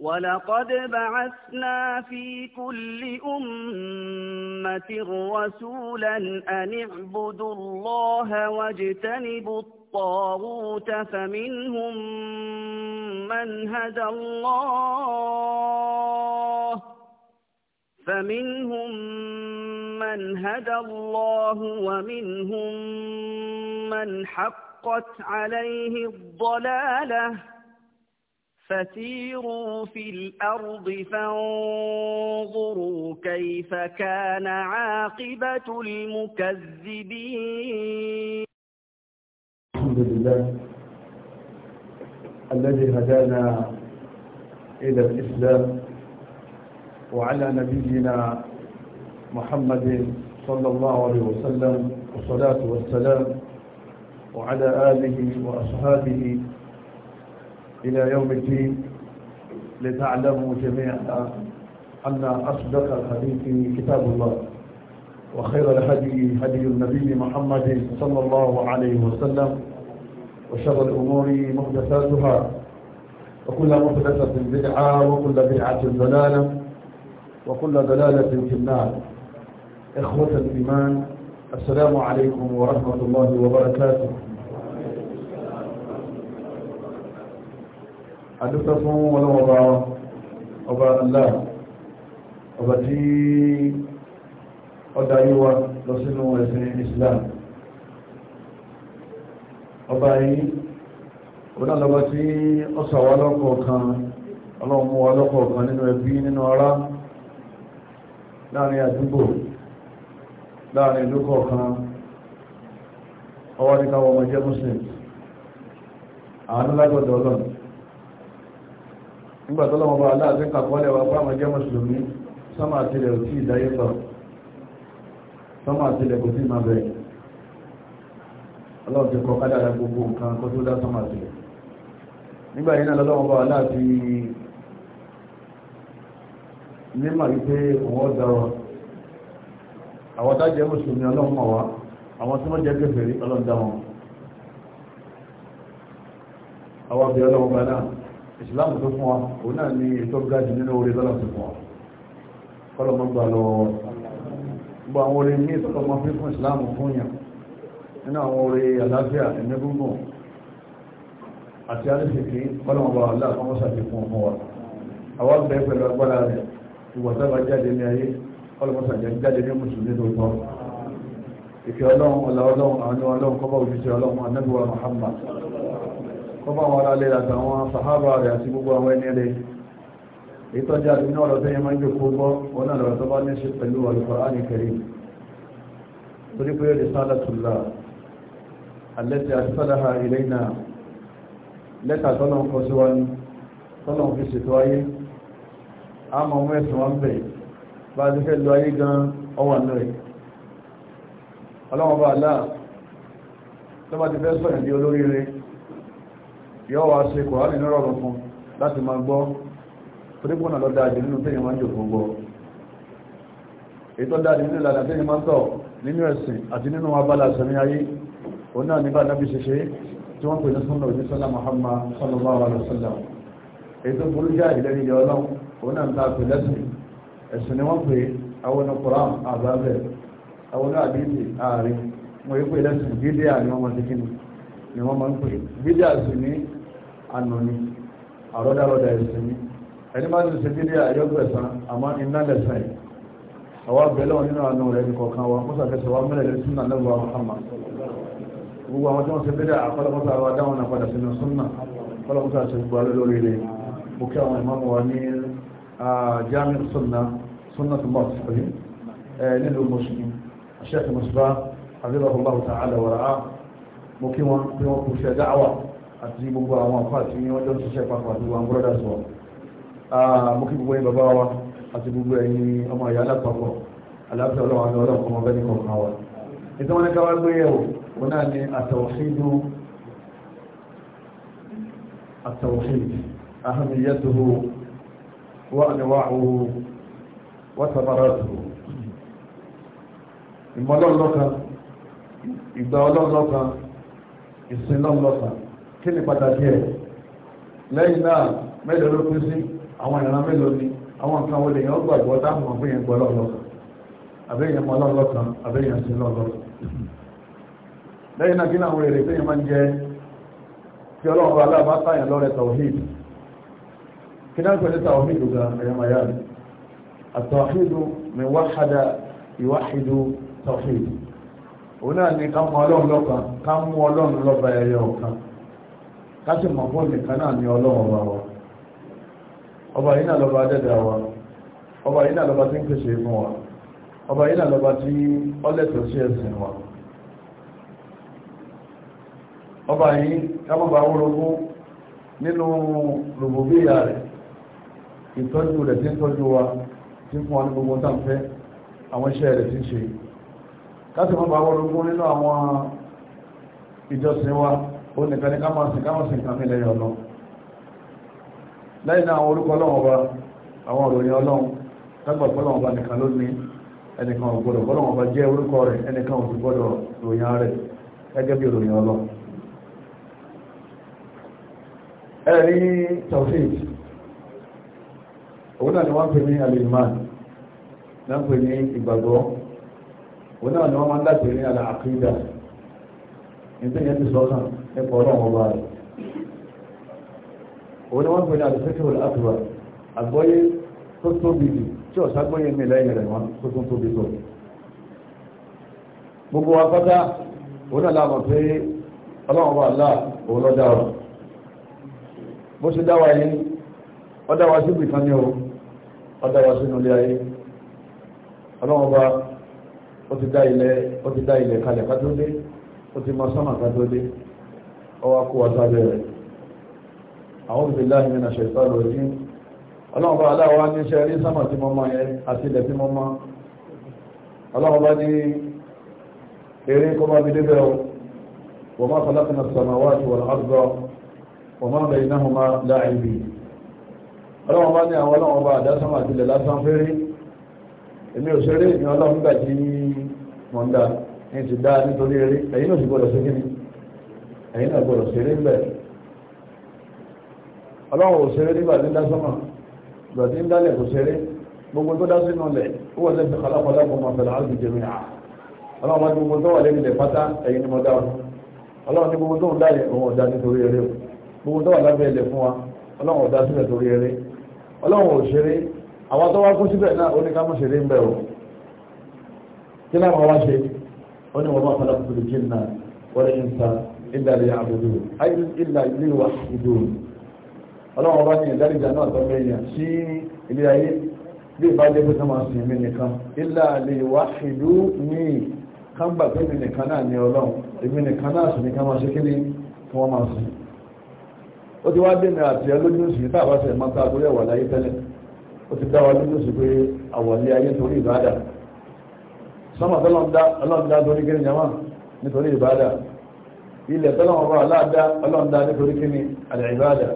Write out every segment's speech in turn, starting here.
ولقد بعثنا في كل أمة رسولا أن اعبدوا الله واجتنبوا الطاغوت فمنهم من هدى الله فمنهم من هدى الله ومنهم من حقت عليه الضلاله فسيروا في الأرض فانظروا كيف كان عاقبة المكذبين الحمد لله الذي هدانا إلى الإسلام وعلى نبينا محمد صلى الله عليه وسلم والصلاة والسلام وعلى آله وأصحابه إلى يوم الدين لتعلموا جميعا أن أصدق الحديث كتاب الله وخير الهدي هدي النبي محمد صلى الله عليه وسلم وشر الأمور محدثاتها وكل محدثة بدعة وكل بدعة ضلالة وكل ضلالة في النار إخوة الإيمان السلام عليكم ورحمة الله وبركاته adúpẹ́ fún ọlọ́wọ́ba ọba Allah ọba tí ọdá yíwa lọ sínú ẹ̀sìn Islam ọba yìí onílọ́ba tí ó sàwọ́ lọ́kọ̀ọ̀kan ọlọ́mú wa lọ́kọ̀ọ̀kan nínú ẹbí nínú ara láàrin àdúgbò láàrin ìlú kọ̀ọ̀kan ọwọ́ ní ọmọ jẹ́ muslim àánú lágbọ̀dọ̀ ọlọ́run nígbà tó lọ́wọ́ bá aláàfin kàkọ́lẹ̀ wa fáwọn jẹ́ mùsùlùmí sọ́mà àtìlẹ̀ òtí ìdáyé sọ sọ́mà àtìlẹ̀ kò sí máa bẹ̀rẹ̀ ọlọ́run ti kọ kádàrà gbogbo nǹkan kó tó dá sọ́mà àtìlẹ̀ nígbà yìí náà lọ́wọ́ bá aláàfin nímà wípé òun ọ̀dà wa àwọn tá jẹ́ mùsùlùmí ọlọ́run mọ̀ wá àwọn tí wọ́n jẹ́ ìsìláàmù tó fún wa òun náà ní ètò gáàjì nínú orí lọ́nà tó fún wa kọ́lọ̀mọ́ gbà lọ gbogbo àwọn orí ní ìtọ́lọ́mọ́ fi fún ìsìláàmù fún yàn nínú àwọn orí àlàáfíà ẹ̀mí gúngùn àti arísìkí kọ́lọ̀mọ́ bá aláà kọ́mọ́ sàfikún fún wa àwọn bẹ pẹ̀lú agbára rẹ̀ ìwà sábà jáde ní ayé kọ́lọ̀mọ́ sàjẹ́ jáde ní mùsùlùmí tó tọ́ ìfẹ́ ọlọ́run ọlọ́run àwọn ọlọ́run kọ́bọ̀ òjúṣe ọlọ́run anábíwá Muhammad kọ́bá wọn ara lẹ́rẹ̀ àtàwọn sàhábà rẹ̀ àti gbogbo àwọn ẹni rẹ̀ ìtọ́jà àti náà lọ́tọ́ yẹn máa ń jòkó gbọ́ wọn náà lọ́tọ́ bá ní ṣe pẹ̀lú Al-Qur'an Karim torí pé risalatullah allati arsalaha ilayna lẹ́tà tọ́lọ̀ ń bá aláà tó bá ti fẹ́ sọ̀rọ̀ di olóríire yọ́ wá ṣe kòránì ní rọrùn fún láti máa gbọ́ torípọ̀nà lọ dáadé nínú tẹ́yìn máa ń jòkó gbọ́ ètò dáadé nínú ìlànà tẹ́yìn máa ń tọ̀ nínú ẹ̀sìn àti nínú abala sẹ̀mí ayé o náà nígbà náà bí ṣeṣe tí wọ́n pè ní súnmọ̀ ìdí sọ́lá Muhammad sallallahu alaihi wasallam ètò burú jáà ìlẹ́ni ìyá ọlọ́run òun náà ń ta àpè lẹ́sìn ẹ̀sìn ni wọ́n pè àwọn ọ̀nà Qur'an àbábẹ̀ àwọn ọ̀nà àdìsí ààrin wọ́n yí pé lẹ́sìn bídíà ni wọ́n máa ti kíni ni wọ́n máa ń pè bídíà sì ní anùní àrọ́dàrọ́dà ìsinmi ẹni máa ti ṣe dídí àyọ́gbẹ̀sán àmá iná lẹ́sàn yìí àwọn abẹ́lẹ̀ nínú àánú rẹ̀ ní kọ̀ọ̀kan wa mọ́sà fẹsẹ̀ wa mẹ́rẹ̀ lè súnà lẹ́wọ̀ àmà gbogbo àwọn tí wọ́n ṣe dídí àkọ́lọ́mọ́sà wa dáwọn náà padà sínú súnà kọ́lọ́mọ́sà ṣe gbogbo alẹ́ lórí rẹ̀ mo kí àwọn ìmáàmù wa ní jami súnà súnà tó mọ̀ sí àti gbogbo àwọn àpá àti wọ́n jọ ṣiṣẹ́ papọ̀ àti wọn bọ́dà sọ mo kí gbogbo yín bàbá wa àti gbogbo ẹ̀yin ọmọ ìyá alápapọ̀ aláàbẹ̀ ọlọ́run àti ọlọ́run ọmọ bẹ́ẹ̀ nìkan kan wa ìtàn wọn ní ká wá gbé yẹ̀wò wọn náà ní àtàwọ̀ṣídù àtàwọ̀ṣídù ahàmìyẹ́tòhò wọ́n àníwáhò wọ́n tàbáràtòhò ìmọ̀lọ́ọ̀lọ́kan ìgbà ọlọ́ọ̀lọ́kan ìsinlọ́ọ̀lọ́kan kí ni pàtàkì ẹ̀ lẹ́yìn náà mélòó ló pín sí àwọn ìran mélòó ni àwọn nǹkan wo lè yàn gbàgbọ́ táwọn ọmọ yẹn gbọ́ lọ́lọ́kan àbẹ́yẹn mọ́ lọ́lọ́kan àbẹ́yẹn sí lọ́lọ́kan lẹ́yìn náà kí ni àwọn èrè tẹ́yìn máa ń jẹ kí ọlọ́run bá aláàbá táyà lọ́rẹ̀ tawhid kí náà pẹ̀lú tawhid ga ẹ̀yàmà yá rẹ̀ àtawhid mi wáhada ìwáhidu tawhid òun náà ni ká mú ọlọ́run lọ́kan ká mú ọlọ́run lọ́ba ẹ̀yọ kan káṣí mọ̀ fún nìkan náà ọba wa ọba yìí náà lọba dẹ́dẹ̀ wa ọba yìí na lọba tí ń pèsè fún ọba yìí na lọba tí ọlẹ́tọ̀ sí ẹ̀sìn wa ọba yìí kábọ̀bà wúrogún nínú rẹ̀ ìtọ́jú rẹ̀ tí ń tọ́jú wa tí fún wa ní gbogbo táǹfẹ́ àwọn iṣẹ́ rẹ̀ tí ń ṣe mọ̀ bá wúrogún nínú àwọn ìjọsìn ó nìkan ní kámọ̀sìn kámọ̀sìn kan nílẹ̀ ọ̀nà lẹ́yìn náà àwọn orúkọ ọlọ́run ọba àwọn òròyìn ọlọ́run tágbà ọlọ́run ọba nìkan ló ní ẹnìkan ò gbọdọ̀ ọlọ́run ọba jẹ́ orúkọ rẹ̀ ẹnìkan ò sì gbọdọ̀ ròyìn rẹ̀ gẹ́gẹ́ bí òròyìn ọlọ́run ẹ̀rí tawhid òun náà ni wọ́n pè ní al-iman náà pè ní ìgbàgbọ́ òun náà ni wọ́n máa ń dàpè ní al-aqida ìpínyẹ́ ti sọ́kàn nípa ọlọ́run ọba rẹ̀ òun ni wọ́n pè ní àdìsẹ́kẹ̀rọ̀ àtùwà àgbọ́yé tó tóbi jù tí ọ̀ságbọ́yé mi lẹ́yìn rẹ̀ wọ́n tó tún tóbi tó gbogbo wa pátá òun náà láàmọ̀ pé ọlọ́run ọba àlá òun lọ́dá wa bó ṣe dá wa yìí ó dá wa síbi kan ní o ó dá wa sínú ilé ayé ọlọ́run ọba ó ti dá ilẹ̀ kalẹ̀ ká dé ó ti mọ sánmà ká dé ọwá kó wata bẹ̀rẹ̀ àwọn òbílá ìmìnà ṣẹ̀tọ́ lórí ọlọ́ọ̀bá aláwọ̀ ní iṣẹ́ rí sámà tí mọ́mọ́ yẹ àti ilẹ̀ tí mọ́mọ́ ọlọ́ọ̀bá ní eré kó bá bí débẹ̀ wọ́n má kọlápinà samawati wal arda wọ́n má òṣèré ìyàn ọlọ́ọ̀gbà tí mọ̀ ń ní ti dá nítorí eré ẹ̀yìn òṣìgbọ́dọ̀ sí kíni ẹ̀yin náà gbọ́dọ̀ ṣeré ń bẹ̀ ọlọ́run ò ṣeré nígbà tí ń dá sọ́mà ìgbà tí ń dálẹ̀ kò ṣeré gbogbo tó dá sínú lẹ̀ ó wọ́n lẹ́sẹ̀ kọlákọlá kò máa fẹ̀lẹ̀ áàbì jẹ̀mí à ọlọ́run wọn gbogbo tó wà lẹ́nu ilẹ̀ pátá ẹ̀yin ni mo dá fún ọlọ́run ní gbogbo tó ń dá yẹ òun ọ̀dá nítorí eré o gbogbo tó wà lábẹ́ ilẹ̀ fún wa ọlọ́run ọ̀dá ò ṣeré àwa wá wá ṣe ó ní wọn bá fọlá kùtùkì náà wọ́n ní ń ìlà lè àbòdò ayé ìlà ilé wa ìdò ọlọ́run bá ní ìdáríjà náà tó mẹ́yìn sí ilé ayé bí ìbá jẹ́ pé sọ́mọ́ sí mi nìkan ìlà lè wá ìlú ní kánbà pé mi nìkan náà ní ọlọ́run èmi nìkan náà sì ní ká máa ṣe kí ni kí wọ́n máa sìn ó ti wá dé mi àti ẹ sí tá a bá sẹ̀ láyé tẹ́lẹ̀ ó ti dá wa lójú sí pé àwọ̀lé ayé torí ìbádà sọ́mọ́ tó lọ́n dá jama nítorí ìbádà ilẹ̀ tọ́lọ́wọ́n bá aláàdá ọlọ́ọ̀dá nítorí kí ni àlẹ́ìbáàdà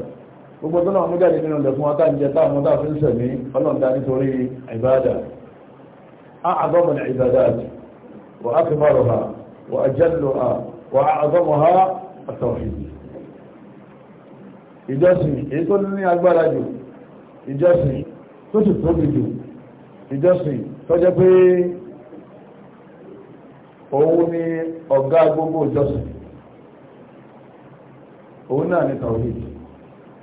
gbogbo tọ́lọ́wọ́n mú jáde nínú ilẹ̀ fún ọtá ìjẹ táwọn tá fi ń sẹ̀mí ọlọ́ọ̀dá nítorí àìbáàdà أعظم العبادات وأكبرها وأجلها وأعظمها التوحيد ìjọsìn èyí tó ní agbára jù ìjọsìn tó sì tóbi jù ìjọsìn tó jẹ́ pé òun òun náà ni tawhid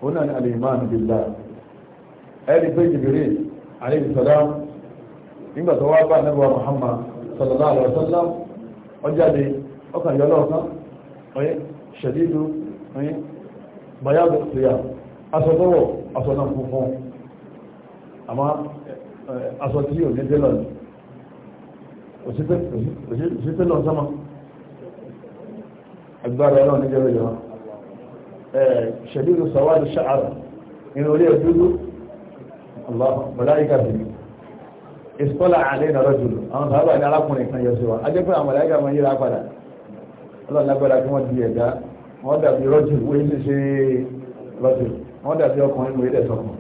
òun náà ni al-iman billah ẹ̀rí pé Jibril alayhi salam nígbà tó wá bá nẹ́bọ̀ Muhammad sallallahu alaihi wasallam ọjáde ọkàn yọ lọ́ọ̀kan ọyẹ́ ṣẹ̀dídú ọyẹ́ bayáàbò ṣìyà asọ́tọ́wọ̀ aṣọ náà funfun àmá aṣọ tí ò ní délọ̀ ní òṣìṣẹ́ lọ sáma agbára ọlọ́run ní jẹ́rọ ìjọba ṣẹ̀dúrú sọ̀wádìí ṣáàrù nínú orí ẹ̀dúdú mọ̀láyíkà bìí ìsọ́lá àlẹ́ ìnàrọ̀ jùlọ àwọn sàábà ní arákùnrin kan yọ sí wa ajẹ́pẹ́ àwọn mọ̀láyíkà wọn yíra padà ọlọ́lágbára kí wọ́n di ẹ̀dá wọ́n dàbí rọ́jù wọ́n yí ṣe rọ́jù wọ́n dàbí ọkùnrin wọ́n yí dẹ̀ sọ̀kùn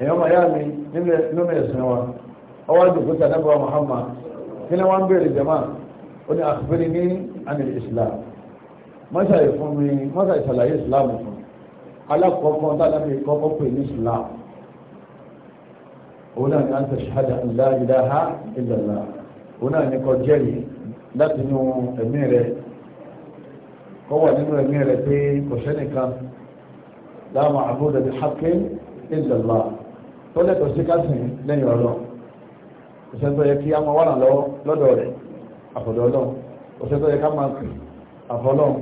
èèyàn màá yá mi nínú ẹ̀sìn wa ọwọ́ àdùkú tàdábọ̀ Muhammad kí ni wọ́n ń béèrè jama ó ní àkùnrin ní àmì Islam mọ́ṣà ìfún mi mọ́ṣà ìṣàlàyé ìsìláàmù fún mi alákọ̀ọ́kọ́ tàbí kọ́kọ́ pè ní ìsìláàmù òun náà ni a ń tashhada an la ilaha illallah òun náà ni kó jẹ́rìí láti inú ẹ̀mí rẹ̀ kó wà nínú ẹ̀mí rẹ̀ pé kò sẹ́nìkan la ma'buda bi haqqin illallah tó lẹ́tọ̀ọ́ sí kásìn lẹ́yìn ọ̀rọ̀ òṣèlú yẹ kí a máa wà lọ́dọ̀ rẹ̀ àfọ̀dọ̀ ọlọ́run òṣèlú yẹ ká máa pè àfọ̀lọ́run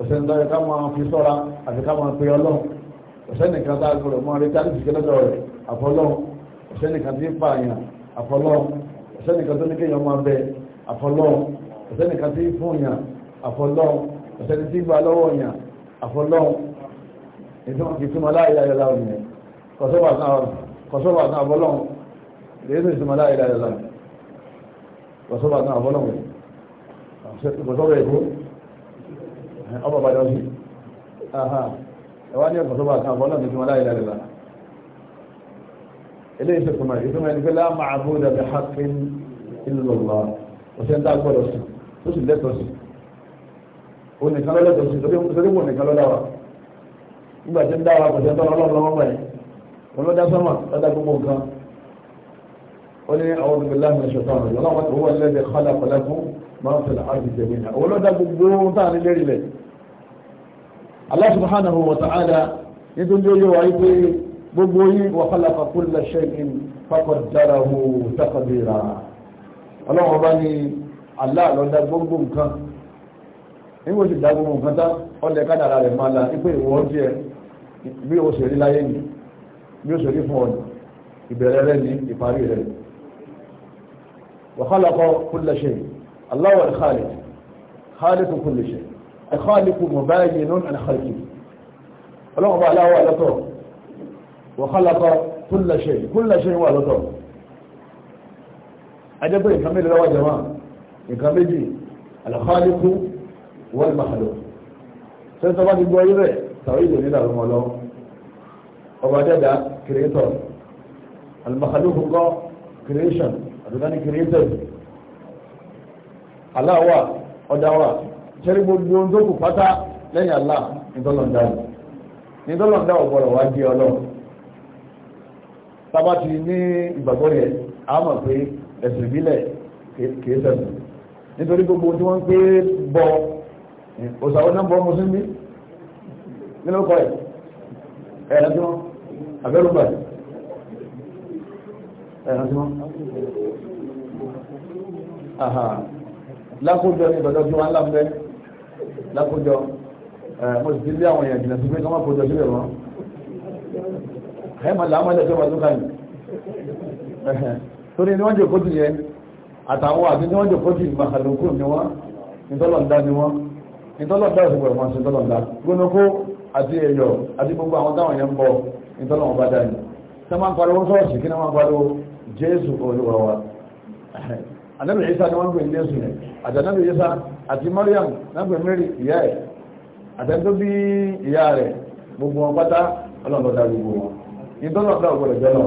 ọ̀sẹ̀ ń dára ká máa fi sọ́ra àti ká máa pe ọlọ́run ọ̀sẹ̀ nìkan tá a gbọ́dọ̀ máa retí àti ìsìnkẹ́ lọ́dọ̀ rẹ̀ àfọlọ́run ọ̀sẹ̀ nìkan tí ń pààyàn àfọlọ́run ọ̀sẹ̀ nìkan tó ní kéèyàn máa bẹ àfọlọ́run ọ̀sẹ̀ nìkan tí ń fúnyàn àfọlọ́run ọ̀sẹ̀ tí ń gba lọ́wọ́ yàn àfọlọ́run ìtumọ̀ láàyè ayọ̀ láwọn yẹn kọ̀sọ́bà náà àfọlọ́run ọmọ bàdá sí ẹwà ní ẹ̀kọ́ tó bá kan bọ́lá mi tí wọ́n láyé lẹ́lẹ́lá ilé iṣẹ́ tó máa ìtumọ̀ ẹni pé láàmà àbúdà bí haqqin ìlúlọ́lá òṣèǹ tá a gbọ́dọ̀ sí tó sì lẹ́tọ̀ sí o nìkan lọ́lẹ́tọ̀ sí torí mo nìkan lọ́lá wa nígbà tí ń dá wa kò sí ẹ̀tọ́ ọlọ́run lọ́wọ́ báyìí wọn ló dá sọ́mà lọ́dá gbogbo nǹkan ó ní àwọn olùgbèlá mi ṣètò máa ń fẹ̀lẹ̀ àti jẹ̀mí náà òun lọ́dá gbogbo ohun tá à ní lérí lẹ̀ Allah subhanahu wa ta'ala nítorí ó yẹ wáyé pé gbogbo yín wa khalaqa kulla shay'in faqaddarahu taqdira ọlọ́run ọba ní Allah lọ́dá gbogbo nǹkan nígbò sì dá gbogbo nǹkan tá ọlẹ̀ kádàrà rẹ̀ máa la ipò ìwọ́n jẹ́ bí o ṣe rí láyé ni bí o ṣe rí fún ọ̀nà ìbẹ̀rẹ̀ rẹ̀ ní ìparí rẹ̀ wa khalaqa kulla shay'in الله هو الخالق خالق كل شيء الخالق مباين الخلق ọlọ́run bá aláwọ̀ alọ́tọ̀ wọ̀kálàkọ́ kúlẹ̀ṣẹ́ kúlẹ̀ṣẹ́ wà lọ́tọ̀ ajẹ́gbẹ́ nǹkan méjì lọ́wọ́ jẹ́ wọn nǹkan méjì alàkọ́lẹ́kú wọ́n màálù sẹ́ńtọ́ bá ti gbọ́ ibẹ̀ tàwọn ìlú nílà ọmọ lọ ọba dẹ́dà creator alàkọ́lẹ́kú kọ́ creation àdúgbò ní creator Allah wà ọ̀dà wà ṣẹ́rí gbogbo ohun tó kù pátá lẹ́yìn Allah nítọ́lọ̀dá nítọ́lọ̀dá ọ̀gbọ̀rọ̀ wá jẹ́ ọlọ́run tábà ti ní ìgbàgbọ́ yẹn a mọ̀ pé ẹ̀sìn ìbílẹ̀ kìí sẹ̀sìn nítorí gbogbo tí wọ́n ń pé bọ òṣàwọn náà bọ mùsùlùmí nínú kọ́ ẹ̀ ẹ̀rọ tí wọ́n abẹ́rùgbà ẹ̀rọ tí wọ́n lákòjọ ní ìbàdàn tí wọ́n ń lábẹ́ lákòjọ mo sì ti lé àwọn èèyàn jìnnà sí pé kí wọ́n kòjọ sílẹ̀ mọ́ ẹ̀mọ̀ làwọn ẹ̀ṣẹ́ wà lókàn torí ni wọ́n jẹ́ kójú yẹn àtàwọn àti ni wọ́n jẹ́ kójú ìmàkàlùkù ni wọ́n nítọ́lọ̀ndá ni wọ́n nítọ́lọ̀ndá ìṣẹ̀pọ̀ ìmọ̀ sí nítọ́lọ̀ndá gbónúkó àti ẹ̀yọ̀ àti gbogbo àwọn táwọn yẹn ń bọ̀ nítọ́lọ̀wọ̀n bá dáni tẹ́ máa ń pariwo sọ́ọ̀sì kí ni wọ́n pariwo Jésù olúwa wa anábì isa ni wọ́n gbé ilé sùn àti anábì isa àti mariam nágbè mary ìyá ẹ̀ àtẹ́ntó bí ìyá rẹ̀ gbogbo wọn pátá ọlọ́dọ̀dá gbogbo wọn ìdọ́lọ́dá ògbọ̀dọ̀ jọlọ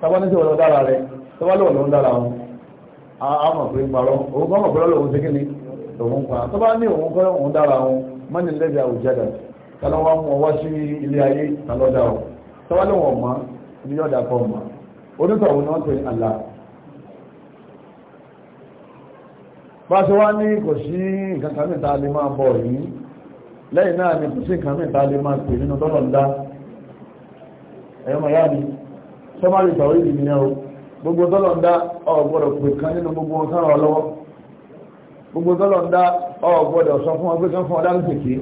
tọ́wọ́ ní sí ọ̀dọ̀ dára rẹ̀ tọ́wọ́ lọ́wọ́ lọ́wọ́ dára wọn àmọ̀ pé ń parọ́ òun kọ́ mọ̀ pé lọ́wọ́ ṣe kíni òun pa tọ́wọ́ ní òun kọ́ òun dára wọn mọ́ni lẹ́bi àwùjẹ́dà tọ́lọ́ wọn mú ọwọ́ sí ilé Allah bá ṣe wá ní kò sí nǹkan kan mẹ́ta lè máa bọ̀ yìí lẹ́yìn náà ni kò sí nǹkan mẹ́ta lè máa pè nínú tọ́lọ̀ ń dá ẹ̀yọ́mọ̀ yáàbí sọ́mọ́lì tàwọn ìdí nìyẹn o gbogbo tọ́lọ̀ ń dá ò gbọ́dọ̀ pè kan nínú gbogbo sára ọlọ́wọ́ gbogbo tọ́lọ̀ ń dá ò gbọ́dọ̀ sọ fún ọgbẹ́ kan fún ọdá lókèké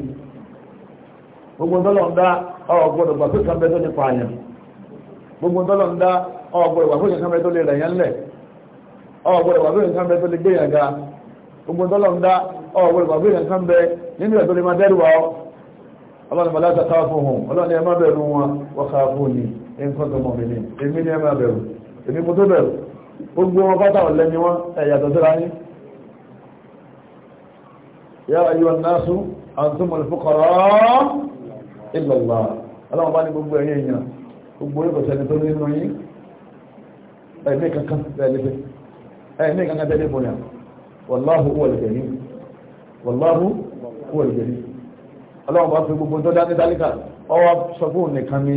gbogbo tọ́lọ̀ ń dá ò gbọ́dọ̀ gbà pé kan bẹ́ tó lè pààyàn gbogbo tọ́lọ̀ ń dá ò gbà pé kan bẹ́ tó lè rẹ̀yàn lẹ̀ ò gbà pé kan bẹ́ tó lè gbéyàn ga gbogbo tọ́lọ̀ ń dá ọ̀wọ́ ìgbàgbé rẹ̀ kan bẹ nínú ẹ̀ tó lè máa dẹ́rù wa ọ́ ọlọ́run bàlá ta káà fún wọn ọlọ́run ẹ má bẹ̀rù wọn wọ́n káà fún ni ẹ ń kọ́ tó mọ̀ mí ni èmi ni ẹ má bẹ̀rù èmi mo tó bẹ̀rù gbogbo wọn pátá ọ̀lẹ́ ni wọn ẹ̀yàtọ̀ síra ní. yá ayé wọn náà sún àǹtún mọ̀lẹ́ fún kọ̀rọ̀ ìlọ̀lá ọlọ́run bá ní gbogbo ẹ̀yẹ èèyàn gbogbo yóò kọ̀ṣẹ́ ni tó nínú yín ẹ̀mí kankan tẹ̀lé wàláhù wọ̀lẹ̀gẹ̀rí wàláhù wọ̀lẹ̀gẹ̀rí ọlọ́run bá fi gbogbo tó dání dálíkà ọwọ́ sọ fún nìkan ní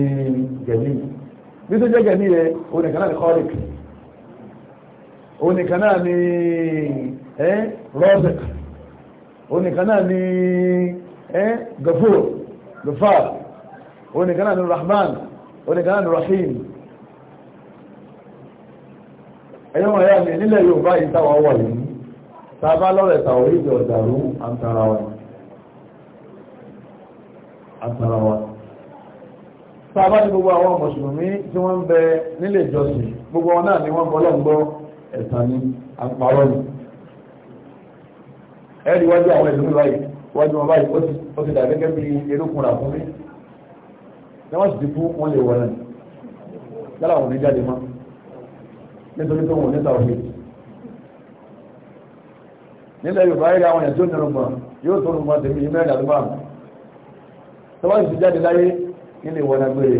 gẹ̀mí bí tó jẹ́ gẹ̀mí rẹ̀ òun nìkan náà ní kọ́rìk òun nìkan náà ní rọ́bẹ̀k òun nìkan náà ní gafur gafar òun nìkan náà ní rahman òun nìkan náà ní rahim ẹ̀yọ́n ọ̀yá mi nílẹ̀ Yorùbá yìí táwọn wà yìí tàbá lọ́rẹ̀ tàwọn ìdí ọ̀dàrú àtàràwà àtàràwà tàbá ní gbogbo àwọn mùsùlùmí tí wọ́n ń bẹ nílé ìjọsìn gbogbo wọn náà ni wọ́n bọ́ lọ́gbọ́ ẹ̀tàn ní àpárọ̀ ni ẹ̀rí wájú àwọn ìlú báyìí wájú wọn báyìí ó ti dàbí gẹ́gẹ́ bí erékùn nílẹ̀ yorùbá yìí àwọn èèyàn tó nínú mọ̀ yóò tó rùmọ̀ tèmi yìí mẹ́rin àdúgbà tọ́wọ́ sì jáde láyé kí ni ìwọ̀n agbére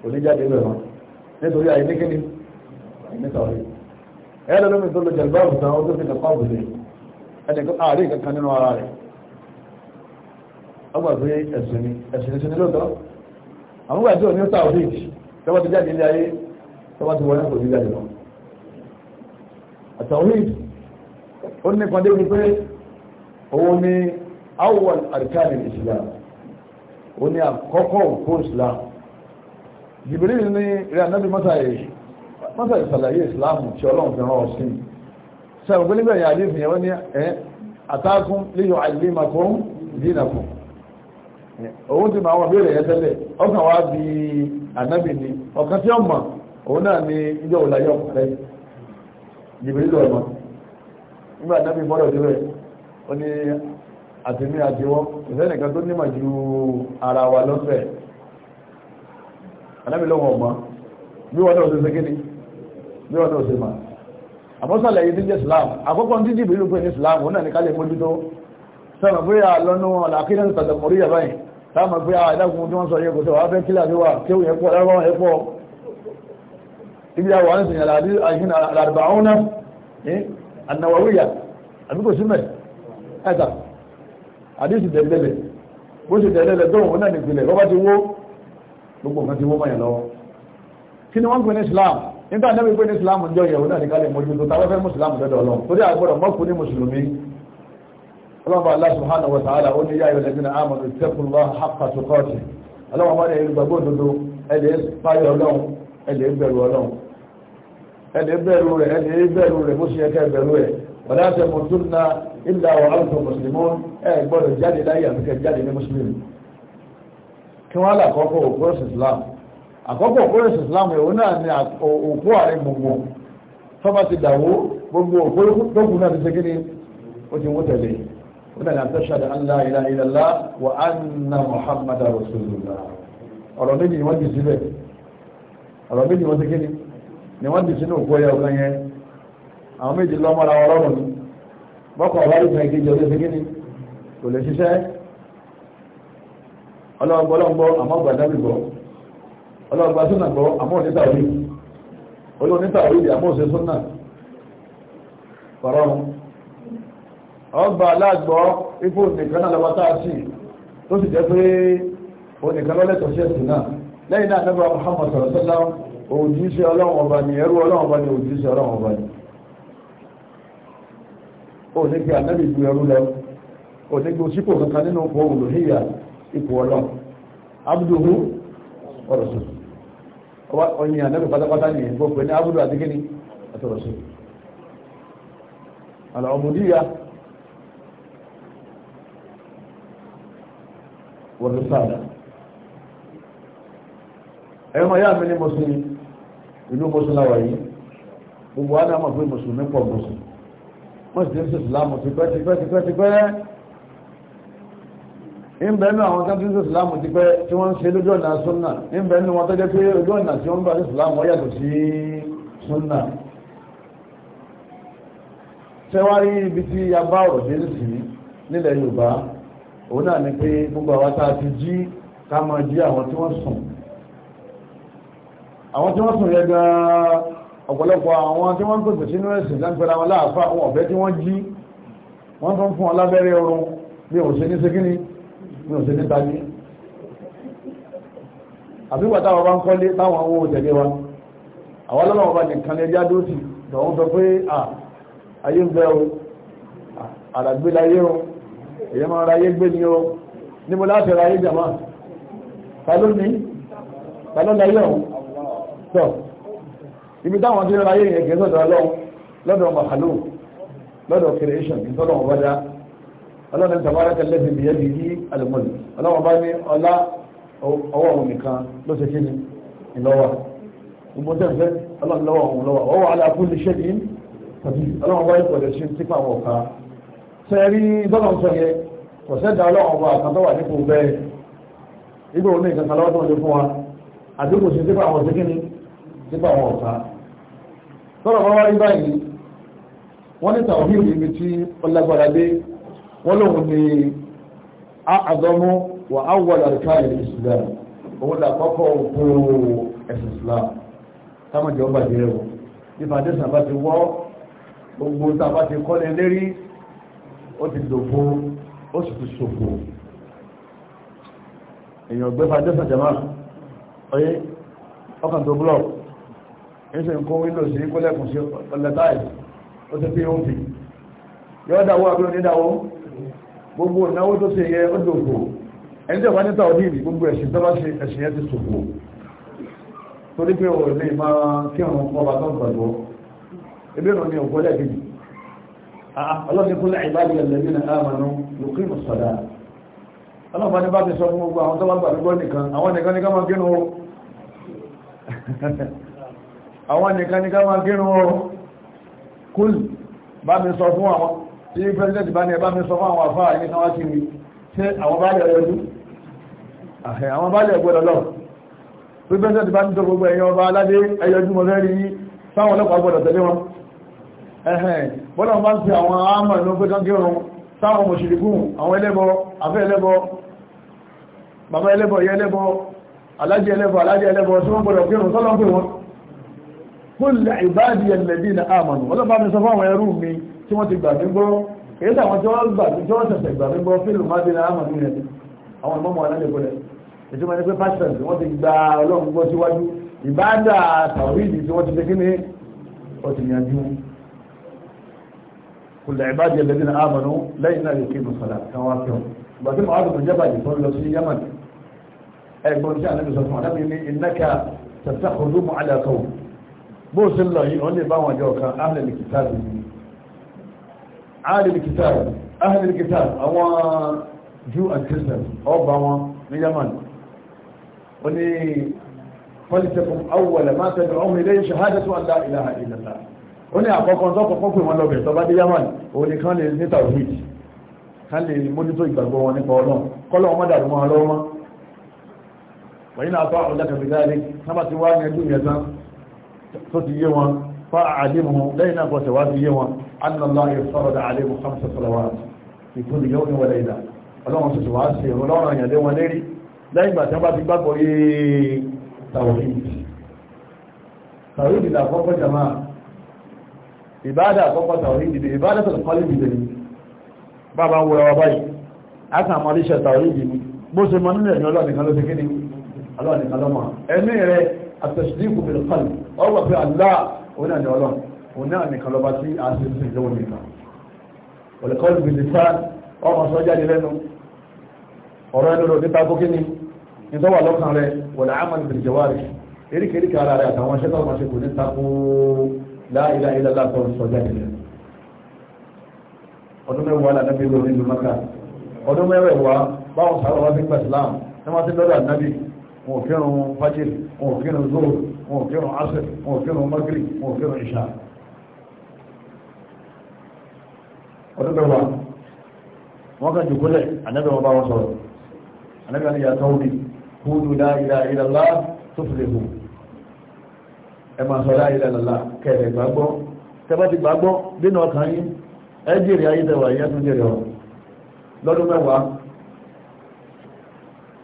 kò ní jáde lọ́wọ́ nítorí àyè ní kí ni àyè tàwí ẹ lọ́nà mi tó lọ jẹ̀lú báwù tán ó tó fi nàpá òbílẹ̀ ẹni kó ààrẹ kankan nínú ara rẹ̀ ọgbà pé ẹ̀sùn ni ẹ̀sùn ni sinmi lóòótọ́ àwọn ìgbà tí ò ní tàwí tọ́wọ́ ti jáde ilé ayé tọ́wọ́ ti wọlé kò ní jáde lọ ó ní kan débi pé òun ni awwal arkanil islam ó ní àkọ́kọ́ òkú islam jibril ní rẹ̀ anábì mọ́tàyè mọ́tàyè sàlàyé islam tí ọlọ́run fi rán ọ sí sẹ́wọ̀n pé nígbà yẹn àdéhùn yẹn wọ́n ní ẹ́ àtàkùn líyọ̀ àìlímakùn dínàkùn òun ti máa wọn béèrè yẹn tẹ́lẹ̀ ọkàn wá bí ànábì ni ọ̀kan tí ó mọ̀ òun náà ni ìjọ òlàyọ̀ ọ̀pọ̀lẹ́ jìbìrì lọ́ọ̀mọ́ nígbà náà bí bọ́rọ̀ síbẹ̀ ó ní àtìmí àtiwọ́ ìsẹ́nìkan tó nímọ̀ ju ara wa lọ́sẹ̀ anábì lọ́wọ́ ọ̀gbọ́n bí wọ́n náà ṣe ṣe kíni bí wọ́n náà ṣe mà àmọ́sàlẹ̀ yìí ti jẹ́ Islam àkọ́kọ́ tí jìbìrì pé ní Islam ó náà ní kálẹ̀ mójútó sọ̀rọ̀ pé à lọ́nà àlàkínà tàtàkùn orí yàrá yìí táàmà pé àìdákùn ah, tí wọ́n sọ yẹ kò tẹ́wàá fẹ́ kílà ní wà kéwù yẹ pọ̀ lọ́wọ́ yẹ pọ̀ ibi àwọn àìsàn àlàdí àìsàn àlàdàbà ọ̀nà ànàwàwíyà àbíkò símẹ̀ ẹ̀ta àdísì tẹ̀lẹ̀lẹ̀ bó ṣe tẹ̀lẹ̀lẹ̀ tóhùn náà nìpìlẹ̀ bọ́bá ti wó gbogbo nǹkan ti wó mọ̀yàn lọ́wọ́ kí ni wọ́n pè ní Islam nígbà náà pé ní Islam ń jọ ìyẹ̀wò náà nìkalẹ̀ mọ́jú tó tàbí fẹ́ Muslim lọ́dọ̀ Ọlọ́run torí àgbọ̀dọ̀ mọ́kù ní Mùsùlùmí ọlọ́mọ Allah subhanahu wa ta'ala ó ní yá ayọ̀ lẹ́gbẹ̀ẹ́ amanu ittaqullaha haqqa tuqatih ọlọ́mọ mọ́ni ẹ̀rù gbàgbọ́ òdodo ẹ̀lẹ́ páyọ̀ Ọlọ́run ẹ̀lẹ́ bẹ̀rù Ọlọ́run ẹ̀dẹ̀ bẹ̀rù rẹ̀ ẹ̀dẹ̀ bẹ̀rù rẹ̀ bó ṣe ẹ̀kẹ́ bẹ̀rù rẹ̀ wọ́n dáhùn sẹ́mu tún na ilà wà áwùjọ mùsùlùmí ẹ̀ gbọ́dọ̀ jáde láyé àfikẹ́ jáde ní mùsùlùmí kí wọ́n là kọ́kọ́ òkú ẹ̀sìn Islam àkọ́kọ́ òkú ẹ̀sìn Islam ìwọ náà ni òkú ààrẹ gbogbo tọ́ba ti dàwó gbogbo òkú lókù náà ti ṣe kíni ó ti wó tẹ̀lé ó náà ní ni wọ́n ti sínú òkú ẹyọ kan yẹn àwọn méjì lọ́mọ ara wọn lọ́rùn ni bọ́kọ̀ ọ̀bá ìgbà ìkejì ọdún fi kíni kò lè ṣiṣẹ́ ọlọ́gbọ́lọ́gbọ́ àmọ́ ọgbà dábìbọ̀ ọlọ́gbà súnà gbọ́ àmọ́ onítàwí olóonítàwí àmọ́ òṣè súnà fọ̀rọ̀ ọgbà aláàgbọ́ ipò nìkan náà lọ́wọ́ táà sí tó sì jẹ́ pé onìkan lọ́lẹ́tọ̀ sí ẹ̀sìn náà lẹ́yìn náà nẹ́bà Muhammad sallallahu alaihi òjíṣẹ́ ọlọ́run ọba ni ẹrú ọlọ́run ọba ni òjíṣẹ́ ọlọ́run ọba ni ó ní kí ànábì ju ẹrú lọ ó ní kí o sípò kankan nínú ọkọ̀ olùhíyà ipò ọlọ́run abduhu ọ̀rọ̀sọ̀ ọ̀yìn ànábì pátápátá ni ẹ̀gbọ́n pé ní abdu àtọ̀rọ̀sọ̀ àlọ́ ọmọdíyà wọ̀rọ̀sọ̀ àdá ẹ̀rọ ya mi ni mo ìlú mọ́sùláwà yìí gbogbo adama pé mùsùlùmí pọ̀ mùsùlùmí wọ́n sì ń sùsùlámù tipẹ́ tipẹ́ tipẹ́ tipẹ́ ìbẹ̀nú àwọn tó ń sùsùlámù tipẹ́ tí wọ́n ń ṣe lójú ọ̀nà súnnà ìbẹ̀nú wọn tó jẹ́ pé ojú ọ̀nà tí wọ́n ń bá sùsùlámù yàtọ̀ sí súnnà tẹ́wárí ibi tí a bá ọ̀rọ̀ dé sí nílẹ̀ Yorùbá òun náà ni pé gbogbo àwọn tá a ti jí ká máa jí àwọn tí wọ́n sùn àwọn tí wọ́n sùn yẹ gan-an ọ̀pọ̀lọpọ̀ àwọn tí wọ́n pèsè sínú ẹ̀sìn lágbẹ̀rẹ̀ àwọn láàfà àwọn ọ̀fẹ́ tí wọ́n jí wọ́n tó ń fún alábẹ́rẹ́ ọrùn bí òṣè ní sékíní bí òṣè ní tají àbígbà táwọn bá ń kọ́lé táwọn owó tẹ̀lé wa àwọn ọlọ́wọ́ bá nìkan lè já dóòtì lọ́wọ́n sọ pé tọ́ ibi táwọn tí lọ́la yé yẹn kìí sọ̀tọ̀ ọlọ́run lọ́dọ̀ màkàlù lọ́dọ̀ creation kìí sọ̀tọ̀ wọn bọ́dá ọlọ́run tàbára tẹ́lẹ̀ fi bìyẹ́ bí yí àlùmọ́lù ọlọ́run bá ní ọlá ọwọ́ òun nìkan ló ṣe kí ni ìlọ́wà gbogbo tẹ́fẹ́ ọlọ́run lọ́wọ́ òun lọ́wà ọwọ́ alákùnlé ṣe ní tàbí ọlọ́run bá yí pọ̀lẹ̀ ṣe tí pàwọn ọ̀ka sẹ́rí dọ́lọ́n sọ yẹ kò sẹ́dá fún wa ṣe kí ni nípa àwọn ọ̀tá tọ́rọ̀ bá wáyé báyìí wọ́n ní tàwọn hìrì ibi tí ọlágbára dé wọ́n lòun ní àádọ́mú wà áwọ̀ àríká ìlú Islam òun là kọ́kọ́ òkú ẹ̀sìn Islam táwọn jẹ́ ọba jẹ́ ẹ̀wọ̀ ní foundation bá ti wọ́ gbogbo tá a bá ti kọ́lé lérí ó ti dòfo ó sì ti ṣòfò èèyàn gbé foundation jama ọyẹ ọkàn tó búlọ̀kù ẹsẹ̀ nǹkan wíńdò sí kólẹ̀kùn sí ọ̀lẹ́táì ó ti pé ó fi yọ́ dáwọ́ àbí onídàwọ́ gbogbo ìnáwó tó ṣe yẹ ó dòkò ẹni tẹ̀wá ní tàwọn dìbì gbogbo ẹ̀sìn tó bá ṣe ẹ̀sìn yẹn ti sòkò torí pé ò lè máa kí àwọn ọba tó gbàgbọ́ ebi ìrọ̀ ni òkú lẹ́gbẹ̀ẹ́ ọlọ́ni kúnlẹ̀ ìbáyé ẹ̀lẹ́bí na àmànú lókè mùsọ̀dá ọlọ́pàá ní bá ti sọ fún gbogbo àwọn tó bá gbàgbọ́ nìkan àwọn nìkan ní ká máa kínú àwọn nìkan ní ká máa kírun ọrọ̀ kúl bá mi sọ fún àwọn tí president bá ní ẹ bá mi sọ fún àwọn àfáà ní káwá sí mi ṣé àwọn bá lè yọjú àwọn bá lè gbọdọ̀ lọ tí president bá ní tó gbogbo ẹ̀yàn ọba aládé ẹyọjú mo fẹ́ rí yí sáwọn ọlọ́pàá tí wọ́n gbọdọ̀ kírun sọ́lọ́ pé wọn kúlù ìbáàdì ẹ̀lẹ́dì ní àmànù ọlọ́pá mi sọ fáwọn ẹrú mi tí wọ́n ti gbàmí gbọ́ èyí tàwọn tí wọ́n gbàmí tí wọ́n tẹ̀sẹ̀ gbàmí gbọ́ fílù máàdì ní àmànù yẹn àwọn ìmọ̀mọ̀ alẹ́lẹ́gbọ́lẹ̀ ètò mẹ́ni pé pásítẹ̀sì wọ́n ti gba ọlọ́run gbọ́ síwájú ìbáàdà tàwíìdì tí wọ́n ti fi ní ọtí yanjú kúlù ìbáàdì ẹ̀lẹ́dì ní àmànù lẹ́yìn náà yóò kí mùsàlá bó ṣe lọ yìí wọ́n lè bá wọn jọ kan ahlil kitab ni ahlil kitab ahlil kitab àwọn Jew and Christians ọba wọn ní Yaman ó ní fọ́lítẹ̀kùn awwala máa tẹ̀lé ọmọ ilé shahadatu an la ilaha illallah ó ní àkọ́kọ́ tó kọ́kọ́ pè wọ́n lọ́bẹ̀ tó dé Yaman òun kan lè ní tawhid kan lè mójútó ìgbàgbọ́ wọn nípa Ọlọ́run kọ́lọ́ tó ti yé wọn fa àdéhùn lẹ́yìn náà kọ̀ọ̀sẹ̀ wá ti yé wọn annalá ìfọ́rọ̀dà àdéhùn hamsa salawat ìfúnni yóò ونيري. wọlé ìdá ọlọ́run sì wá sí ọlọ́run àyàdé wọn lérí lẹ́yìn ìgbà tí wọ́n bá ti gbàgbọ́ yé tàwíìdì tàwíìdì làkọ́kọ́ jama ìbádà àkọ́kọ́ tàwíìdì ìbádà tó kọ́lé ìdè bàbá wọ ẹwà báyìí a kà mọ́ iṣẹ́ bó ṣe mọ́ nílẹ̀ ní ọlọ́nìkan ló ti kí ni ọlọ́nìkan lọ́mọ ẹ̀mí rẹ̀ àtẹ̀sídìkù bẹ̀rẹ̀ pàlì wọ́n wà pé àlá òun náà ní ọlọ́run òun náà nìkan lọ́ba tí a ṣe sí ìjọba nìkan olùkọ́lù bìlì sáà ọmọ sọ jáde lẹ́nu ọ̀rọ̀ ẹnu lò nípa kókí ni ìtọ́wà lọ́kàn rẹ̀ wọ̀lá àmàlì bìlì jẹ̀wárì eríkèríkè ara rẹ̀ àtàwọn ṣẹ́tọ́ ọmọ ṣe kò ní takò láìlá ilẹ̀ látọ̀ sọ jáde lẹ́nu ọdún mẹ́wàá lànàbí lórí ìlú maka ọdún mẹ́wàá báwọn sàrọ̀ wá sí gbà Islam ní wọ́n ti lọ́dọ̀ ànábì wọn ò kírun fajiri wọn ò kírun zoro wọn ò kírun asir wọn ò kírun magiri wọn ò kírun isha ọdún bẹ wa wọn kan jù kúlẹ̀ ànábẹ́ wọn bá wọn sọ̀rọ̀ ànábẹ́ wọn yà tọ́wọ́ bí kúlù láìlà ìlàlá tó fi lè hù ẹ máa sọ láìlà ìlàlá kẹrẹ gbàgbọ́ tẹ́bá ti gbàgbọ́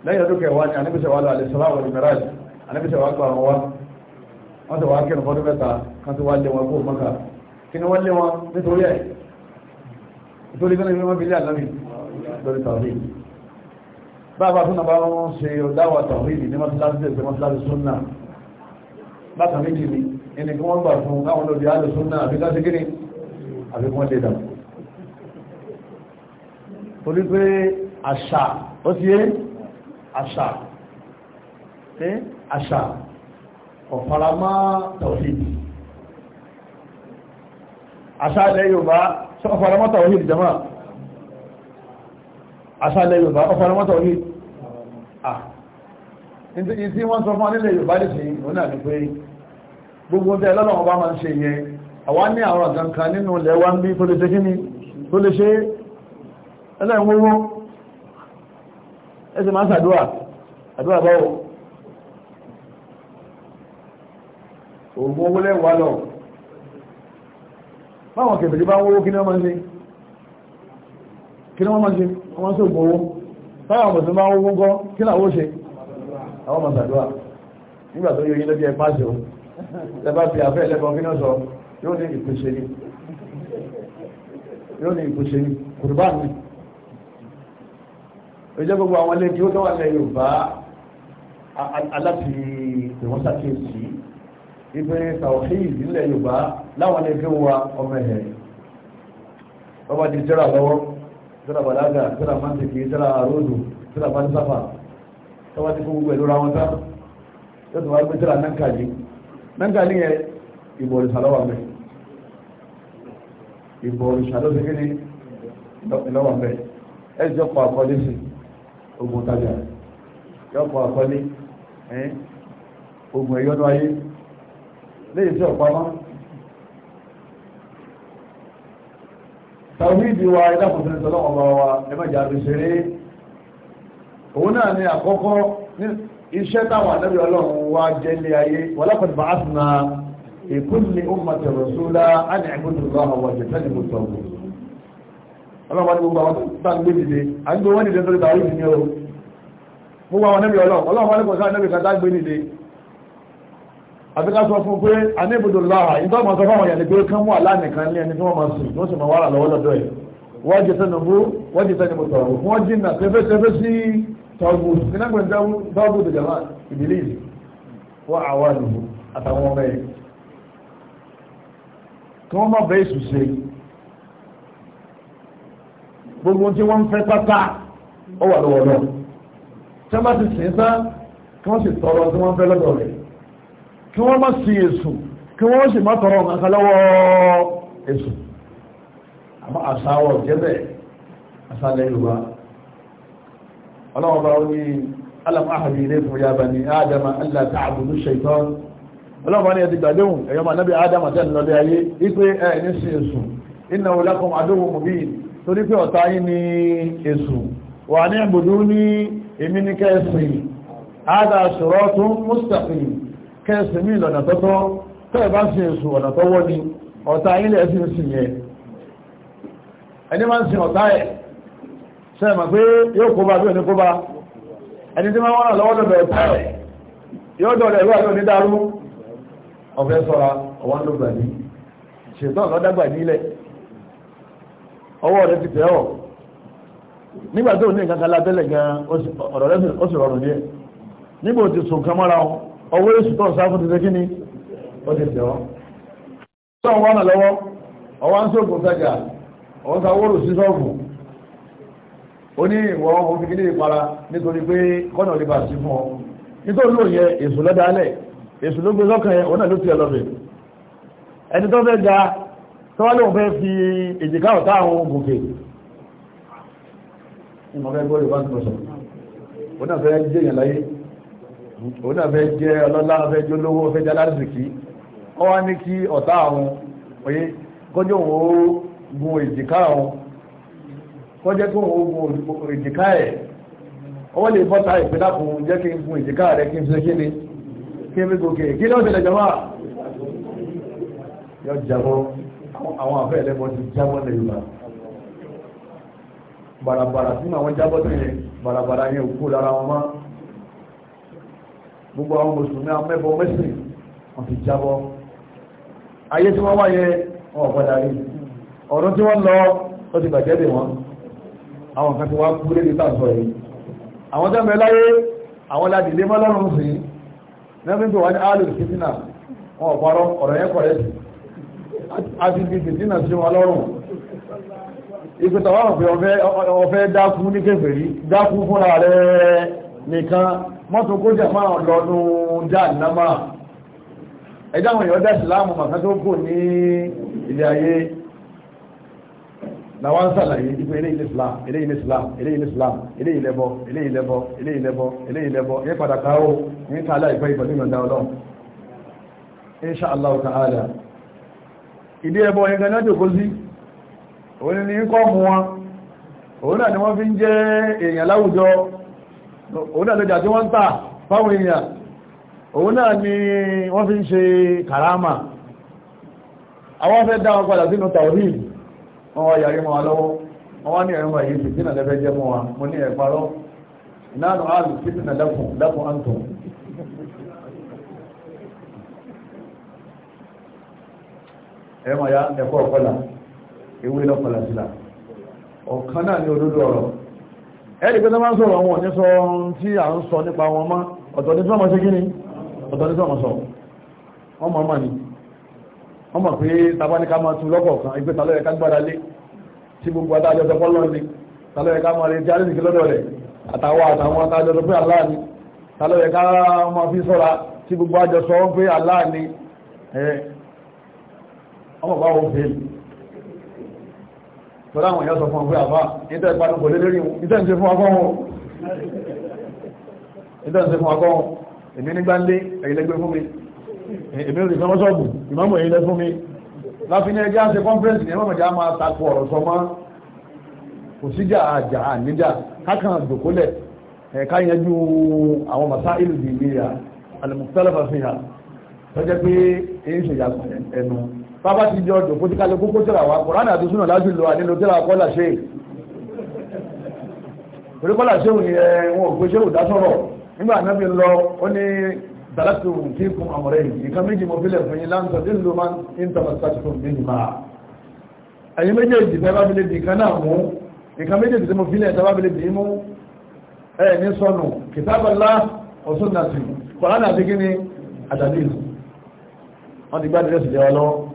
lẹ́yìn ọdún kẹwàá ni anábìsẹ̀ wà lọ àlẹ́sọ́lá wọ̀ ní mẹ́ráàjì anábìsẹ̀ wà gbà wọn wá wọ́n sì wá kẹrin fọdún mẹ́ta kan tó wá lé wọn kó mọ́ka kí ni wọ́n lé wọn nítorí ẹ̀ nítorí gbọ́nà ìgbìmọ̀ bílẹ̀ àlámì lórí tàbí bàbá tó nà bá wọn ṣe ọ̀dáwà tàbí ní mọ́síláṣí ẹgbẹ́ mọ́síláṣí súnà bákan méjì ni àṣà ó ti yé àṣà ní àṣà ọ̀faramá tàwíìdì àṣà ilẹ̀ Yorùbá ọ̀faramá tàwíìdì jama àṣà ilẹ̀ Yorùbá ọ̀faramá tàwíìdì ah ìtí wọ́n sọ fún nílẹ̀ Yorùbá lè ṣe òun náà ní pé gbogbo tẹ́ lọ́lọ́wọ́ bá máa ń ṣe yẹn àwa ní àwọn ọ̀gànkan nínú ilẹ̀ wa ń bí tó lè ṣe kí ni tó lè ṣe ẹlẹ́wọ̀n ẹsẹ̀ máa ń sàdúrà àdúrà báwo òògùn owó lẹ́wà lọ báwọn kẹfẹ̀ẹ́ bá ń wó kí ní wọ́n máa ń ṣe kí ní wọ́n máa ń ṣe wọ́n máa ń ṣe òògùn owó báwọn mọ̀sán bá ń wó gọ́ kí làwó ṣe àwọn máa sàdúrà nígbà tó yóò yí lọ́bí ẹ pàṣẹ ìjọ gbogbo àwọn ilé tí ó tọ́wà lẹ yorùbá aláti ìwọ́n sàkíyèsí ibi tawhid ilẹ̀ yorùbá láwọn ilé tí ó wa ọmọ ẹ̀ ọba di jẹ́ra lọ́wọ́ jẹ́ra balaga jẹ́ra mantiki jẹ́ra rodo jẹ́ra fansafa tọ́wà ti kó gbogbo ìlúra wọn tán yóò tún wá gbé jẹ́ra nankali nankali yẹn ìbọ̀rìṣà lọ́wọ́ mẹ́ ìbọ̀rìṣà lọ́wọ́ mẹ́ ẹjọ́ pa àkọlé sí ogun tajà yọ́pọ̀ àkọlé ogun ẹ̀yọ́nú ayé léyìí tí ọ̀pá máa tàwídì wa ẹ̀dàkùnrin tọ́lọ́ ọba wa ẹmẹ́jà àti ṣeré òun náà ni àkọ́kọ́ ní iṣẹ́ táwọn ànábì ọlọ́run wá jẹ́lé ayé wọlọ́pàá bá á sì na ìkúnlẹ̀ ó mọ̀tẹ̀rọ̀ sólá ọlọ́pàá ní gbogbo àwọn tó ń gbé dìde à ń gbé wọ́n dìde sórí tàwọn ìdí ní o gbogbo àwọn nẹ́bí ọlọ́ ọlọ́pàá ní kò sáà nẹ́bí kàtà gbé dìde àti ká sọ fún pé aníbùdó láà ìtọ́ ma sọ fáwọn yàní pé kán wà lánìkan ní ẹni tí wọ́n ma sùn ló sì ma wàrà lọ́wọ́ lọ́dọ̀ ẹ̀ wọ́n jẹ sẹ́nu bú wọ́n jẹ sẹ́nu tọ̀rọ̀ wọ́n jìnnà tẹ́fẹ́tẹ́fẹ́ sí tọ́gbù nígbàgbọ́n tọ́gbù tó jàmá ìdílé wọ́n àwa nìbò àtàwọn ọmọ ẹ̀ kí wọ́n má bẹ́ẹ̀ sùn gbogbo tí wọ́n ń fẹ́ pátá ó wà lọ́wọ́ náà tí wọ́n bá ti sìn sá kí wọ́n sì tọrọ tí wọ́n fẹ́ lọ́dọ̀ rẹ̀ kí wọ́n má sí èṣù kí wọ́n sì má tọrọ nǹkan lọ́wọ́ èṣù àmọ́ àṣàwọ̀ jẹ́bẹ̀ àṣàlẹ̀ yorùbá ọlọ́wọ́ bá ó ní alam ahàbí ilé fún ya bani adama allah ta'budu shaitan ọlọ́wọ́ bá ní ẹ̀dì gbàdéhùn ẹ̀yọ́mọ̀ anábì adama tẹ́ lọ́dẹ ayé ipe ẹ̀ ní sí èṣù innahu lakum aduwwun mubin torí pé ọ̀tá ni èṣù wà ní ẹ̀bùdú ní èmi ní kẹsìn ádá ṣòro tún mustaqim kẹsìn ní ìlànà tọ́tọ́ tẹ́ẹ̀ bá sin èṣù ọ̀nà ni ọ̀tá yín lẹ̀ ọ̀fẹ́ sọ́ra ọ̀wọ́n ló gbà ní ṣètọ́ nílẹ̀ ọwọ́ rẹ̀ ti tẹ̀ ọ́ nígbà tó ní nǹkan lábẹ́lẹ̀ gan ọ̀rọ̀ rẹ̀ ó sì rọrùn díẹ̀ nígbà sùn kan mọ́ra ọwọ́ èsù tó ń sáfún ti kí ni ó ti tẹ̀ ọ́ tó ń wọ́n lọ́wọ́ ọwọ́ ń sóògùn sájà ọwọ́ sáwọ́rò sí ó ní ìwọ̀ fi kílé ìpara nítorí pé kọ́nà sí fún ọ ga tó wá lóun fẹ́ fi èjìká ọ̀tá àwọn gòkè ìmọ̀fẹ́ bọ́ọ̀lù bá ń tọ́sọ̀ ó náà fẹ́ jẹ́ èèyàn láyé ó náà fẹ́ jẹ́ ọlọ́lá fẹ́ jẹ́ olówó fẹ́ jẹ́ alárìsìkí ó wá ní kí ọ̀tá àwọn oyé kọjọ́ òun ó gun èjìká àwọn kọjẹ́ tó òun ó gun èjìká ẹ̀ ọwọ́ lè bọ́ta ìpínlákùn jẹ́ kí n gun èjìká rẹ̀ kí n fi kí ni kí n fi gòkè kí lọ́ọ̀tẹ̀lẹ̀ jọba yọ jàbọ́ àwọn àfẹ́ ẹlẹ́bọ ti jábọ́ ní Yorùbá bàràbàrà tí àwọn jábọ́ tó yẹn bàràbàrà yẹn òkú lára wọn mọ́ gbogbo àwọn mùsùlùmí amẹ́bọ mẹ́sìn wọn ti jábọ́ ayé tí wọ́n wá yẹ wọn ọ̀padà rí ọ̀rọ̀ tí wọ́n lọ ó ti bàjẹ́ dè wọn àwọn kan ti wá kú lé nípa sọ yìí àwọn jẹ́mẹ̀ láyé àwọn ládìlé mọ́lọ́rùn sí nẹ́bí tó wá ní áàlù ìfìsínà wọn ọ̀pọ̀ ọ̀rọ̀ yẹn kọ̀rẹ́ sí àti fi tìtínà sí wọn nìkan mọ́tò kó jẹ́ máa lọ́dún jáàdínámà ẹjáwọn èèyàn dẹ̀sì màkà tó kò ní ilé ayé na wọ́n sàlàyé ipò ilé ilé islam ilé ilé islam ilé ilé islam ilé ilẹ̀bọ ilé ilẹ̀bọ ilé ilẹ̀bọ ilé ilẹ̀bọ ní padà káwó ní kálá ìfẹ́ ìfẹ́ ìfẹ́ ìfẹ́ ìfẹ́ ìfẹ́ ìfẹ́ ìdí ẹbọ yẹn ganan jòkó sí òun ni kọ́ mú wọn òun náà ni wọ́n fi ń jẹ́ èèyàn láwùjọ òun náà lọ́jà tí wọ́n ń tà fáwọn èèyàn òun náà ni wọ́n fi ń ṣe kàráàmà àwọn fẹ́ dá wọn padà sínú tàwí wọn wá yàrí wọn lọ́wọ́ wọn wá ní ẹ̀rọ èyí fìtínà lẹ́fẹ́ ẹ̀mọ̀ ya ẹ̀kọ́ ọ̀pọ̀lá ewé lọ́pọ̀lá sílá ọ̀kan náà ní olódó ọ̀rọ̀ ẹ̀rì pé tọ́mọ́ sọ̀rọ̀ wọn ní sọ tí a ń sọ nípa wọn mọ́ ọ̀tọ̀ ní sọ́mọ́ sí kí ni ọ̀tọ̀ ní sọ́mọ́ sọ wọ́n mọ̀ mọ̀ ni wọ́n mọ̀ pé tabaníká máa tún lọ́pọ̀ kan ìgbé talọ́ ẹ̀ká gbára lé tí gbogbo adájọ́ tọpọ́ lọ ni talọ́ ẹ̀ká máa lè jáde nìkí lọ́dọ̀ rẹ̀ àtàwọn àtàwọn adájọ́ tó pé Allah ni talọ́ ẹ̀ká máa fi sọ́ra tí gbogbo àjọ sọ pé Allah ni ọmọ bá wọn fèèlì tọ́lá àwọn èèyàn sọ fún ọgbẹ́ àbá níta ìpanu kò lé lórí wọn níta ń ṣe fún agbọ́n wọn níta ń ṣe fún agbọ́n wọn èmi nígbà ń fún mi èmi ò lè fẹ́ mọ́sọ́ọ̀bù fún mi láfin ẹjẹ́ àṣẹ kọ́nfẹ́rẹ́nsì ní ẹ̀mọ́mọ̀já máa takò ọ̀rọ̀ sọ bàbá ti jọ jò fótí kálẹ̀ kókó tẹ́ra wa kòránà àti súnà lájú lọ àdínlò tẹ́ra kọ́là ṣe torí kọ́là ṣe òní ẹ̀wọ̀n òkú ṣe òdásọ́rọ̀ nígbà náàbí lọ ó ní dàlátì òun tí kún àmọ̀rẹ́ ìkan méjì mo fílẹ̀ fún yín láǹtọ̀ tí ló máa ń tàbí sáàtì fún mi nìmá ẹ̀yin méjèèjì fẹ́ bá fílẹ̀ dìkan náà mú ìkan méjèèjì tí mo fílẹ̀ tẹ́ bá fílẹ̀ dì mú ẹ̀ ní sọnù kìtàbàlá ọ̀sùn nàti kọ̀ránà àti kíni àdàlì wọ́n ti gbá dìrẹ́sì lẹ́wọ́ lọ́wọ́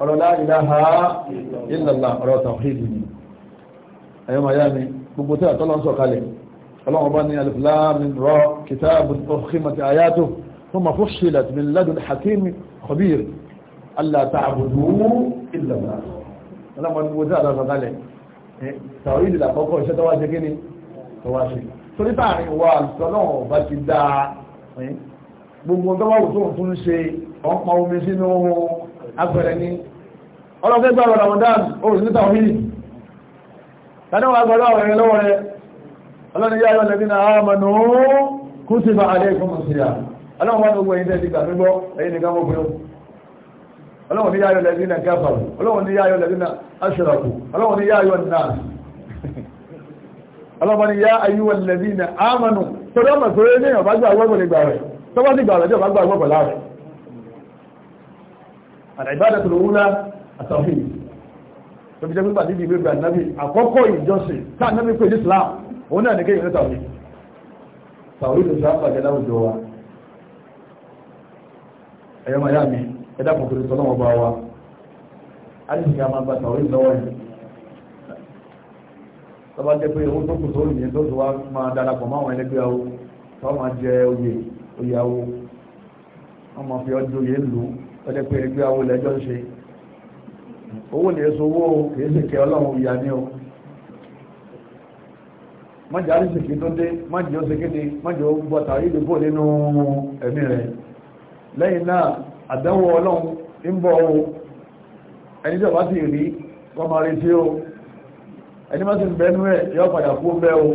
ọ̀rọ̀ la ilaha illallah ọ̀rọ̀ tàwíìdì ni ẹ̀yọ́ màá yá mi gbogbo tí àtọ́lọ́ ń sọ̀kalẹ̀ ọlọ́run bá ní alif lam mim ra kitabun ukhimmat ayatuhu thumma fussilat tí àtọ́lọ́ sọ̀kalẹ̀ tàwíìdì gbogbo tó wá wù tó ṣe ọ̀pọ̀ omi sínú agbẹ̀rẹ̀ ni ọlọ́fẹ́ gbàrọ̀ ramadan oòrùn ní tàwíì tàníwà agbọ́rọ̀ àwọn ẹ̀rẹ́ lọ́wọ́ rẹ̀ ọlọ́niyà yọ lẹ́bí na àmànà kú sí bá alẹ́kùn síyà ọlọ́wọ́n wọ́n gbogbo ẹ̀yìn tẹ́ẹ̀tì gbàgbígbọ́ ẹ̀yìn nìkan mọ́ pẹ̀lú ọlọ́wọ́n ni yá yọ lẹ́bí na gáfàrù ọlọ́wọ́n ni yá yọ lẹ́bí na aṣọ́rakù ọlọ́wọ́n ni yá yọ náà ọlọ́wọ́n ni yá ayúwọ̀ lẹ́bí na àmànà tọ́dọ́ mọ̀ gbà àtàwí tó fi jẹ́ pípa níbi ìwé ìgbà nábì àkọ́kọ́ ìjọsìn tá a nábì pé ní Islam òun náà ní kéyìn ní tàwí tàwí ló sáà pàdé láwùjọ wa ẹ̀yọ́ máa yá mi ẹ̀dá kòkòrò sọ lọ́wọ́ bá wa a ní ìyá máa gba tàwí lọ́wọ́ yìí tọ́ba jẹ́ pé owó tó kù sórí yẹn tó tó wá máa darapọ̀ mọ́ àwọn ẹlẹgbẹ́ awo tó máa jẹ oyè oyè awo wọ́n máa fi ọjọ́ oyè lù ọ́ jẹ́ pé ẹgbẹ́ awo lẹ́jọ́ ṣe owó lè so owó kìí sì kẹ ọlọ́run ìyá ní o mọ́jà àríṣìkì tó dé mọ́jì ó ṣekéde mọ́jì ó gbọ́ tàrí ìdìbò nínú ẹ̀mí rẹ̀ lẹ́yìn náà àdánwò ọlọ́run ń bọ̀ o ẹni tí ọba ti rí wọ́n máa retí o ẹni má sì ń bẹnu ẹ̀ yọ padà kú bẹ́ o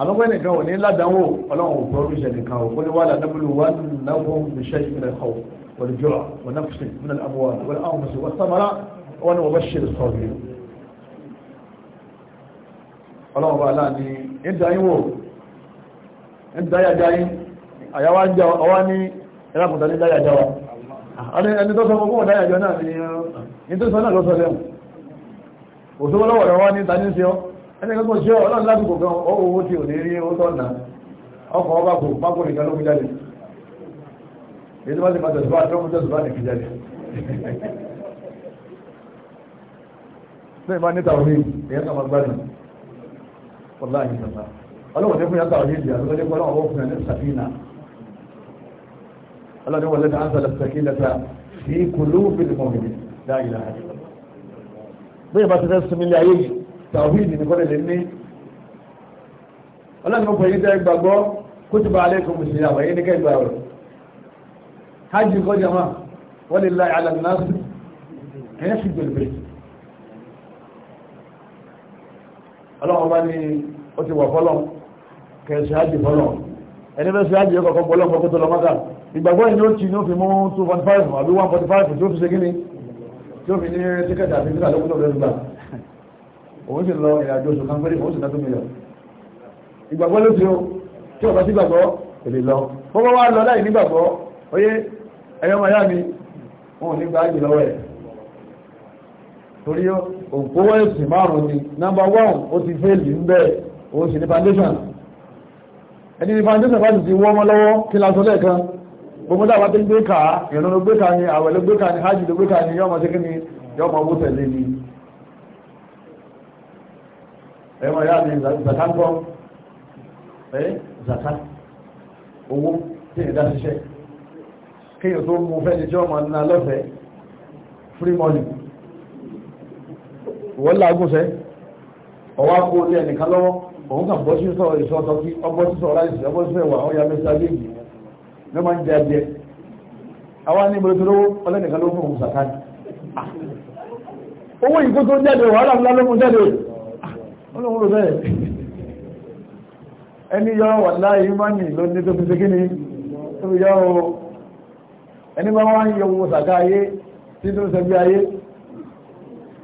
àlọ́pẹ́ nìkan ò ní ládánwò ọlọ́run ò gbọ́ oríṣẹ́ nìkan o kólé wà ládánwò wà náà fún iṣẹ́ ìpínlẹ̀ kọ̀ wọ̀lùjọ́ wọ̀náfíṣẹ́ ìpínlẹ̀ àbúwà wọ̀lá wọ́n ni wọ́n bá ṣe sọ̀rọ̀ ọlọ́run bá láà ní ìdáyín wò ìdáyàjáyín àyàwó ọwá ní ẹlápùtà ní dáyàjáwá ẹni tó sọ fún ọdáyàjọ náà ni ẹni tó sọ náà lọ́sọ lẹ́wọ̀n òṣùwọ́ lọ́wọ́ rẹ̀ wá ní tani sí ọ ẹni kọ́kọ́ sí ọ ọlọ́run lásìkò kan ó owó tí ò ní rí ó tọ̀nà ọkọ̀ ọba kò pákó nìkan ló fi jáde èyí bá ti bá tẹ̀síwá tó bẹ́ẹ̀ bá níta òní èyàn kà máa gbádùn ọ̀la ìjọba ọlọ́wọ̀n ní fún yàtọ̀ òní ìdí àlọ́ lẹ́kọ́ ọlọ́wọ̀n ó fún yàn ní sàfihàn ọlọ́dún wọlé ní ansa lẹ́sẹ̀kí lẹ́sẹ̀ sí kùlú bíi mọ̀mìnì láàyè láàyè bẹ́ẹ̀ bá ti fẹ́ sinmi lé ayé yìí tàwíìdì nìkan lè ní ọlọ́run kò yí dẹ́ gbàgbọ́ kó ti bá alẹ́ kò mùsùlùmí àwọn yìí ní kẹ́ ọlọ́run bá ní ó ti wà fọ́lọ́n kẹsì ájì fọ́lọ́n ẹni bẹ́ẹ̀ sí ájì yóò kọ́kọ́ bọ́lọ́n kọ́kọ́ tó lọ mọ́ta ìgbàgbọ́ ìní ó ti ní ó fi mú 2.5 àbí 1.5 tí ó fi ṣe gíní tí ó fi ní tíkẹ́tì àti tíkà lókùn lórí gbà òun sì lọ ìrìn àjò oṣù kan péré òun sì ná tó mi lọ ìgbàgbọ́ ló ti ó tí ọ̀bá sí gbàgbọ́ èlè lọ bọ́bá wa lọ láì nígbàgbọ́ oyé ẹ̀yọ́ mayami wọn ò ní gbà ájì lọ́wọ́ ẹ̀ torí òpó ẹ̀sìn márùn-ún ni nọ́mbà wọ́n ó ti fẹ́ẹ̀lì ń bẹ́ẹ̀ ó sì ní foundation ẹni ní foundation bá ti ti wọ́n mọ́ lọ́wọ́ kí lásọ lẹ́ẹ̀kan gbogbo dáwà tó ń gbé kàá ìrún ló gbé kàá ni àwẹ̀ ló gbé kàá ni hajj ló gbé kàá ni yọ́mọ sí kí ni yọ́mọ owó tẹ̀lé ni ẹ̀wọ̀n ìyá mi zàkà ń kọ́ ẹ̀ zàkà owó free money wọ́n lágúnṣẹ́ ọwá kó lé ẹnìkan lọ́wọ́ òun kàn bọ́ sí sọ ìṣọ́tọ́ kí ọbọ́ sí sọ ráìsì ọbọ́ sí ẹwà ọya mẹ́sà léèkì ló máa ń jẹ adìẹ àwa ní ìbẹ̀rẹ̀ tó lówó ọlẹ́nìkan ló fún òun sàkáàdì owó ìkó tó jáde wàhálà ńlá ló fún ni tó fi yọ ẹni bá wá ń yọ sẹ́bí ayé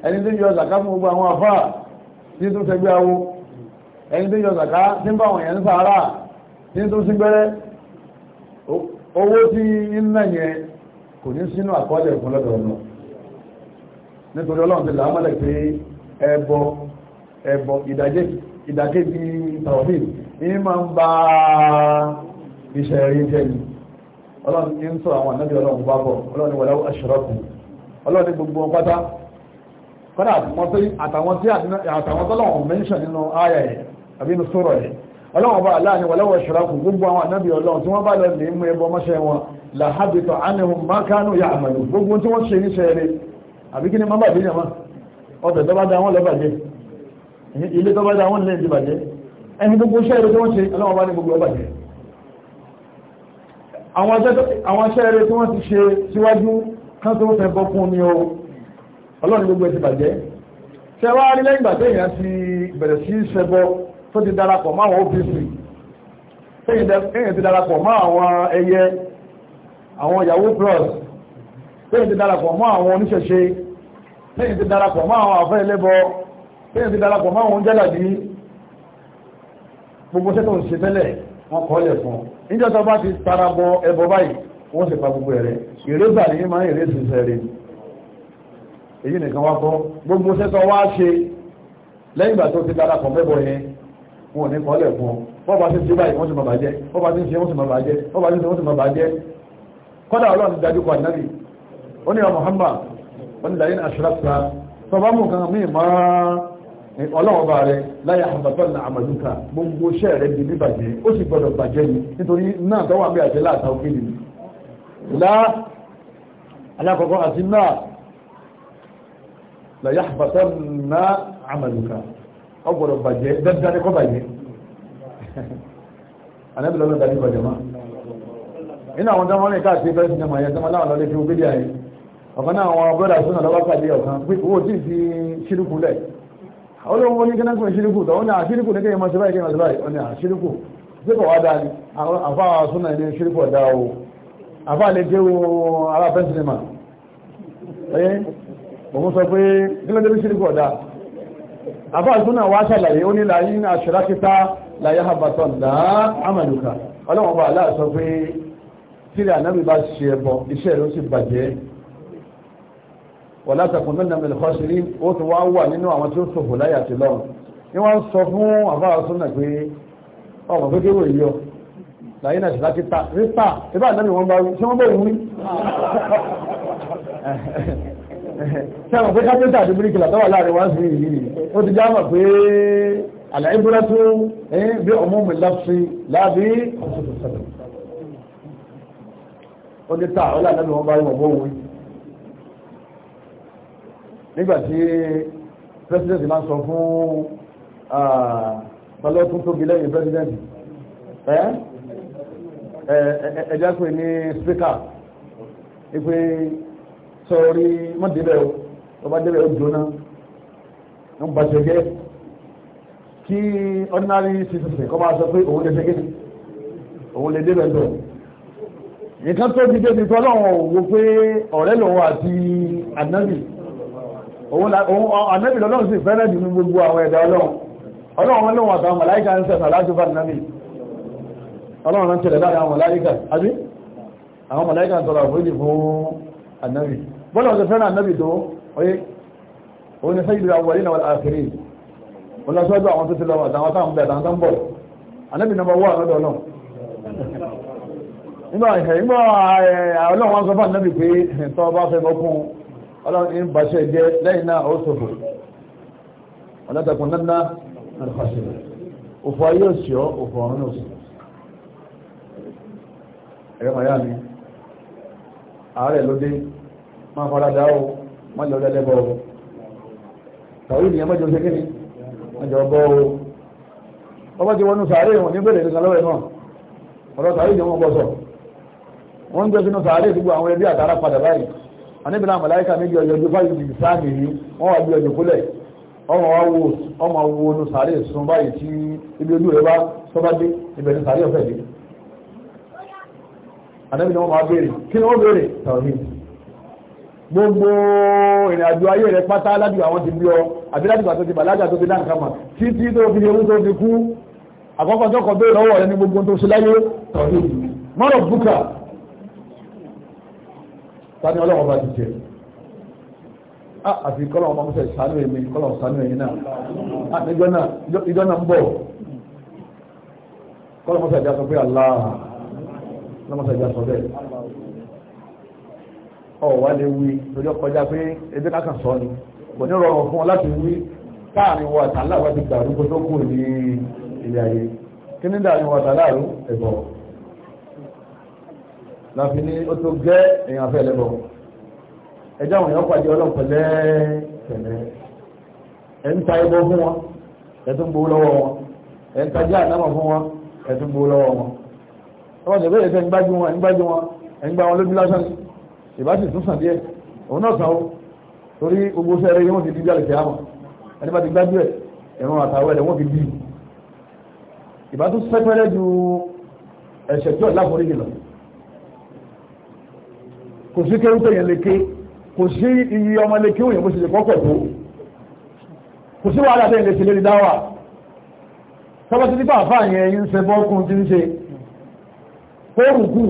ẹni tó yọ zàká fún gbogbo àwọn àfáà tí tó fẹ́ awo ẹni tó yọ tí ń bá àwọn èèyàn sàárà tí tó owó tí ń yẹn kò ní sínú àkọọ́lẹ̀ ọ̀nà nítorí ọlọ́run ti làámọ́lẹ̀ pé ẹbọ ẹbọ ìdàkejì tàwọ́fì ní máa ń bá iṣẹ́ rí jẹ́ ni ọlọ́run ń sọ àwọn ànábì ọlọ́run bá bọ̀ kọ́dà mọ́ pé àtàwọn tí àtàwọn tọ́lọ́wọ̀n mẹ́ṣọ̀ nínú ayà ẹ̀ àbí inú sọ́rọ̀ ẹ̀ ọlọ́wọ̀n bá aláàrin wọlọ́wọ̀ ṣọ́rákù gbogbo àwọn ànábì ọlọ́run tí wọ́n bá lọ lè mú ẹbọ mọ́ṣẹ́ wọn làhábìtọ̀ ánìhùn mákánù yà àmàlù gbogbo tí wọ́n ṣe ní ṣe rẹ̀ àbí kí ni má bàjẹ́ yàmá ọbẹ̀ tó bá da wọn lọ bàjẹ́ ilé tó bá da wọn lè di bàjẹ́ àwọn ṣe tí wọ́n ti ṣe síwájú kan tó fẹ́ bọ́ ni o ọlọ́run gbogbo ẹ ti bàjẹ́ ṣe wá rí lẹ́yìn ìgbà téèyàn ti bẹ̀rẹ̀ sí ṣẹbọ tó ti darapọ̀ mọ́ àwọn OPC téèyàn ti darapọ̀ mọ́ àwọn ẹyẹ àwọn yahoo plus téèyàn ti darapọ̀ mọ́ àwọn oníṣẹ̀ṣe téèyàn ti darapọ̀ mọ́ àwọn àfẹ́ ẹlẹ́bọ téèyàn ti darapọ̀ mọ́ àwọn jálàbí gbogbo sẹ́tọ̀ ń ṣe tẹ́lẹ̀ wọn kọ́ lẹ̀ fún níjọ́ tó wọ́n sì pa gbogbo ẹ̀rẹ́ ìrẹ́gbà ní máa ń ìrẹ́sì sẹ́rin èyí nìkan wá kọ́ gbogbo sẹ́tọ̀ wá ṣe lẹ́yìn ìgbà tó ti darapọ̀ mẹ́bọ̀ yẹn wọn ò ní kọ́lẹ̀ fún ọ bọ́ bá ti ṣe báyìí wọ́n ti máa bàjẹ́ bọ́ bá ti ṣe wọ́n ti máa bàjẹ́ bọ́ bá ti ṣe wọ́n ti máa bàjẹ́ kọ́dà ọlọ́run dájú kọ ànábì ó ní ọmọ Muhammad ó ní lẹ́yìn aṣọ́láṣà tó bá mú nǹkan míì máa ọlọ́run bá rẹ láyé àbàtọ́ ní àmàlùkà gbogbo iṣẹ́ rẹ di ní bàjẹ́ ó sì gbọdọ̀ bàjẹ́ ni nítorí náà tó wà bí àjẹ́ láàtà òkèlè lá alákọ̀ọ́kọ́ àti náà lẹ́yà àbàtọ́ ná àmàlùkà ọgbọ̀dọ̀ bàjẹ́ dáadáa kọ́ bàjẹ́ anábìlẹ̀ ọlọ́dà ní bàjẹ́ máa nínú àwọn tó wọ́n rìn káàkiri fẹ́ sinimá yẹn tó wọ́n láwọn lọ́lé fi wọ́n gbélé ayé ọ̀kan náà àwọn bọ́dà sọ́nà lọ́wọ́ pàdé ọ̀kan pé owó tí fi ṣírùkù lẹ̀ olóhun ní kínákùn ṣírùkù tó wọ́n ní àṣírùkù ní kéyìn mọ́ báyìí kéyìn mọ́ báyìí wọ́n ní àṣírùkù tí kò wá dáa ni àfa sọ́nà ní ṣírùkù ọ̀dà o àfa lè dé wo ará fẹ́ sinimá òun sọ pé gílẹ̀dẹ́bí ṣíríkù ọ̀dá àbá ìsúná wá ṣàlàyé ó ní láyé ní àṣírákítà láyé àbàtọ̀ láà àmàlùkà ọlọ́wọ́n bá aláà sọ pé tíri ànábì bá ṣe ẹbọ iṣẹ́ rẹ̀ ó sì bàjẹ́ wọ̀lá takùn mẹ́ta mẹ́lẹ̀kọ́ sí rí ó ti wá wà nínú àwọn tí ó sòfò láyà ti lọ́run ni wọ́n sọ fún àbá ìsúná pé ọmọ pé kéwò yíyọ láyé náà ṣìlákítà rípa ìbá ànábì wọn bá wí ṣé wọ́n bẹ̀rù wí sẹ́wọ̀n pé kápẹ́tà àti bíríkìlà tó wà láàrin wá sí ìlú yìí ó ti já mọ̀ pé àlàyébúrá tó bí ọmọ mi láti láàbí ó ti ta ọlá àdábì wọn bá rí ọgbọ́n wọn nígbà tí pẹ́sidẹ̀ntì máa sọ fún pẹ̀lọ́tún tó bí lẹ́yìn pẹ́sidẹ̀ntì ẹ̀ẹ́dẹ́kùn ní spíkà ìpé sọ̀rí mọ́débẹ̀ o ọba débẹ̀ o jóná ń bá ṣe gẹ́ kí ordinary citizen kọ́ máa sọ pé òun lè ṣe gẹ́ òun lè débẹ̀ lọ nìkan tó ti débi tó lọ́wọ́ wo pé ọ̀rẹ́ lọ́wọ́ àti ànábì ànábì lọ́lọ́run sì fẹ́rẹ̀ jù ní gbogbo àwọn ẹ̀dá ọlọ́run ọlọ́run lọ́wọ́ àtàwọn màláìkà ń sẹ̀sà láti fà náà ọlọ́run ń tẹ̀lẹ̀ láàrin àwọn màláìkà àbí àwọn màláìkà ń sọ̀rọ̀ àforíjì fún ànábì bọ́lá ọ̀sẹ̀ fẹ́ràn anábì tó oyé òun ni sayyidul awwalina wal akhirin wọn lọ sọ́jọ́ àwọn tó ti lọ àtàwọn táwọn bẹ̀ àtàwọn tó ń bọ̀ anábì nọmba wọ́ àlọ́dọ̀ náà nígbà ìhẹ̀ nígbà ọlọ́run wọn sọ fún anábì pé tọ́ bá fẹ́ mọ́kún ọlọ́run ń bàṣẹ jẹ lẹ́yìn náà ó sòfò ọlọ́tẹ̀kùn nánà àlùfàṣẹ òfò ayé òsì ọ́ òfò ọ̀run òsì ẹ̀rọ màyá mi ààrẹ ló dé máa fara dá o má jọ dẹ́dẹ́ bọ́ o tàwí ìdíyẹn mọ́jọ ṣe kíni mọ́jọ bọ́ o ọba ti wọnú sàárè wọn lọ́wọ́ ẹ̀ náà ọ̀rọ̀ sọ ń gbé sínú sàárè àwọn ẹbí àtàrà padà báyìí méjì ọjọ́ ojú sáàmì yìí wà ọjọ́ kúlẹ̀ ọmọ wa wo ọmọ wo nu sàárè sun báyìí tí ibi ojú gbogbo ìrìnàjò ayé rẹ pátá ládùúgbò àwọn ti bí ọ àbí ládùúgbò àti bàlágà tó ti dá nǹkan mà títí tó fi ewu tó fi kú àkọ́kọ́ tó kọ̀ bẹ́ẹ̀ lọ́wọ́ rẹ ní gbogbo tó ṣe láyé tọ̀lé mọ́rọ̀ búkà tani ọlọ́wọ́ bá ti jẹ àfi kọ́lọ̀ ọmọ mọ́sẹ̀ sánú èmi kọ́lọ̀ sánú èyí náà níjọ́ náà ìjọ́ náà ń bọ̀ kọ́lọ̀ mọ́sẹ̀ ìjà sọ pé àlá lọ́mọ́sẹ̀ ìjà sọ bẹ́ẹ̀ ọ̀wá lè wí lórí ọkọjá pé ebi kákan sọ ni kò ní rọrùn fún ọ láti wí káàrin wọ àtàlà wá ti gbàrú kó tó kù ní ilé ayé kí ní dàrin wọ àtàlà rú ẹ̀bọ̀ láfi ní ó tó gẹ́ èèyàn fẹ́ lẹ́bọ̀ ẹjọ́ àwọn èèyàn pàdé ọlọ́pẹ̀lẹ́ tẹ̀lẹ́ ẹ̀ ń ta ẹbọ fún wọn ẹ̀ tó ń gbowó lọ́wọ́ wọn ẹ̀ ń tajà àdámọ̀ fún wọn ẹ̀ tó ń gbowó lọ́wọ́ wọn. ọmọ ìbéèrè fẹ́ ń gbájú wọn ẹ̀ ń gbájú wọn ẹ̀ ń gbá wọn lójú lásán ni ìbáṣì tún sàn díẹ̀ òun náà sanwó torí gbogbo sẹ́rẹ̀ yẹn wọ́n ti di jálẹ̀ kí á mọ̀ ẹni bá ti gbájú ẹ̀ ẹ̀rọ àtàwọ̀ ẹ̀rẹ̀ wọ́n ti di ìbá tún sẹ́pẹ́rẹ́ ju ẹ̀ṣẹ̀ tí ọ̀lá forí jùlọ kò sí kẹ́rù tẹ̀yẹ̀ leke kò sí iye ọmọ leke òyìnbó sì lè kọ́kọ̀ tó kò sí wàhálà tẹ̀yẹ̀ lè ṣe lérí dáwà tọ́bọ́sí nípa àfáà yẹn ń ṣe bọ́ọ̀kùn ti ń ṣe kó rùkù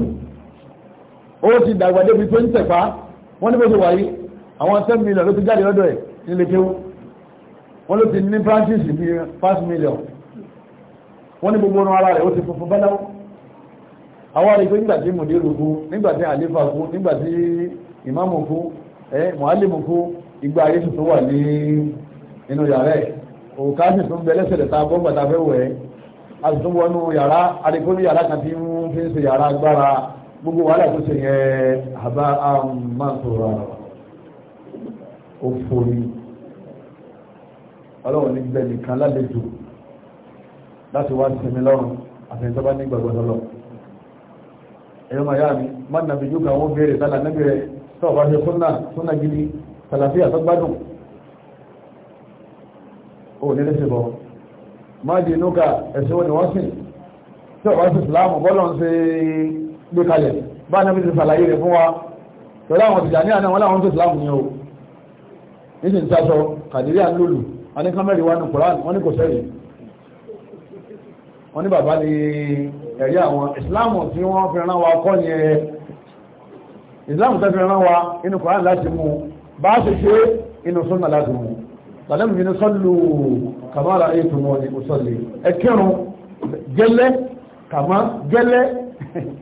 ó ti dàgbà débi tó ń tẹ̀pá wọ́n ní bó ti wáyé àwọn ten million ló ti jáde lọ́dọ̀ ẹ̀ nílé kéwú wọ́n ló ti ní practice bí five million wọ́n ní gbogbo ọ̀nà ara rẹ̀ ó ti funfun báláwọ́ àwọn àrígbé nígbàtí mùdírù kú nígbàtí àlífà kú nígbàtí ìmáàmù kú ẹ mọ̀álìmù kú ìgbà ayé tuntun wà ní inú yàrá ẹ̀ òkà sì tún bẹ lẹ́sẹ̀ lẹ́ta gbọ́ngbàtà fẹ́ wẹ̀ a sì tún wọnú yàrá àrígbó ní yàrá kan tí ń fi ń ṣe yàrá agbára gbogbo wàhálà tó ṣe yẹn àbá àmàtòrò òfò ni ọlọ́run ní gbẹ nìkan lálejò láti wá sinmi lọ́rùn àtẹ̀yìntọ́ bá ní gbàgbọ́ lọ́lọ́ ẹ̀yọ́ màá yá mi má nàbí yóò kàn wọ́n béèrè tálà níbi rẹ̀ tó ọ̀bá ṣe súnà súnà gidi tàlàfíà tó gbádùn ó ní lẹ́sẹ̀ bọ́ má di inú ka ẹ̀sìn wọn ni wọ́n sìn tí ọ̀bá sì Islam bọ́lọ̀ ń ṣe gbé kalẹ̀ bá náà fi ṣàlàyé rẹ̀ fún wa pẹ̀lú àwọn ìjà ní àná wọn láwọn tó ìsìláàmù ni o níṣì ń sásọ kàdíríà ń lòlù wọn ní kámẹ́rì wa ní koran wọn ní kò sẹ́rì wọn ní bàbá ní ẹ̀rí àwọn ìsìláàmù tí wọ́n fi rán wa kọ́ ni ẹ̀ ìsìláàmù tó fi rán wa inú koran láti mú bá a ṣe ṣe inú súnà láti mú tàlẹ́mù yìí ní sọ́lù kàmáàrà ètò wọn ní kò sọ́lù ẹ̀kẹ́rùn gẹ́lẹ́ kàmá gẹ́lẹ́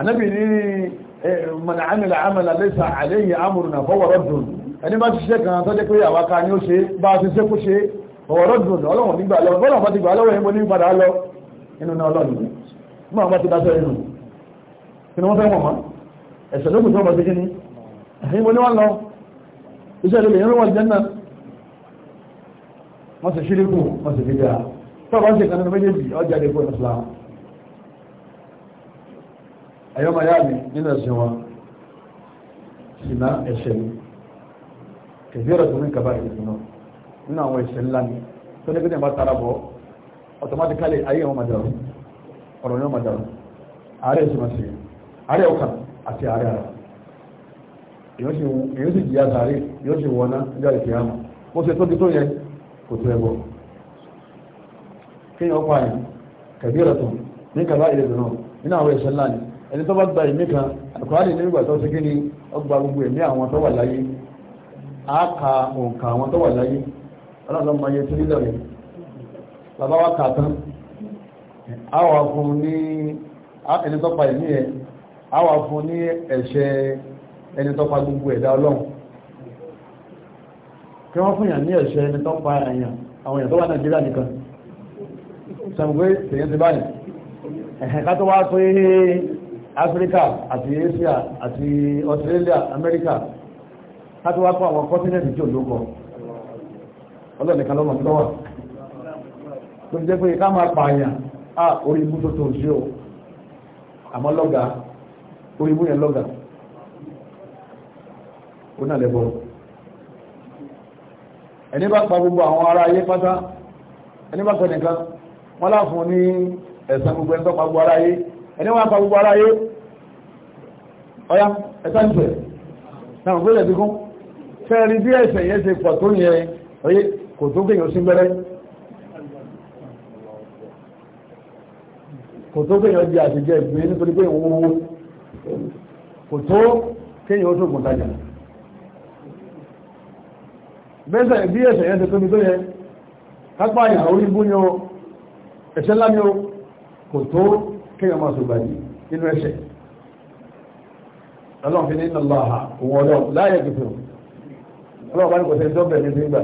anábì ní mọ̀nà àmìlà àmìlà lẹ́sà àléyìn amúrùnà fọwọ́rọ́dùn ẹni bá ti ṣiṣẹ́ kan tó jẹ́ pé àwa ká ní ó ṣe bá a ti ṣe kó ṣe fọwọ́rọ́dùn ọlọ́wọ̀n nígbà lọ bọ́lá bá ti gbà lọ́wọ́ yẹn bó ní padà lọ inú náà lọ́nà mọ́ àwọn bá ti dáṣẹ́ inú kí ni wọ́n fẹ́ wọ̀n mọ́ ẹ̀sẹ̀ ló kù tó bá ti kí ni ẹ̀yìn wọn ni wọ́n lọ iṣẹ́ ìlú ìyẹn wọ́n jẹ́ náà wọ́n sì ṣírí kù wọ́n sì fi dáa tó bá ń ṣe kan nínú méjèèjì ọjà lè ẹ̀yọ́mọ̀ yá mi nínú ẹ̀sìn wọn ṣìnà ẹ̀ṣẹ̀ ni kẹfì ọ̀rọ̀ tó ní kaba ìrìn náà nínú àwọn ẹ̀ṣẹ̀ ńlá ni tó ní gbẹ́dẹ̀ bá tara bọ̀ automatically ayé wọn màdàrú ọ̀rọ̀ yóò màdàrú ààrẹ ẹ̀sìn máa ṣe ààrẹ ọkàn àti ààrẹ ara èyí sì jìyà sàárè yóò sì wọná ìjọ ìfẹ́ àmà mo ṣe tóbi tó yẹ kò tó ẹbọ kéèyàn ọkọ àyè kẹfì ọ̀rọ̀ tó ní kaba ìrìn náà nínú àwọn ẹ̀ṣẹ̀ ńlá ni ẹni tó bá gba ìmí kan àkọ́hálì nígbà tó ṣe kí ni ọgbà gbogbo ẹ̀mí àwọn tó wà láyé á ka òǹkà àwọn tó wà láyé ọlọ́run máa yẹ tírílẹ̀ rẹ̀ bàbá wa kà tán á wà fún ní ẹni tó pa ìmí ẹ̀ á wà fún ní ẹ̀ṣẹ̀ ẹni tó pa gbogbo ẹ̀dá ọlọ́run kí wọ́n fún yàn ní ẹ̀ṣẹ̀ ẹni tó pa èèyàn àwọn èèyàn tó wà Nàìjíríà nìkan sàmùgbé tèyàn ti báyìí ẹ̀hẹ̀ ká tó wá pé Áfíríkà àti Asia àti Australia Amẹ́ríkà láti wá kọ́ àwọn kọ́tínẹ̀tì tí ò ló kọ ọlọ́nìkan lọ́mọ tó wà tó jẹ́ pé ká máa pààyàn á orí ibú tó tó sí o àmọ́ lọ́gà orí ibú yẹn lọ́gà ó nà lẹ́bọ̀ ẹni bá pa gbogbo àwọn ará ayé pátá ẹni bá pẹ̀ nìkan wọ́n láfún ní ẹ̀sán gbogbo ẹni pa gbogbo ará ayé ẹni wọ́n pa gbogbo ara yé ọya ẹ̀ta ìfẹ́ náà gbé lẹ̀ dígún fẹ́ẹ̀rí bí ẹ̀sẹ̀ yẹn ṣe pọ̀ tó yẹ ọyé kò tó kéèyàn sí gbẹ́rẹ́ kò tó kéèyàn di àtijọ́ ìgbìyàn nítorí pé òun owó kò tó kéèyàn ó tó gùn tajà bẹ́sẹ̀ bí ẹ̀sẹ̀ yẹn ṣe tóbi tó yẹ kápá ìhà orí bú ni ó ẹ̀ṣẹ́ ńlá ni ó kò tó kéèyàn máa sọ̀gbà yìí nínú ẹ̀ṣẹ̀ ọlọ́run fi ní nàlọ́ha òun ọlọ́run láàyè gbèsè ọlọ́run bá ní kò sẹ́ni tó bẹ̀rẹ̀ ní gbà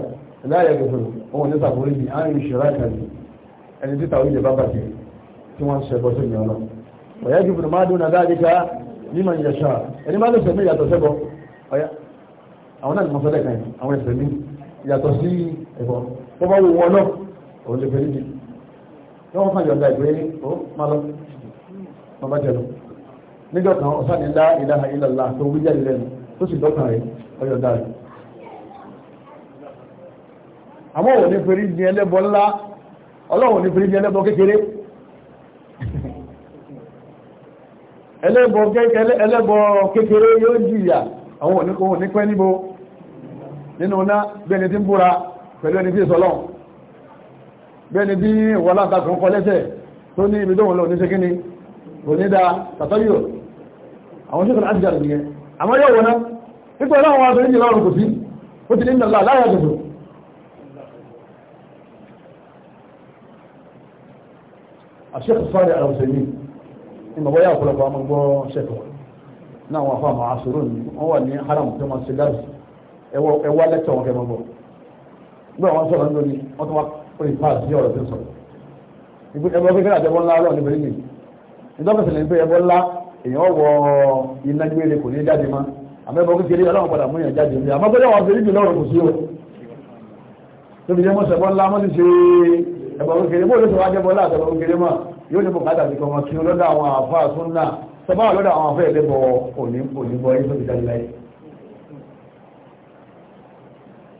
láàyè gbèsè òun ní sàkórí yìí á ń yí ṣọ́ra kàlí ẹni tí tàwọn ìjẹba bàjẹ́ tí wọ́n ń ṣẹbọ sí ìyàn ọlọ́run ọ̀yá gbèsè máa dún nàdá àdíkà mímọ̀ ìyàṣà ẹni máa lọ́sẹ̀ mí ìyàtọ̀ sẹ́bọ ọ̀yá àwọn náà ni mo sọ́dẹ̀ kan àwọn ẹ̀sẹ̀ wọn bá jẹ lọ níjọ kan ọ̀sán ni la ilaha illallah tó wí jáde lẹ́nu tó sì dọ́kàn rẹ̀ ọyọ̀ dáre àmọ́ òun ní fèrè ní ẹlẹ́bọ ńlá ọlọ́run ní fèrè ní ẹlẹ́bọ kékeré ẹlẹ́bọ kékeré yóò jìyà àwọn òun ní pẹ́ níbo nínú ná bẹ́ẹ̀ni tí ń búra pẹ̀lú ẹni tí ìsọlọ́run bẹ́ẹ̀ni bí wọ́n látàkùn kọ lẹ́sẹ̀ tó ní ibi tó wọn lọ ní ṣe kò da tàtọ́yò a ṣe kọ̀lá àjíjà nìyẹn àmọ́ yóò wọ́n náà nípa ọlọ́run wa tẹ̀lé ìlọrun kò sí ó ti ní nàlá láyà gbogbo àṣẹ́kù sọ́ọ̀rẹ̀ àwọn òṣèlú ìmọ̀ bọ́yá ọ̀pọ̀lọpọ̀ àmọ́ gbọ́ ṣẹ́kù náà wọn fáwọn àṣírò ní wọ́n haram tó máa ṣe gáàsì ìdọ́kọ̀sẹ̀lẹ̀ pé ẹbọ ńlá èèyàn wọ iná gbére kò ní jáde mọ́ àmọ́ ẹbọ kékeré ọlọ́run padà múyàn jáde ní àmọ́ pé lọ́wọ́ fèrè jù lọ́rùn kò sí o tóbi jẹ́ mọ́sẹ̀ bọ́ńlá mọ́ ti ṣe ẹbọ kékeré bó ló sọ wájẹ́ bọ́lá àtẹ̀bọ kékeré mọ́ yóò ní bùkátà sí kọmọ kí lọ́dọ̀ àwọn àfáà tún náà sọba lọ́dọ̀ àwọn afẹ́ ẹlẹ́bọ òní bọ yín tóbi jáde láyé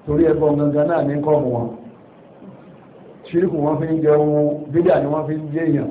torí ẹbọ gangan náà ní kọ́ wọn ṣíríkù wọn fi ń jẹun bídíà ni wọn fi ń jẹ èèyàn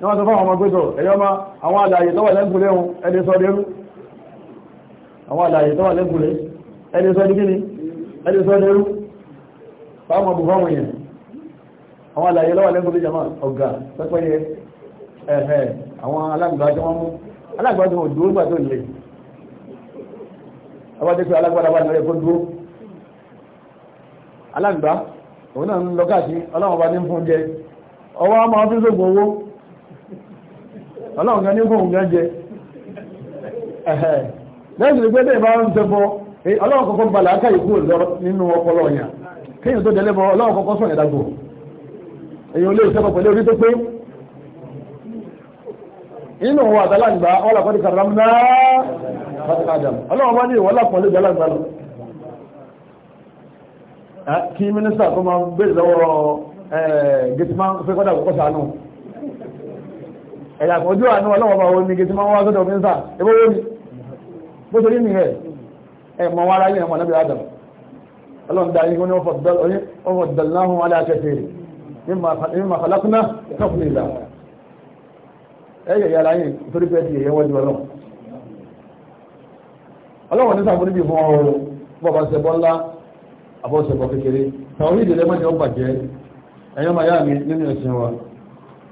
ní wọ́n sọ fún àwọn ọmọ gbẹ́sọ̀ ẹ̀yọ́ ma àwọn àlàyé tọ́wà lẹ́gbùlé ohun ẹni sọ dérú àwọn àlàyé tọ́wà lẹ́gbùlé ẹni sọ dígíní ẹni sọ dérú fáwọn ọmọ fáwọn èèyàn àwọn àlàyé lọ́wà lẹ́gbùlé jama ọ̀gá pẹ́pẹ́yẹ ẹ̀ẹ́ àwọn alágbàájọ́ wọn mú alágbàájọ́ wọn dúró gbà tó lè abájẹ́ pé alágbàdá bá nílẹ̀ kó dúró alágbà òun náà ń lọ káàkiri ọlọ́wọ́n bá ní fún jẹ ọwọ́ a máa fi sógun owó ọlọ́run kan ní gbóhùn gan jẹ lẹ́yìn tó gbẹ́dẹ̀ bá ń tẹ́bọ eh, ọlọ́run kọ́kọ́ balẹ̀ aká ìkú lọ nínú ọpọlọ yẹn kéèyàn tó dẹlẹ́bọ ọlọ́run kọ́kọ́ sọ̀rọ̀ ìdàgbò èyàn olè ìṣẹ́kọ̀ pẹ̀lú orí tó pé inú wa àdálàgbà ọlọ́kọ́dé kàrámúná ọlọ́run bá ní ìwọ́lá pọ̀lú ìdálàgbà lọ kí mínísítà tó máa gbé lọ́wọ́ eh, gẹ̀tìmá fẹ́kọ́dà kọ́kọ́ sànú ẹ̀yà kan ojú àánú ọlọ́wọ́ bá wọ́n ní gẹ́gẹ́ tí wọ́n wá sọ́dọ̀ mínísà ebó wọ́n ní bó torí nìyẹn ẹ̀ mọ̀ wá ráyé ẹ̀mọ̀ nábì adam ọlọ́run dá yín ọmọ dàláhùn aláṣẹ́fẹ́ mímọ̀ àfàlákúná tọ́kùn ìlà ẹ̀yẹ̀ yàrá yìí torí pé ti yẹ̀yẹ́ wọ́jú ọlọ́run ọlọ́run ní sàmúlì bí fún ọrọ̀ bọ́ba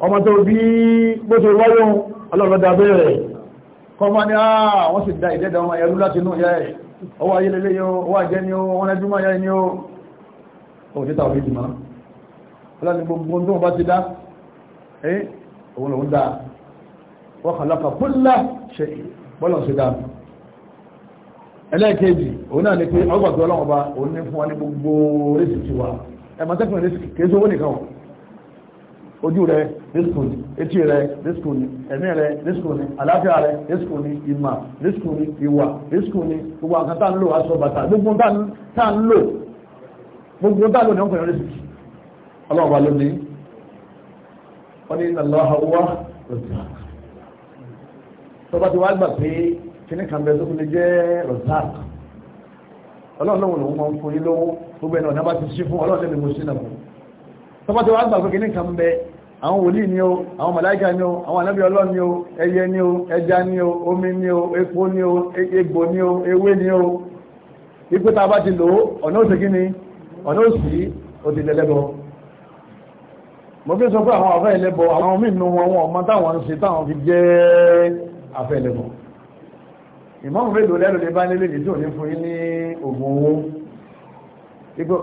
ọmọ tó bí bó ṣe wáyé ọlọ́rọ̀dá bẹ̀rẹ̀ kọmọ ní àwọn sì dá ìdẹ́dà ọmọ ẹ̀rú láti inú ìyá ẹ̀ ọwọ́ ayé lélé yóò ọwọ́ àjẹ́ ni ó wọ́n lẹ́júmọ́ ayé ni ó òjítà òbí jùmọ́ ọlọ́ni gbogbo tó bá ti dá ẹ́ òun lòun dá wọ́n kàlákà púlá ṣe bọ́lọ̀ sí dá ẹlẹ́ẹ̀kejì òun náà ni pé ọgbàgbé ọlọ́run ọba òun ní fún wa ní gbogbo orísìkí wa ẹ̀mọ́tẹ́kùnrin orísìkí kéjọ́ nìkan ojú rẹ rísíkù ni etí rẹ rísíkù ni ẹ̀mí rẹ rísíkù ni àlàáfíà rẹ rísíkù ni ìmà rísíkù ni ìwà rísíkù ni gbogbo àkàn tá ń lò aṣọ bàtà gbogbo tá ń lò gbogbo tá ń lò ní ọkùnrin rísíkù ọlọ́ọ̀bà ló ní wọ́n ní ìlànà àwọ̀ rọ̀zà tọ́ba ti wá gbà pé kíní kan bẹ tó fi jẹ́ rọ̀zà ọlọ́run lóhùn ń fún yín lówó gbogbo ẹ̀nà ọ̀nà bá ti ṣí fún ọlọ́run lè mú sí náà tọ́ba ti gbà pé kíní kan bẹ àwọn wòlíì ni o àwọn màláíkà ni o àwọn ànábì Ọlọ́run ni o ẹyẹ ni o ẹja ni o omi ni o epo ni o egbò ni o ewé ni o ipò tá a bá ti lò ó ọ̀nà òsì kí ni ọ̀nà òsì ó ti lẹ́lẹ́bọ mo fi sọ pé àwọn afẹ́ ẹlẹ́bọ àwọn míì nu wọn wọn ọmọ táwọn ń ṣe táwọn fi jẹ́ afẹ́ ẹlẹ́bọ ìmọ̀mù mélòó lẹ́rù lè bá nílé ní tí ò ní fún yín ní oògùn owó ipò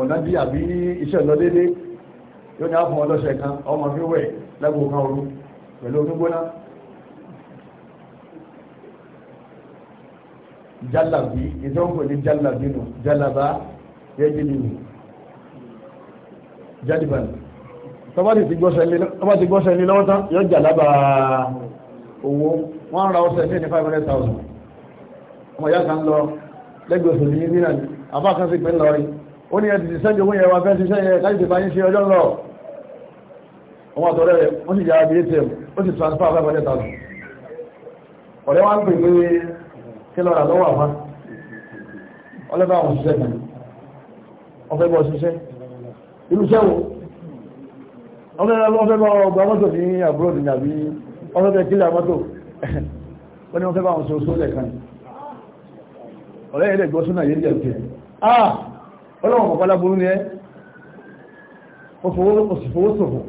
ọ̀nà bí àbí iṣẹ́ lọ déédéé yóò ní àfún ọlọ́ṣẹ̀ kan ọmọ fi wẹ̀ lágbo kan òru pẹ̀lú onígbóná jálàbí ìtọ́nkò ní jálàbí nù jálàbá yẹ́jìlì nù jálìbà nù tọ́bá ti gbọ́sẹ̀ ní lọ́wọ́ tán yóò jàlábà owó wọ́n ra ọ̀sẹ̀ ní ní 500,000 ọmọ ìyá kan lọ lẹ́gbẹ̀ẹ́ òṣèlú ní nílẹ̀ àbá kan sí pé ńlọrin ó ní ẹ̀ ti sẹ́jọ́ owó yẹn wa fẹ́ ṣiṣẹ́ yẹn láti ti bá yín ṣe ọjọ́ lọ ọmọ àtọ̀rẹ́ wọ́n sì yára bí atm ó sì transfer wọ́n ni wọ́n fẹ́ bá àwọn ṣe oṣù lẹ̀ ọ̀rẹ́ ilẹ̀ gbọ́ súnà yìí jẹ́ òkè ah ọlọ́wọ̀n kọ̀kọ́lá burú ni ẹ́ ó fowó sòfò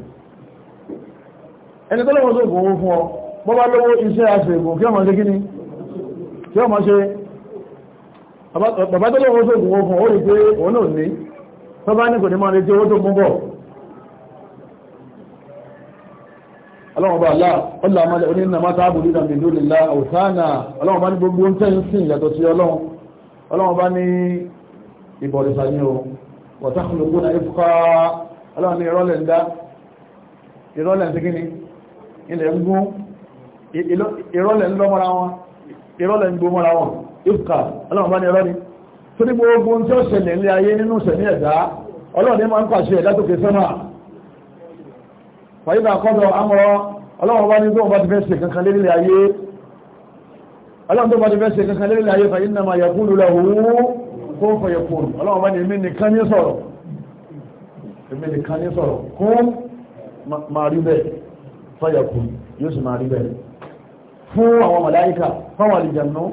ẹni tó lọ́wọ́ tó gbòó fún ọ bọ́ bá lówó iṣẹ́ aṣègbò kí ọmọ ṣe kí ni kí ọmọ ṣe bàbá tó lọ́wọ́ tó gbòó fún ọ rí pé òun náà ní tó bá ní kò ní máa lè tí owó tó mú bọ̀ ọlọ́wọ́n bá láà ọlọ́wọ́n máa lè oní nàmá táàbù lílà mi lórí ìrọ́lẹ̀ ìrọ́lẹ̀ ń ilẹ̀ ń gún ìrọ́lẹ̀ ń lọ́mọ́ra wọn ìrọ́lẹ̀ ń gbómọ́ra wọn ìfkà ọlọ́run bá ní ẹ̀rọ ni tó ní gbogbo tí ó ṣẹlẹ̀ ilé ayé nínú ṣẹ̀mí ẹ̀dá ọlọ́run ní máa ń pàṣẹ ẹ̀dá tó kẹsẹ́ náà fàyíbà kọ́dọ̀ amọ̀rọ̀ ọlọ́run bá ní tó bá ti fẹ́ ṣe kankan lélẹ̀ ayé ọlọ́run tó bá ti fẹ́ ṣe kankan lélẹ̀ ayé fàyí nàmà fọ́yọ̀kù yóò sì máa rí bẹ̀rẹ̀ fún àwọn màláíkà fáwọn àlìjànú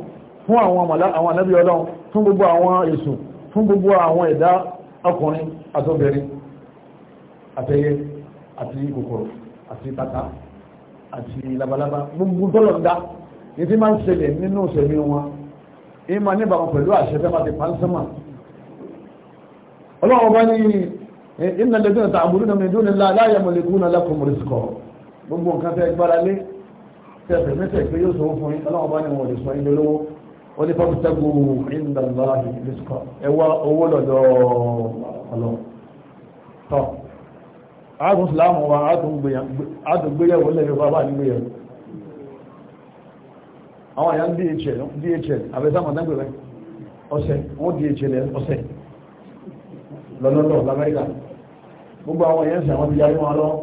fún àwọn ànábì ọlọ́run fún gbogbo àwọn èṣù fún gbogbo àwọn ẹ̀dá ọkùnrin àtọ́bẹ̀rin àtẹyẹ àti kòkòrò àti tata àti labalábá gbogbo tọ́lọ̀dá ní tí máa ń ṣẹlẹ̀ nínú ìṣẹ̀mí wọn ìmọ̀ níbàmọ̀ pẹ̀lú àṣẹ tẹ́ bá ti pàǹsẹ́mà ọlọ́run bá ní ìnàlẹ́dúnà tààbùrú nàmìdúnà láyàmọ̀lẹ́kúnà lakum rizqa gbogbo nǹkan tẹ́ gbára lé tẹ́fẹ̀ mẹ́tẹ̀ pé yóò sọ́wọ́ fún ọlọ́wọ́ bá ní wọn lè sọ ilé lówó ó ní fọ́n tẹ́gbù ìndàláàrí ìdíṣkọ̀ ẹwà owó lọ́dọ̀ ọlọ́ tọ́ ààrùn ìsìláàmù wa àdùgbéyàwó lẹ́yìn bàbá nígbéyàwó àwọn àyà ń dhl dhl àbẹ́sàmọ̀ dágbèrè ọ̀sẹ̀ wọ́n dhl ọ̀sẹ̀ lọ́lọ́lọ́ lamẹ́ríkà gbogbo àwọn èèyàn sì àwọn ti yarí wọn lọ́wọ́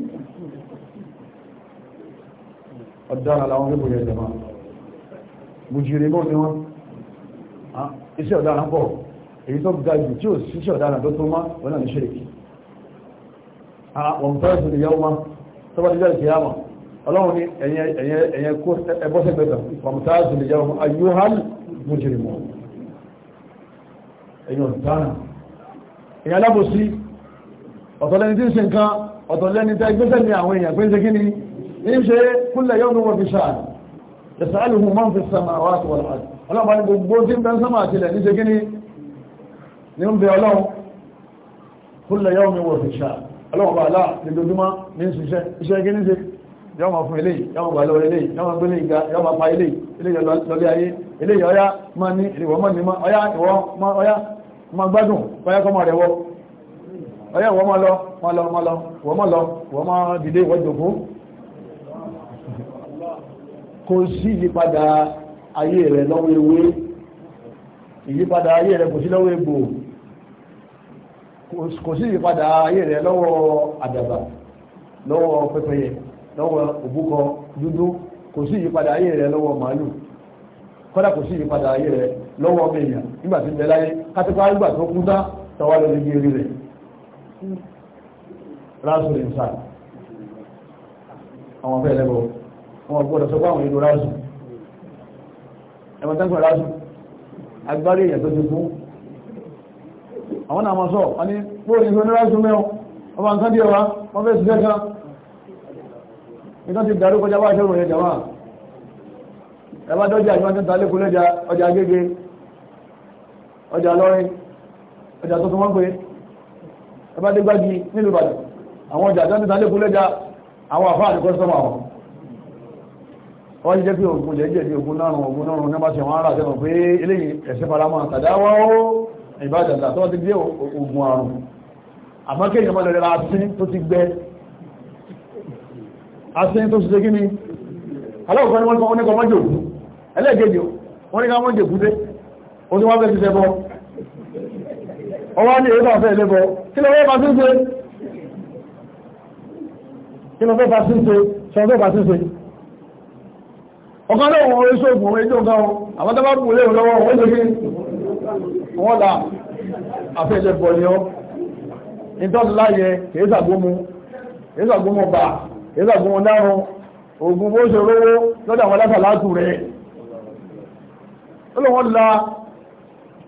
ọ̀dára làwọn pípò yẹn jẹ̀má bùjìrì mọ́ ni wọ́n ah, iṣẹ́ ọ̀dára pọ̀ èyí tó ga jù tí ò síṣẹ́ ọ̀dára tó tó má ah, wọ́n náà ní ṣèrèkì àwọn fẹ́ẹ̀sì ni yẹ́wọ́ má tó bá ti jẹ́ ìkìyàmà ọlọ́run ni ẹ̀yẹ kó ẹbọ́sẹ̀ gbẹ̀gbẹ̀ fàmùtáàzì ni yẹ́wọ́ ayúhán bùjìrì mọ́ ẹ̀yìn ọ̀dára ẹ̀yìn alábòsí ọ̀tọ̀lẹ́ni tí ń ṣe nǹkan ọ̀tọ̀lẹ́ni tẹ́ gbẹ́sẹ̀ ni àwọn èèyàn pé ń ṣe kí ni ní ṣe kúlẹ̀ yóò ní wọ́n fi ṣáà ìsáàlùhù mọ́n fi sàmà wá sí wọ́n àti ọlọ́pàá ní gbogbo tí ń bẹ́ sọ́mà àtìlẹ̀ ní ṣe gíní ní ń bẹ ọlọ́run kúlẹ̀ yóò ní wọ́n fi ṣáà ọlọ́pàá aláà ní dojúmọ́ ní ṣiṣẹ́ iṣẹ́ gíní ṣe yọ́ ma fún ilé yọ́ ma gbàlọ́ ilé yọ́ ma gbélé ìgbà yọ́ ma pa ilé ilé yọ lọlé ayé ilé yọ ọyá ma ní ìwọ̀ mọ́ ní ọyá ìwọ̀ ọyá ma gbádùn ọyá kọ́ ma rẹ̀ wọ́ ọyá ma lọ ma lọ ma lọ ìwọ̀ ma lọ ìwọ̀ ma dìde ìwọ̀ jòkó kò sí ìyípadà ayé rẹ̀ lọ́wọ́ ewé ìyípadà ayé rẹ̀ kò sí lọ́wọ́ egbò kò sí ìyípadà ayé rẹ̀ lọ́wọ́ àdàbà lọ́wọ́ pẹ́pẹ́yẹ lọ́wọ́ òbúkọ dúdú kò sí ìyípadà ayé rẹ̀ lọ́wọ́ màálù kọ́dà kò sí ìyípadà ayé rẹ̀ lọ́wọ́ ọmọ èèyàn nígbà tí bẹ láyé kátẹ́kọ́ nígbà tó kú dá tọwà lórí wọn gbọ́dọ̀ sọ pé àwọn èlò ráṣù ẹ̀wọ̀n tẹ́gbọ̀n ráṣù agbárí èèyàn tó ti kú àwọn náà mọ̀ sọ wọn ni bóòlù ìṣó ní ráṣù mẹ́wọ̀n wọn bá ń sáńdí ẹwà wọn fẹ́ ṣiṣẹ́ kan nítorí ti dàrú kọjá wáṣẹ́ òròyìn ẹ̀jẹ̀ wọn ẹ̀bá dọ́jà ìwọ́n tẹ́ta lẹ́kùn lẹ́jà ọjà gẹ́gẹ́ ọjà lọ́rin ọjà tó tún wọ́n pé ẹ̀bá dégbájì nílùú Ìbàdàn àwọn ọjà tẹ́ta lẹ́kùn lẹ́jà àwọn àfáà ní kọ́sọ́mà wọn wọ́n jẹ́ pé ogun jẹ́jẹ́ bí ogun náà ogun náà ní ọmọdé wọn ara sẹ́wọ̀n pé eléyìí ẹ̀sẹ̀ paramọ́ àtàdáwọ́ ìbájàdà tó ti gbé ogun àrùn àmọ́ kí èyàn mọ́lẹ̀lẹ́ asín tó ti gbẹ́ asín tó ti ṣe gíní aláwọ̀kọ́ ni wọ́n kọ́ ní kọmọ́jò ẹlẹ́gẹ̀ẹ́jì wọ́n ní ká mọ́jò kúdé ó ti wá fẹ́ ti sẹ́bọ́ ọwá ní èyí bá fẹ́ lẹ́bọ́ kí lọ fẹ́ fà sí ṣe ọkọ̀ náà wọ́n orí ṣògùn orí tó gan àwọn tó bá kú léèrè lọ́wọ́ wọ́n lè fi wọ́n là àfẹ́jẹ bọ̀ ni ọ́ ìtọ́jú láyẹ kìí sàgbómú kìí sàgbómú bà kìí sàgbómú dárun oògùn bó ṣe rówó lọ́dọ̀ àwọn aláṣà látù rẹ̀ ó lè wọ́n la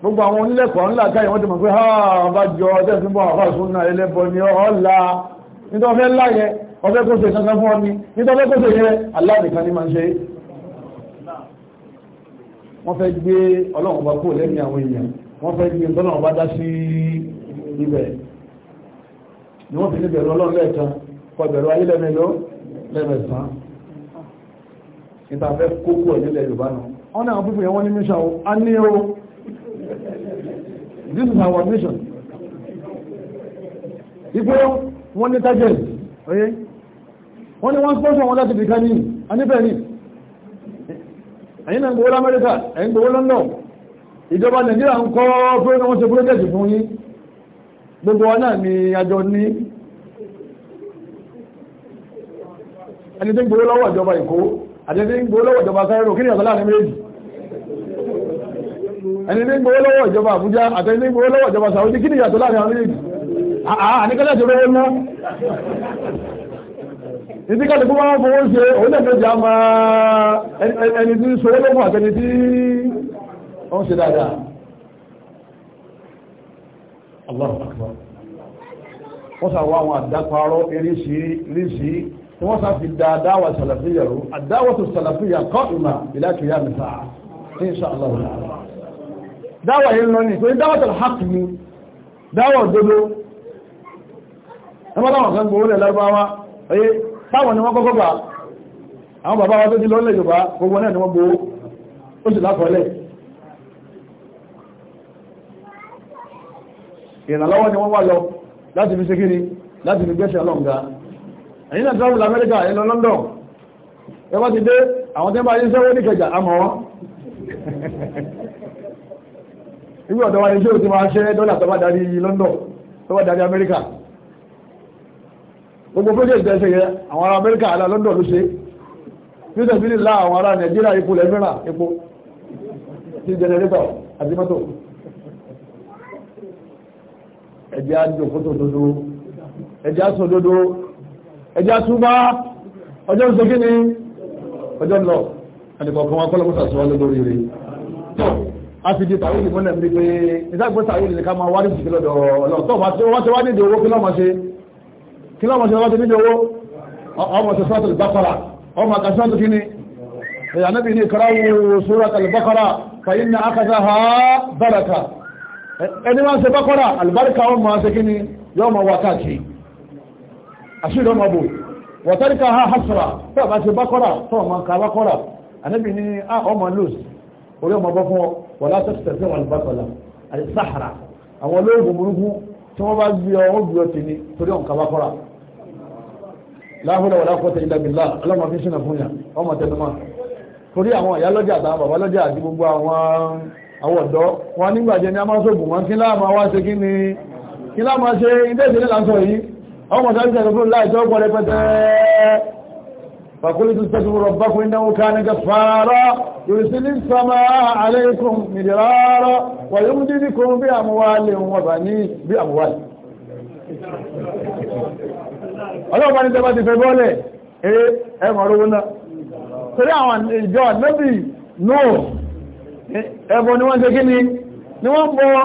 gbogbo àwọn onílẹ̀kọ̀ọ́ ńlá káyẹ̀ wọ́n ti mọ̀ pé ha bá jọ ọjọ́ ìsinbọ̀ àwọn àṣúná ẹlẹ́bọ ni ọ́ la nítorí ọfẹ́ láyẹ ọfẹ́ kó ṣe kankan fún ọ ni nítorí ọfẹ́ kó ṣe yẹ aláàdìkan ni máa ń ṣe wọ́n fẹ́ gbé ọlọ́run bá kó lẹ́mí àwọn èèyàn wọ́n fẹ́ gbé ọlọ́run bá dá sí ibẹ̀ ni wọ́n fi ní bẹ̀rù ọlọ́run lẹ́ẹ̀kan kọ bẹ̀rù ayé lẹ́mẹ̀lọ́ lẹ́mẹ̀sán ìtàfẹ́ kókó ẹ̀ nílẹ̀ Yorùbá náà wọ́n náà púpọ̀ yẹn wọ́n ní mission o a ní o this is our mission ipò wọ́n ní target oye wọ́n ní wọ́n sponsor wọn láti bìkan ní a níbẹ̀ ní ẹ̀yin náà gbowó lamẹ́ríkà ẹ̀yin gbowó London ìjọba Nàìjíríà ń kọ́ fún ẹni wọ́n ṣe púrójẹ́tì fún yín gbogbo wa náà ni àjọ ní ẹni tí ń gbowó lọ́wọ́ ìjọba Èkó àti ń gbowó lọ́wọ́ ìjọba ni ọ̀sán láàrin méjì ẹni tí ń gbowó lọ́wọ́ ìjọba Àbújá àti ẹni tí ń gbowó ni ìyàtọ̀ láàrin àwọn méjì àníkẹ́lẹ́ ìṣòro wọn mọ́ ìdí ká lóko máa fowó ṣe òun ẹ̀mí ìjà máa ẹni tí ń sọ ológun àtẹni tí ó ń ṣe dáadáa Allahu Akbar wọ́n sà wá àwọn àdáparọ́ eréṣì ríṣì tí wọ́n sà fi da dáwà sàlàfíyà rú àdáwà tó sàlàfíyà kọ́ ìmà ìlàkìyà mẹ́fà insha Allah dáwà yìí lọ ní torí dáwà tàbí hàkì ni dáwà òdodo ẹgbẹ́ táwọn ni wọ́n kọ́kọ́ gbà àwọn bàbá wa tó ti lọ́lẹ̀ Yorùbá gbogbo náà ni wọ́n gbowó ó sì láfọ́lẹ̀ ìrànlọ́wọ́ ni wọ́n wá lọ láti fi ṣekiri láti fi gẹ́ṣẹ́ ọlọ́ǹga ẹ̀yìn náà travel America ẹ lọ London ẹ bá ti dé àwọn tẹ́ bá yí sẹ́wọ́ ní kẹjà àmọ́ wọn ibi ọ̀dọ́ wa ni ṣé o ti máa ṣe dọ́là tó bá darí London tó bá darí America gbogbo project ẹsẹ̀ yẹ àwọn ará Amẹ́ríkà àlà London ló ṣe peter bíi la àwọn ará Nàìjíríà ipò lẹ́mìíràn epo ti generator àti mọ́tò ẹ̀jẹ̀ àjòkótó dodo ẹ̀jẹ̀ àsọ dodo ẹ̀jẹ̀ àtúbá ọjọ́ ń sókè ní ọjọ́ ń lọ àdìkọ̀ọ̀kan wọn kọ́lọ́kọ́ sàṣọwọ́ lórí rẹ̀ a ti di tàwílì mọ́lẹ̀ mi pé ìdágbé tàwílì ká máa wárí jìkì lọ́dọ̀ ọlọ́tọ́ wá ti wá nídìí owó kí lọ́mọ ṣe kí lọ́mọ sí ọlọ́tí níbi owó ọmọ sí sọ́tù ìbákọ́ra ọmọ àkàṣọ́tù kí ni ìyànàbí ní ìkọ́ráwò sóràtà ìbákọ́ra fàyín ní akàṣà ha báraka ẹni wọ́n sí bákọ́ra albarka ọmọ sí kí ni yọ ọmọ wà káàkiri àṣírí ọmọ bò wọ̀tẹ́ríkà ha hasra tó bá sí bákọ́ra tó ọmọ ká bákọ́ra ànábì ní ọmọ lóòsì orí ọmọ bọ́ fún ọ wọ̀lá àwọn olóògùn burúkú tí wọ́n bá gbé ọ wọ́n ọ tì ní torí ọ̀nkà bákọ́ra láhùlẹ̀ wọ̀lá kọ́tẹ̀ ilẹ̀ bìlá ọlọ́mọ fi ṣìnà fún yà ọmọ tẹnumọ́ torí àwọn ìyá lọ́jà àtàwọn bàbá lọ́jà àti gbogbo àwọn àwọn ọ̀dọ́ wọn nígbàjẹ́ ní a máa sóògùn wọn kí láàmà wá ṣe kí ni kí láàmà ṣe ilé ìṣẹ́lẹ̀ lásọ yìí ọmọ sáàbíṣẹ́ ìrọ̀fún láìsọ́ ربكم انه كان غفارا يرسل السماء عليكم مدرارا ويمددكم باموال وبنين باموال ọlọ́pàá ní tẹ́bá ti fẹ́ bọ́ọ̀lẹ̀ eré ẹmọ̀ orówó náà torí àwọn ìjọ nẹ́bì náà ẹbọ ni wọ́n ṣe kí ni ni wọ́n pọ̀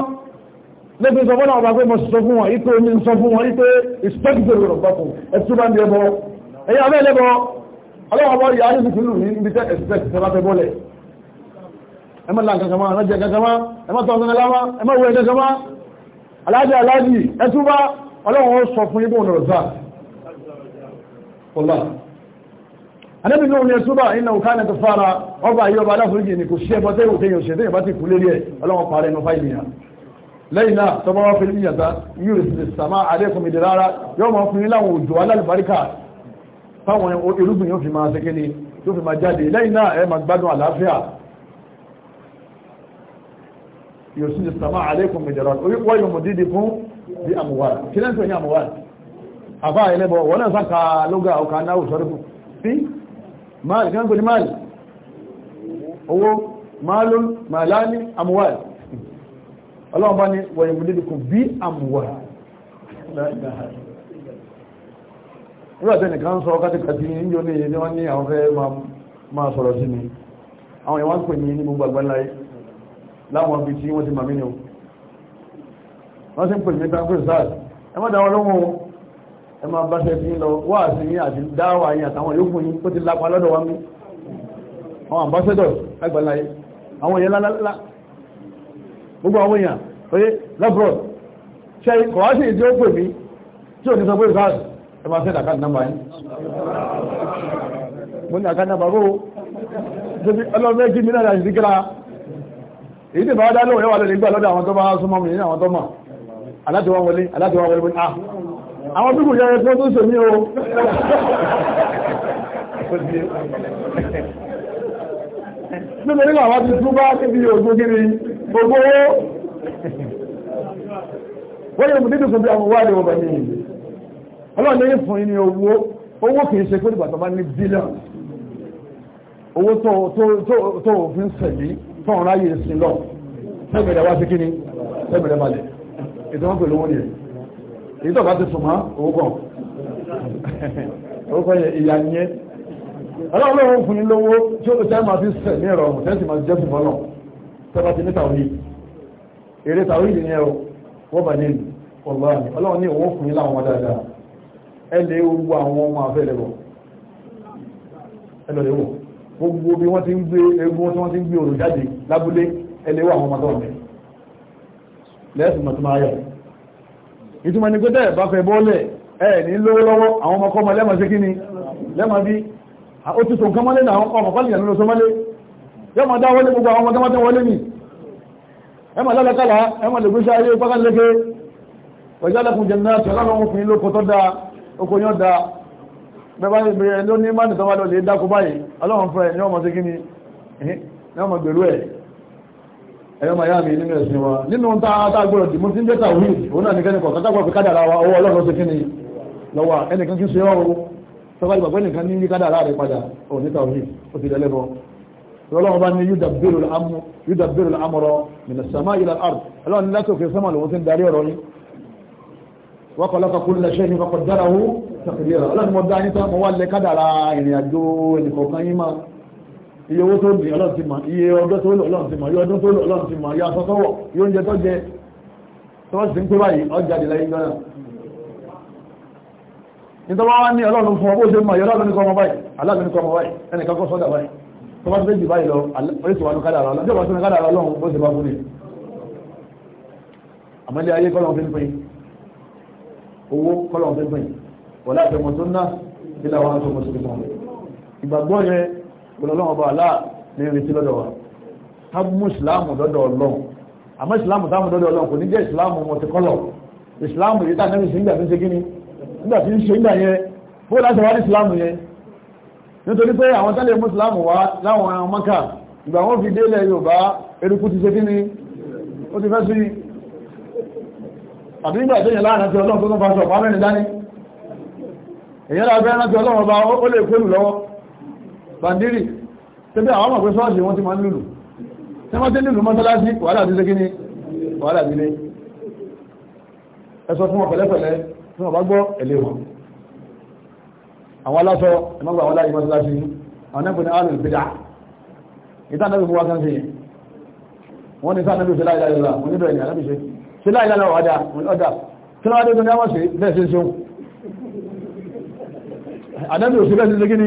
lẹ́bí sọ ọba pé mo sọ fún wọn ipò omi sọ fún wọn ipò ìspẹ́kìtì ọlọ́wọ́ sọ fún ibò ọ̀nà ọ̀sán wallahi anábì ní omi ẹ̀sùn bá iná òká ní tọ́fàrà ọba ayé ọba aláforíjì ní kò sí ẹbọ tẹ́ òkè yóò ṣe tẹ́yìn bá ti kú lérí ẹ̀ ọlọ́wọ́ parẹ́ ẹnu fáìlì yàn lẹ́yìn náà tọ́ba wá fẹ́lẹ́ yàtá yóò sì sàmà àdẹ́kùnmí dè rárá yóò máa fún iláwọn òjò alálùbáríkà táwọn irúgbìn yóò fi máa ṣe kéde yóò fi máa jáde lẹ́yìn náà ẹ máa gbádùn àlàáfíà yóò sì sàmà àdẹ́kùnmí dè rárá wọ́n yóò mọ̀ dídì fún bí àmúwà kí lẹ́ńtọ́ ní àmúwà àfá ẹlẹ́bọ̀ wọ́n náà sáka lóga ọkà náà sọ́rọ̀bù sí máàlì kan kò ní máàlì owó máàlùn màláàlì àmúwàlì ọlọ́ọ̀bá ni wọ̀nyí múlẹ̀ kò bí àmúwàlì ìrọ̀tẹ́nìkan sọ kátìkàtì ní yóò ní èyí wọ́n ní àwọn fẹ́ máa sọ̀rọ̀ sí mi àwọn ìwọ́n pè ní ní gbogbo àgbáláyé láwọn ibi tí wọ́n ti màmí ni ó wọ́n sì ń pè ní tàbí sáàdì ẹmọ́dà wọn lọ́wọ́ ẹ máa bá ṣe fi lọ wà sí ní àti dáwà yìí àtàwọn yóò fún yín ó ti lápa lọ́dọ̀ wa mí àwọn ambassador agbàláyé àwọn èèyàn lálálá gbogbo àwọn èèyàn pé labrod ṣe kọ̀wáṣì tí ó pè mí tí ò ní sọ pé sars ẹ máa sẹ́dà káàdì nọ́mbà yín mo ní àkáàdì nọ́mbà kó ọlọ́mọ ẹgbẹ́ mi náà ti kíra èyí tí bá dá lóhùn yẹn wà lórí gbà lọ́dọ̀ àwọn tó bá súnmọ́ mi ní àwọn tó mọ̀ aláti wọn wọlé aláti wọn wọlé ah àwọn tó kù yẹ ẹ̀kọ́ tó sèmí o nítorí àwọn ti túbá níbi ògbó gírí gbogbo owó wọ́n yóò mú dídùkú bí àwọn wáyé ọba ní ìlú ọlọ́run lórí fún ní owó owó kìí ṣe pé nígbàtọ̀ bá ní bílíọ̀n owó tó òfin sẹ̀lí tó ń ráyè sí lọ sẹ́mẹ̀rẹ̀ wá sí kíní sẹ́mẹ̀rẹ̀ balẹ̀ ìtọ́wọ́n pẹ̀lú owó nìyẹn èyí tó bá ti sùn mọ́ òwúkọ̀ òwúkọ̀ ìyá yẹn ọlọ́run fún ní lówó tí ó lè sẹ́yìn máa fi sẹ̀ ní ẹ̀rọ ọ̀hún tẹ́sí máa jẹ́ fún fọ́nà tẹ́bà ti ní tàwí eré tàwí ìdí ní ẹ̀rọ wọ́n bà ní ọlọ́run ọlọ́run ní òun fún ní láwọn ọmọ dáadáa ẹ lè wo àwọn ọmọ afẹ́ lẹ́wọ̀ ẹ lọ lè wọ̀ gbogbo bí wọ́n ti ń gbé egun tí wọ́n ìtumọ̀ ní pẹ́tẹ́ bá fẹ́ bọ́ọ̀lẹ̀ ẹ̀ ní lówó lọ́wọ́ àwọn ọmọkọ́mọ lẹ́mọ̀ sí kíni lẹ́mọ̀ bí ó ti sọ̀kan mọ́lé náà àwọn ọmọ fọ́lìyàn ló sọmọ́lé yọmọ dá wọlé gbogbo àwọn ọmọdé mọ́tẹ́ wọlé mi ẹmọ lọ́lọ́kọ́lá ẹmọ lè gbéṣẹ́ ayé pákánlẹ́kẹ́ wọ̀jálẹ́kùn jẹ̀nà tí da oko yọ́ da bẹ́bá ní ìbẹ̀rẹ̀ ló ní mánìtọ́wà lọ lè dákú ni ọmọ ni ọmọ ẹ̀yọ́ máa yá mi nínú ẹ̀sìn wa nínú tá a gbọ́dọ̀ dì mú sí ń dẹ́ta wí òun náà nìkan nìkan kátàgbọ́ fi kádàrà wa owó ọlọ́run ṣe kíni lọ́wọ́ ẹnìkan kí ń ṣe ọ́rọ̀ tọ́ba ìgbàgbọ́ nìkan ní kádàrà rẹ̀ padà òun níta wí ó ti dẹ́lẹ́bọ lọ́lọ́run bá ní yúdàbẹ́rù amọ̀rọ̀ mìnàsàmá ilẹ̀ àrùn ọlọ́run ní láti òkè sọ́mà lòun ti ń darí ọ̀rọ̀ yìí wọ́kọ̀lọ́kọ̀ kú lẹ́ṣẹ́ ní dára ó tàbí ọlọ́run mọ̀ dá yín tán mọ̀ lẹ́ kádàrà ìrìn àjò ẹnìkọ̀ọ̀kan yín máa iye owó tó dì ọlọ́run ti mọ̀ iye ọjọ́ tó lò ọlọ́run ti mọ̀ iye ọdún tó lò ọlọ́run ti mọ̀ iye aṣọ tọ́wọ̀ iye oúnjẹ tó jẹ tọ́wọ́ sì ń pé báyìí ọjà dì láyé gbọ́nà nítorí wọ́n ní ọlọ́run fún ọgbó ṣe mọ̀ iye ọlọ́run kọ́ ọmọ báyìí aláàbí ní kọ́ ọmọ báyìí ẹnì kan kọ́ sọ́dà báyìí tó bá ti déjì báyìí lọ oríṣi wà ní kádà rà lọ́jọ́ bá ti ní kádà rà lọ́hùn bó ṣe bá fún ni àmọ́lé ayé ìgbàgbọ́ yẹn ọlọ́run ọba aláà ní retí lọ́dọ̀ wa ká mú ìsìláàmù lọ́dọ̀ ọlọ́run àmọ́ ìsìláàmù táwọn lọ́dọ̀ ọlọ́run kò ní jẹ́ ìsìláàmù mọ̀tíkọ́lọ̀ ìsìláàmù yìí tàbí sí ìgbà tí ń ṣe kíní nígbà tí ń ṣe ìgbà yẹn bó láti wá ní ìsìláàmù yẹn nítorí pé àwọn tẹ́lẹ̀ mú ìsìláàmù wá láwọn ọmọkà ìgbà wọn fi délẹ̀ Yorùbá eruku ti ṣe kíní ó ti fẹ́ sí àbí ìgbà tó yẹn láàrín àti ọlọ́run tó ń fa sọ̀pá mẹ́rin dání èyí lábẹ́ rántí ọlọ́run ọba ó lè pẹ́lú lọ́wọ́ bàndírì tẹ́bí àwọn ọmọ pé sọ́ọ̀sì wọ́n ti máa ń lùlù tí wọ́n ti lùlù mọ́sálásí wàhálà ti sékíní wàhálà ti lé ẹsọ fún wọn pẹ̀lẹ́pẹ̀lẹ́ tí wọ́n bá gbọ́ ẹ̀lẹ́ wọn àwọn aláṣọ ẹ̀mọ́gbà àwọn aláyé mọ́sálásí àwọn nẹ́kùn ní àlù ìpìdá ìtàn náà fi wá sáńsì yẹn wọ́n ní sáà náà fi ṣe láìláì lọ́la wọ́n níbẹ̀ ní àlábìṣe ṣe láìláì lọ́wọ́ ọjà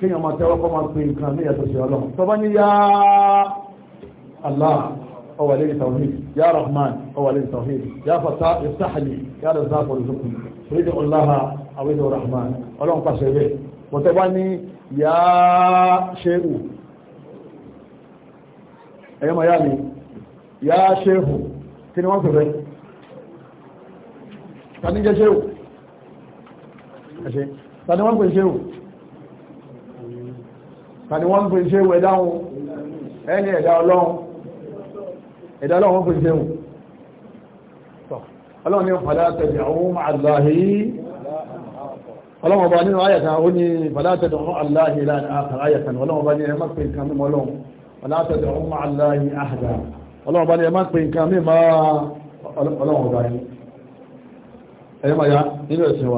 kéèyàn máa tẹ́wọ́ kọ́ máa pè nǹkan ní ẹ̀tọ́ sí ọlọ́run tó bá ní yá Allah ọwà lè tawhid yá Rahman ọwà lè tawhid yá fata ìsáhàlì yá lè záà pọ̀lú zùkú rídì ọláha àwẹ́dẹ̀ Rahman ọlọ́run pàṣẹ rẹ̀ wọ́n tẹ́ ní yá ṣéhù ẹ̀yọ́ máa yá mi yá ṣéhù kí ni wọ́n pè rẹ̀ tani jẹ́ ṣéhù tani wọ́n pè ṣéhù tàbí wọ́n ń pè ṣe ìwẹ̀ dáhùn ẹni ẹ̀dá ọlọ́run ẹ̀dá ọlọ́run pè ṣe hùn ọlọ́run ni fàdá tẹ̀lẹ̀ àwọn àláhì ọlọ́run ọba nínú ayàtà ó ní fàdá tẹ̀lẹ̀ àwọn àláhì láàrín ayàtà ọlọ́run ọba ní ẹmọ́ ilẹ̀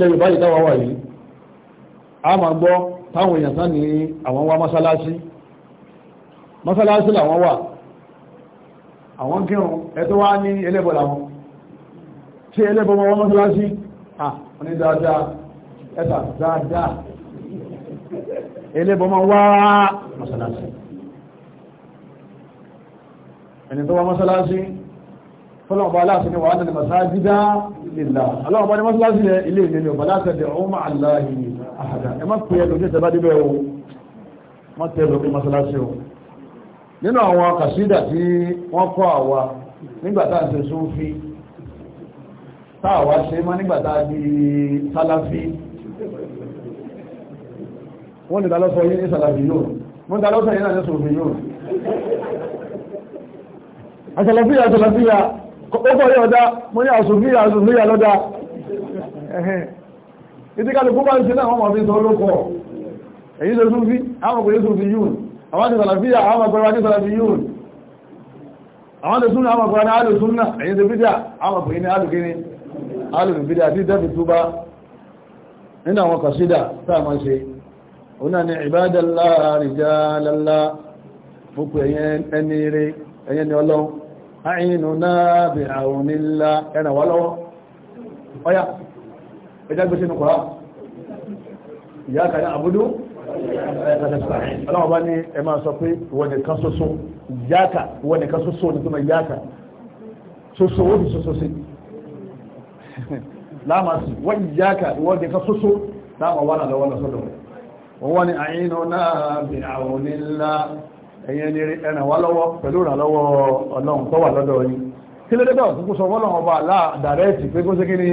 Yorùbá dáwà wà yìí a máa gbọ́ táwọn èèyàn sáà ní àwọn wá mọ́sálásí mọ́sálásí làwọn wà àwọn kírun ẹ̀tọ́ wá ní ẹlẹ́bọ̀ làwọn tí ẹlẹ́bọ̀ wọn wọ́n mọ́sálásí à wọ́n ní dáadáa ẹ̀tà dáadáa ẹlẹ́bọ̀ máa wá mọ́sálásí ẹni tó wá mọ́sálásí fọ́lọ̀ọ̀bá aláàfin ni wà á nà ní masájídá lílá aláwọ̀bá ní mọ́sálásí ilé ìlú ọ̀bá látẹ̀dẹ̀ ọmọ aláhìí àhàdà ẹ má pè ẹlòmí ìtẹ́bá débẹ̀ o má tẹ ẹlòmí masalasi o nínú àwọn kàṣídà tí wọ́n kọ́ àwa nígbàtà ṣe súnfí táàwà ṣe má nígbàtà di sálàfí wọ́n lè dálọ́sọ yí ní sálàfí yóò wọ́n dálọ́sọ yí náà ní sòfin yóò àṣàlàfíà àṣàlàfíà ó kọ́ yọ̀ọ́dá mo ní àṣòfíà àṣòfíà lọ́dá ìdíkàlù kó bá ń ṣe náà wọ́n mọ̀ sí sọ lókọ̀ èyí tó tún fi àwọn òpèrè tó fi yún àwọn ti sàlàfíà àwọn àpẹẹrẹ àti sàlàfí yún àwọn tó súnà àwọn àpẹẹrẹ ní àlù súnà èyí tó fídíà àwọn àpẹẹrẹ ní àlù kíní àlù fídíà àti ìdẹ́fi tó bá nínú àwọn kàṣídà táà máa ṣe òun náà ni ìbádàlá rìjálálá fúkú ẹni ẹni ni ọlọ́run ẹjá gbé sínú kọ́rá ìyá kàní àbúdó ọlọ́wọ́ bá ní ẹ máa sọ pé wọ́n nìkan ṣoṣo yáka wọ́n nìkan ṣoṣo ní túnmọ̀ yáka ṣoṣo ó fi ṣoṣo sí láàmà sí wọ́n yáka wọ́n nìkan ṣoṣo láàmà wà náà lọ́wọ́ lọ́sọ́dọ̀ wọ́n ni àyínú náà bí àwọn onílá ẹ̀yẹn ní ẹ̀nà wá lọ́wọ́ pẹ̀lú ìrànlọ́wọ́ ọlọ́run tó wà lọ́dọ̀ yìí ni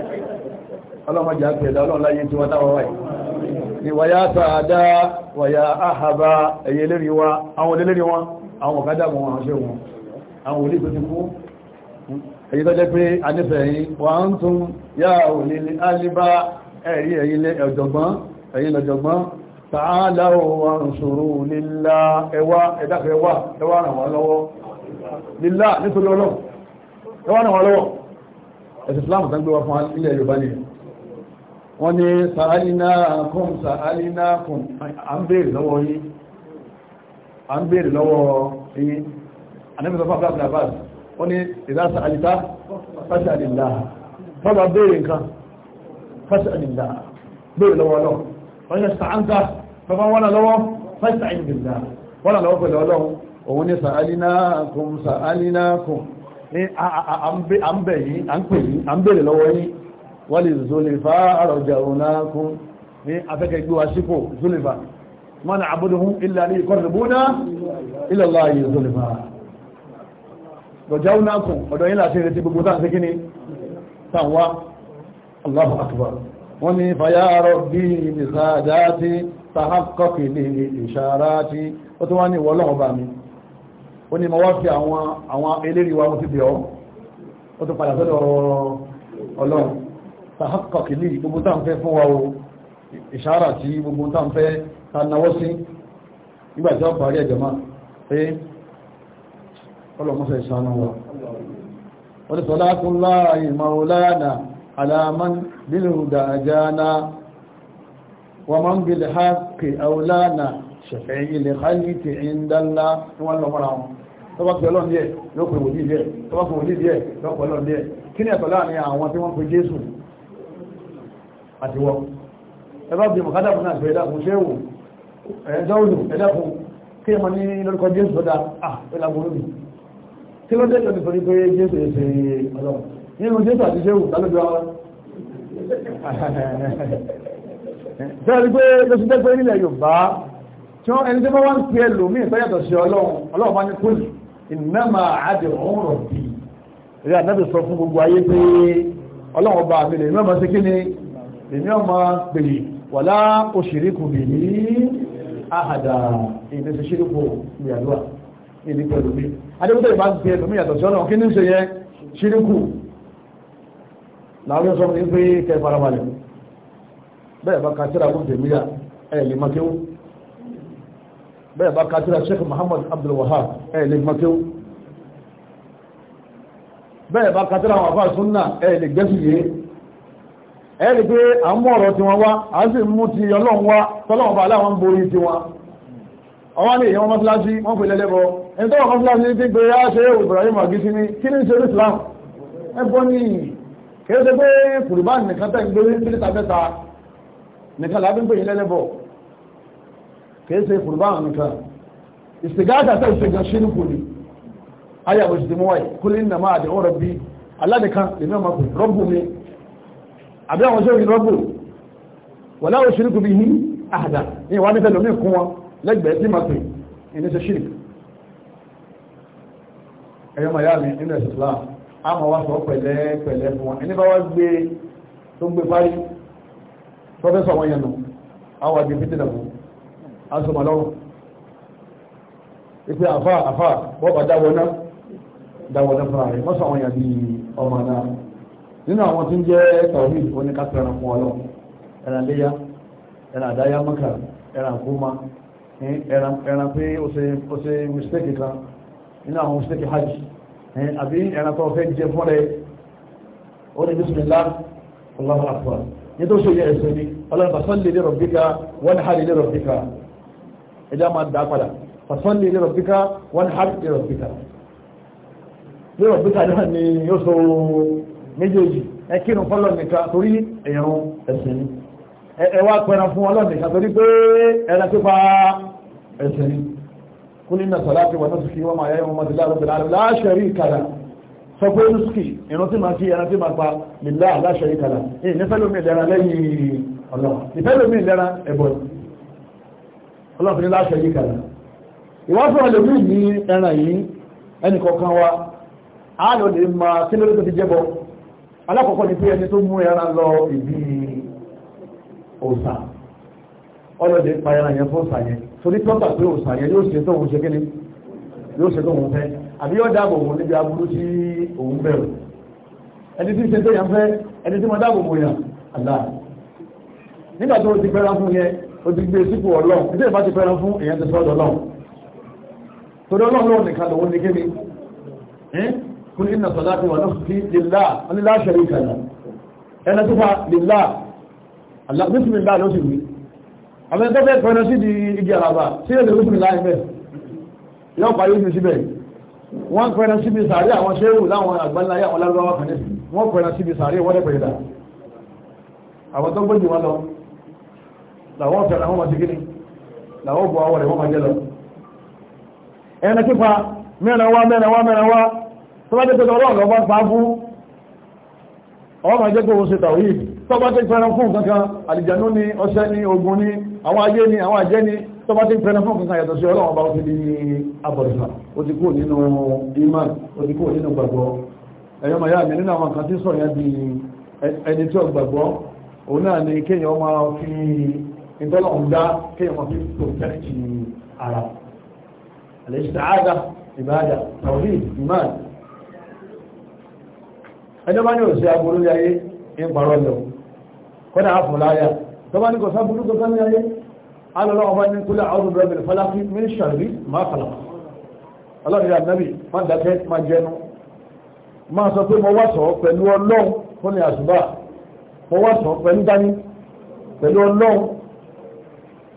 ọlọ́mọdé àti ẹ̀dá ọlọ́run láyé tí wọ́n táwọn wáyé ni wàyá sàádá wàyá àhàbá ẹ̀yẹ lérí wa àwọn olélẹ́rí wọn àwọn ọ̀kadà wọn àwọn ṣe wọn àwọn olè tó ti kú èyí tó jẹ́ pé a nífẹ̀ yìí wà ń tún yá òní alíbá ẹ̀rí ẹ̀yìn ọ̀jọ̀gbọ́n ẹ̀yìn ọ̀jọ̀gbọ́n tààlà wọ́n ní sàálìnáàkùn sàálìnáàkùn à ń bèèrè lọ́wọ́ yín à ń bèèrè lọ́wọ́ yín anẹ́bìsọ fún abúlé àbáàdì wọ́n ní ìdá sàálìtá fásàlìlá bọ́bá bèèrè nǹkan fásàlìlá bèèrè lọ́wọ́ lọ wọ́n ní sàáńtà bọ́bá wọ́n lọ́wọ́ fásàlìlá wọ́n lọ́wọ́ pẹ̀lú ọlọ́run òun wọ́n lè zolifá àrọ̀jà ònàkún ní afẹ́kẹ̀gbé wa sípò zolifá mọ́nà àbúdùn ilẹ̀ alẹ́ ìkọ́rìbúnà ilẹ̀lá yìí zolifá rọ̀jà ònàkún ọ̀dọ̀ yìí láti retí gbogbo tàà síkíní tàwa Allahu akbar wọ́n ni fàyà àrọ̀ bí nìsáàdáti tàhákọ́kì lè ìṣàráti ó tó ní ìwọ́lọ́wọ́ tahakọ̀ kìlì gbogbo tá ń fẹ́ fún wa o ìṣàrà tí gbogbo tá ń fẹ́ tanáwọ́ sí nígbàtí ó parí ẹ̀jọ̀má pé ọlọ́mọ́sẹ̀ ìṣàánú wa wọ́n tún láàrin maulana alaman bilhuda ajana wa man bil haqqi aulana shafi'i li khalqi indalla wọ́n lọ mọ́ra wọn tọ́bá pẹ̀lú ọ̀dí ẹ̀ lọ́pọ̀ ìwòdí ẹ̀ tọ́bá pẹ̀lú ni ẹ̀tọ́ láàrin àwọn tí wọ́n pe Jésù àti wọ́n ẹbá bí mọ̀kádà fún àti ẹ̀dàkùn ṣe wò ẹ̀ẹ́dọ́rùn ẹ̀dàkùn kí ẹmọ ní lórúkọ jésù lọ́dá àpẹlàgbòrò mi kí ló dé tó nítorí pé jésù ẹ̀ṣẹ̀ ọlọ́run nínú jésù àti ṣe wò lálójú ara sọ́ọ́rí pé lóṣù tẹ́ pé nílẹ̀ yorùbá tí wọ́n ẹni tí wọ́n wá ń pè lómi ìfẹ́yàtọ̀ sí ọlọ́run ọlọ́run bá ní kúlù ìnáma àdè ọ̀hún rọ̀ bí rí àdábì sọ fún gbogbo ayé pé ọlọ́run ọba àmì lè mọ́ èmi ọmọ pè wàlá kò ṣìríkù bì ní àhàdà èdè ṣe ṣíríkù ìyàdúrà èdè pẹ̀lú mi adébútọ̀ ìbá ń pè ẹ̀lùmí yàtọ̀ sí ọ̀nà kí ní ṣe yẹ ṣíríkù láwọn sọ ní pé kẹ farabalẹ̀ bẹ́ẹ̀ bá ka tíra fún tèmíyà ẹ̀ lè makéwú bẹ́ẹ̀ bá ka Sheikh Muhammad Abdul Wahab makéwú bẹ́ẹ̀ bá ka tíra àwọn afá sunna gẹ́sù yìí ẹ̀rí pé à ń mú ọ̀rọ̀ tiwọn wá à ń sì mú ti ọlọ́run wá tọ́lọ́run bá aláwọn ń borí tiwọn ọwọ́n ní ìyẹn wọn mọ́síláṣí wọ́n pè lẹ́lẹ́bọ ẹni tọ́wọ́ mọ́síláṣí ti gbé á ṣe Ibrahim àgísí ní kí ní ṣe Islam ẹbọ ní kìí ṣe pé kùrùbá nìkan tẹ́ ń gbé mílítà mẹ́ta nìkan lábí ń pè yín lẹ́lẹ́bọ kìí ṣe kùrùbá nìkan ìsìgáàtà tẹ́ ìṣe gan ṣínú kùlì ayàwó ìṣèmọ́wáyé kùlì nàmá àdìhọ́ rẹ̀ bí aládìkan lè mẹ́ọ̀mọ́kùn rọ́bù mi àbí àwọn ṣe ìrọ́gbò wọ̀lá ò ṣíríkù bí i àdá ní ìwà nítẹ̀lẹ̀ omi kún wọn lẹ́gbẹ̀ẹ́ tí màá pè ní ṣe ṣíríkù ẹ̀yọ́ miami nínú ẹ̀sùn islam a mọ̀ wá sọ pẹ̀lẹ́ pẹ̀lẹ́ fún wọn ẹni bá wá gbé tó gbé parí prọfẹ́sọ̀ wọn yẹnu àwọn àgbẹ̀ fìtìlẹ̀ fún asọmọlọ́rùn ipe àfà àfà wọ́n bá dáwọ́ náà dáwọ́ náà fún ààrẹ mọ́sàn ọmọ náà nínú àwọn tí ń jẹ́ tawhid wọn ní kápẹ́ ẹran fún ọlọ́run ẹran léyá ẹran àdáyá mọ́kà ẹran kúmá ẹran pé ó ṣe mistake kan nínú àwọn mistake hajj àbí ẹran tó fẹ́ jẹ fún rẹ ó ní bismillah Allahu akbar ní tó ṣe yẹ ẹ̀sẹ̀ ni ọlọ́run fasalli li rabbika wanhar li rabbika ẹjá máa dá méjèèjì ẹ kírun fọ́lọ̀ nìkan torí ẹ̀rùn ẹ̀sìn ni ẹ wá pẹran fún ọlọ́ nìkan torí pé ẹran pípa ẹ̀sìn ni kú nínú sọ̀láti wà nọ́sùkì wọ́n máa yẹ́ wọn mọ́ sílá lọ́bìnrin àrùn láṣẹ̀rí ìkàlà sọ pé nùsùkì ìrún tí máa fi ẹran tí máa pa nílá láṣẹ̀rí ìkàlà èyí nífẹ́ lómi ìlera lẹ́yìn ọlọ́ ìfẹ́ lómi ìlera ẹ̀bọ̀ ọlọ́fin láṣẹ̀rí ìkàlà ìwáfẹ́ alákọ̀ọ́kọ́ ni pé ẹni tó mú ẹran lọ ìbí òsà ọlọ́dẹ pa ẹran yẹn fún òsà yẹn torí tọ́gbà pé òsà yẹn yóò ṣe tó òun ṣe kí ni yóò ṣe tó òun fẹ́ àbí yóò dáàbò òun níbi aburú tí òun bẹ̀rù ẹni tí ń ṣe tó yẹn fẹ́ ẹni tí mo dáàbò bò yàn àlá nígbà tó o ti pẹ́ran fún yẹn o ti gbé e sípò ọlọ́run nígbà tó o ti pẹ́ran fún èèyàn ti sọ́dọ̀ ọlọ́run torí ọlọ́run nìkan lòun ní kí ni kún iná sọ̀láti wà náà sí lílá onílá ṣẹ̀rí kàlá ẹni tó fa lílá aláàbísìmìlá ló sì wí àwọn ẹgbẹ́ fẹ́ pẹ̀lú sí di igi àràbà sí èdè bísìmìlá ẹgbẹ́ yóò parí ojú síbẹ̀ wọ́n pẹ̀lú síbi sàárì àwọn ṣéwù láwọn àgbáńlá yà wọn lárúbáwá kan nẹ́sì wọ́n pẹ̀lú síbi sàárì wọ́n dẹ̀ pẹ̀lú àwọn tó gbójú wọn lọ làwọn fẹ̀rẹ̀ àwọn ọmọdé gíní làwọn bọ̀ àwọn rẹ̀ wọ́n máa jẹ́ lọ ẹni kípa mẹ́rin wá tó bá jẹ́ pé lọ́rọ̀ lọ́bá ń sáfú ọmọ jẹ́ pé o ṣe tàwí tó bá ti fẹ́ràn fún kankan àlìjànú ni ọṣẹ́ ni ogun ni àwọn ayé ni àwọn àjẹ́ ni tó bá ti fẹ́ràn fún kankan yàtọ̀ sí ọlọ́run bá ó ti di abọ̀rìfà ó ti kúrò nínú iman ó ti kúrò nínú gbàgbọ́ ẹ̀yọ́ màá yá mi nínú àwọn kan tí sọ yẹn ẹjọ́ bá ní òṣè aburú ní ayé ń parọ́ lọ kọ́dà àpò láyà tó bá ní kò sáburú tó sánú ayé alọ́lọ́ ọba ní kúlẹ̀ ọdún rẹ̀bẹ̀rẹ̀ falákí min sharri ma falaq ọlọ́rin ànábì má dákẹ́ má jẹnu má sọ pé mo wá sọ pẹ̀lú ọlọ́run fún ní àṣùbà mo wá sọ pẹ̀lú dání pẹ̀lú ọlọ́run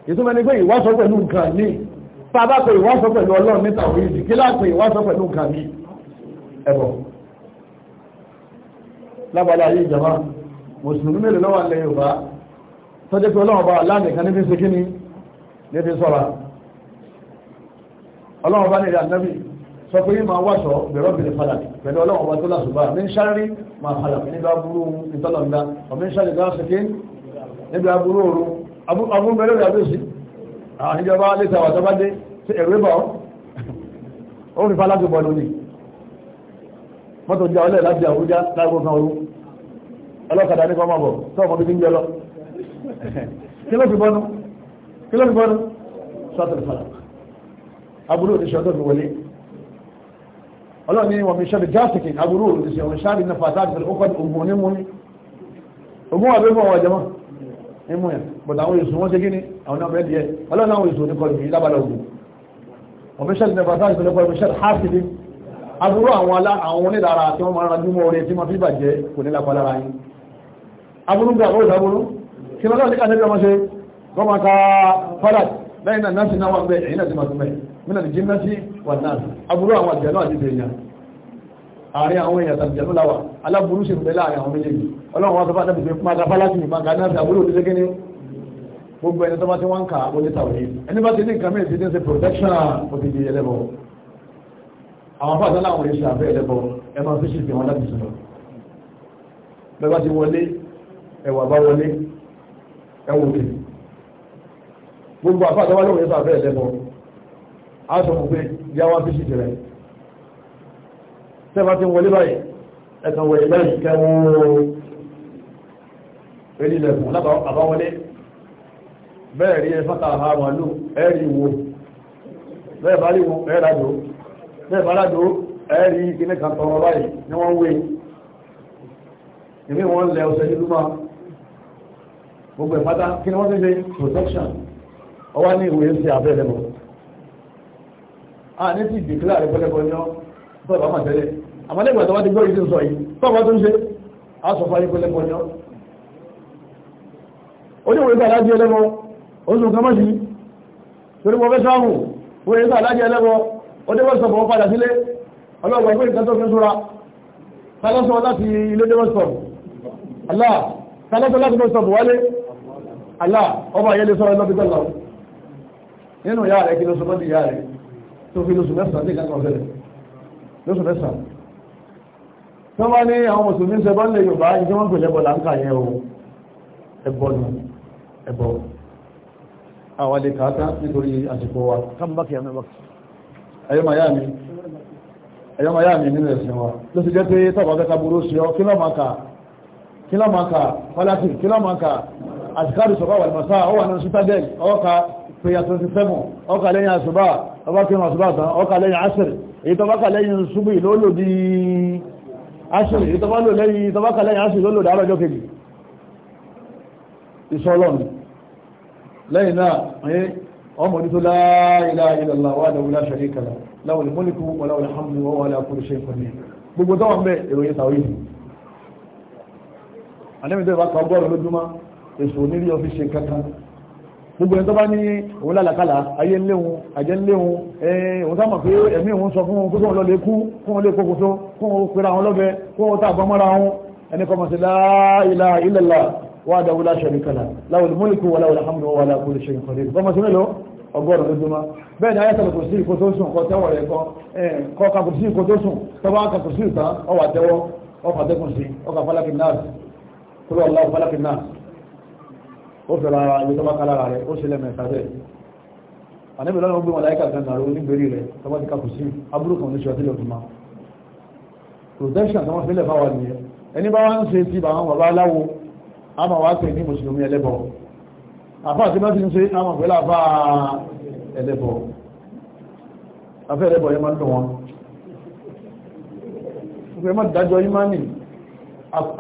ìtumọ̀ ni pé nǹkan ní tá lábàlá yìí jama mùsùlùmí mélòó lọ́wọ́ ilẹ̀ yorùbá tọ́jú pé ọlọ́run bá aláàmì kan níbi ṣe kíni níbi sọ́ra ọlọ́run bá nílẹ̀ ànábì sọ pé yìí máa wáṣọ bẹ̀rọ bìrì padà pẹ̀lú ọlọ́run bá tó lásùbà ní sáré máa padà níbi aburú ìtọ́lọ̀ndà ọ̀mí sáré gbá ṣe kí níbi aburú òru aburú mẹ́lẹ́ rẹ̀ àbẹ́sí àníjọba lẹ́tà àwàtọ́bádé sí ẹ̀rẹ́bà ó rí falágbẹ̀bọ̀ lónìí mọ́tò jẹ́ ọlẹ́ láti àwújá láàrùn kan orú ọlọ́kadà ní kọmọ̀ bọ̀ sọ́ọ̀mọ̀ bí i ń jẹ́ lọ kí ló fi bọ́nu kí ló fi bọ́nu sọ́tọ̀ ìfàlà aburú òdíṣẹ́ tó fi wọlé ọlọ́ni wọ̀n mi ṣẹ́bi jáàsìkì aburú òdíṣẹ́ wọ̀n ṣáàbì na fàtà àti ọkọ̀ ogun ní mú ní ogun wà bí fún ọwọ́ jẹmọ́ ní mú àwọn èso wọ́n ṣe kí àwọn ọmọ ẹ̀dìyẹ ọlọ́ni àwọn èso ní yìí lábàlá ogun wọ̀n mi ṣẹ́bi na fàtà àti aburú àwọn àwọn onílára tí wọ́n máa rájú mọ́ orí tí wọ́n fi bàjẹ́ kò ní lápá lára yìí aburú gbà ó ìsàbúrú kí lọ́lọ́ sí kàtẹ́kọ̀ mọ́ ṣe gọ́mà ká falat lẹ́yìn náà náà sí náà wà bẹ́ èyí náà ti máa túnmẹ̀ mínà ní jíńdá sí wà náà aburú àwọn àjẹ́nú àti èèyàn àárín àwọn èèyàn tàbí jẹ́nú láwà aláburú sì rẹ̀ láàrin àwọn méjèèjì ọlọ́run wọn sọ fún àtàbí fún àga falat gbogbo ẹni tó bá ti wọ́n ń kà ó ní tàwọn ẹni bá ti ní nǹkan mìíràn ti ní ṣe protection òdìdí ẹlẹ́bọ̀ọ́ àwọn fàtà láwọn èṣù àfẹ́ ẹlẹ́bọ ẹ máa fi ṣìfì wọn láti sùnà bẹ́bá ti wọlé ẹwà bá wọlé ẹwọ òkè gbogbo àfàtà wọn lóòrè sàfẹ́ ẹlẹ́bọ a sọ fún pé yá wá fi ṣìfì rẹ tẹ́bá ti wọlé báyìí ẹ̀kan wọlé báyìí kẹwọ́n rí lẹ́kùn lábàwọlé bẹ́ẹ̀ rí ẹ fátà àmàlú ẹ̀rí wo bẹ́ẹ̀ bá rí wo ẹ̀rájò bẹ́ẹ̀ baládò ẹ̀rí ìpínlẹ̀ kan tọrọ báyìí ni wọ́n wé ìmí wọn lẹ ọ̀sẹ̀ nínú máa gbogbo ìpátá kí ni wọ́n ti ṣe protection ọwá ní ìwé ń ṣe abẹ́rẹ́ mọ́ a ní ti dìkílà rẹ̀ pẹ́lẹ́pẹ́ ní ọ́ tó bá máa tẹ́lẹ̀ àmọ́lẹ́gbẹ̀ẹ́ tó bá ti gbọ́ ìdí sọ yìí tó bá tó ń ṣe a sọ fún ayé pẹ́lẹ́pẹ́ ní ọ́ oníwèé bá alájẹ́ ẹlẹ́mọ́ oṣù kan mọ́ sí torí ọdẹ́wọ́sọ̀pọ̀ wọ́n padà sílé ọlọ́wọ́ ìgbé ìkan tó fi súra sálọ́sọ̀ láti ilé dẹ́wọ́sọ̀pọ̀ aláà sálọ́sọ̀ láti dẹ́wọ́sọ̀pọ̀ wálé aláà ọba ayé lè sọ́rọ̀ lọ́bí tọ́lọ́ nínú ìyá rẹ̀ kí lóṣù mọ́dí ìyá rẹ̀ tó fi lóṣù mẹ́sàn ní ìkan kọ̀ọ̀fẹ́lẹ̀ lóṣù mẹ́sàn tó wá ní àwọn mùsùlùmí ṣe bọ́lẹ̀ Yorùbá ìjọ wọn pèlè bọ̀lá ń kà yẹn o ẹbọ nù ẹbọ àwọn lè kàátá nítorí àsìkò wa kámbákì àmì ẹ̀yọ́mà yá mi nínú ẹ̀sìn wa ló ti jẹ́ pé tọ́bàtẹ́ka burú sí ọ kílọ́màkà falati kílọ́màkà àtìkárù sọ̀kọ́ wà lọ́sá ó wà ní citadel ọkà pèyà 27 ọkà lẹ́yìn àṣùbà ọba kí wọ́n àṣùbà tán ọkà lẹ́yìn asir di asir èyí tọ́bàkà lẹ́yìn asir ìlólò dárọjọ́ kejì ìṣọ́lọ́nù lẹ́yìn ọmọ ní tó la ilaha illallah wahdahu la sharika lahu lahul mulku wa lahul hamdu wa huwa ala kulli shay'in qadir gbogbo tó wà ń bẹ ìròyìn tàwí àdébìtì ìbá kan bọ́ọ̀lù lójúmọ́ èso onírí ọ́fíìsì kankan gbogbo ẹni tó bá ní òun lálàkàlà ayé ńléhun àjẹ́ ńléhun òun sáà pé ẹ̀mí òun sọ fún kó tóun lọ́lẹ̀ kú kóun lè kókòtó kóun pera àwọn lọ́bẹ̀ kóun tàbọ̀mọ́ra àwọn ẹni kọ́mọ̀sí la ilaha illallah وحده لا شريك له له الملك وله الحمد وهو على كل شيء قدير بما سمعوا ọgọ́rùn lójúmọ́ bẹ́ẹ̀ ni ayẹ́ta kò sí ìkó tó sùn kọ tẹ́wọ̀ rẹ̀ kọ kọ ka kò sí ìkó tó sùn tọ́wọ́ ka kò sí ìta ọwà tẹ́wọ́ ọkà tẹ́kùn sí ọkà falaki náà kúrò ọlọ́wọ́ falaki náà ó fẹ̀rẹ̀ ara ibi tọ́wọ́ kálára rẹ̀ ó sílẹ̀ mẹ́ta bẹ́ẹ̀ àníbi lọ́nà gbé wọn láyíká kan nàró nígbèrí rẹ̀ tọ́wọ́ ti ka kò sí aburú kan oníṣẹ́ ọtílẹ̀ òtùmá protection tọ́wọ́ fílẹ̀ fáwọn nìyẹn ẹni bá wá ń ṣe ti bàwọn bàbá aláwo a ma wá pè ní mùsùlùmí ẹlẹ́bọ àfáà tí bá ti ń ṣe a ma pè láàfá ẹlẹ́bọ afẹ́ ẹlẹ́bọ yẹ máa ń dùn wọn ìgbẹ́ má dájọ́ imani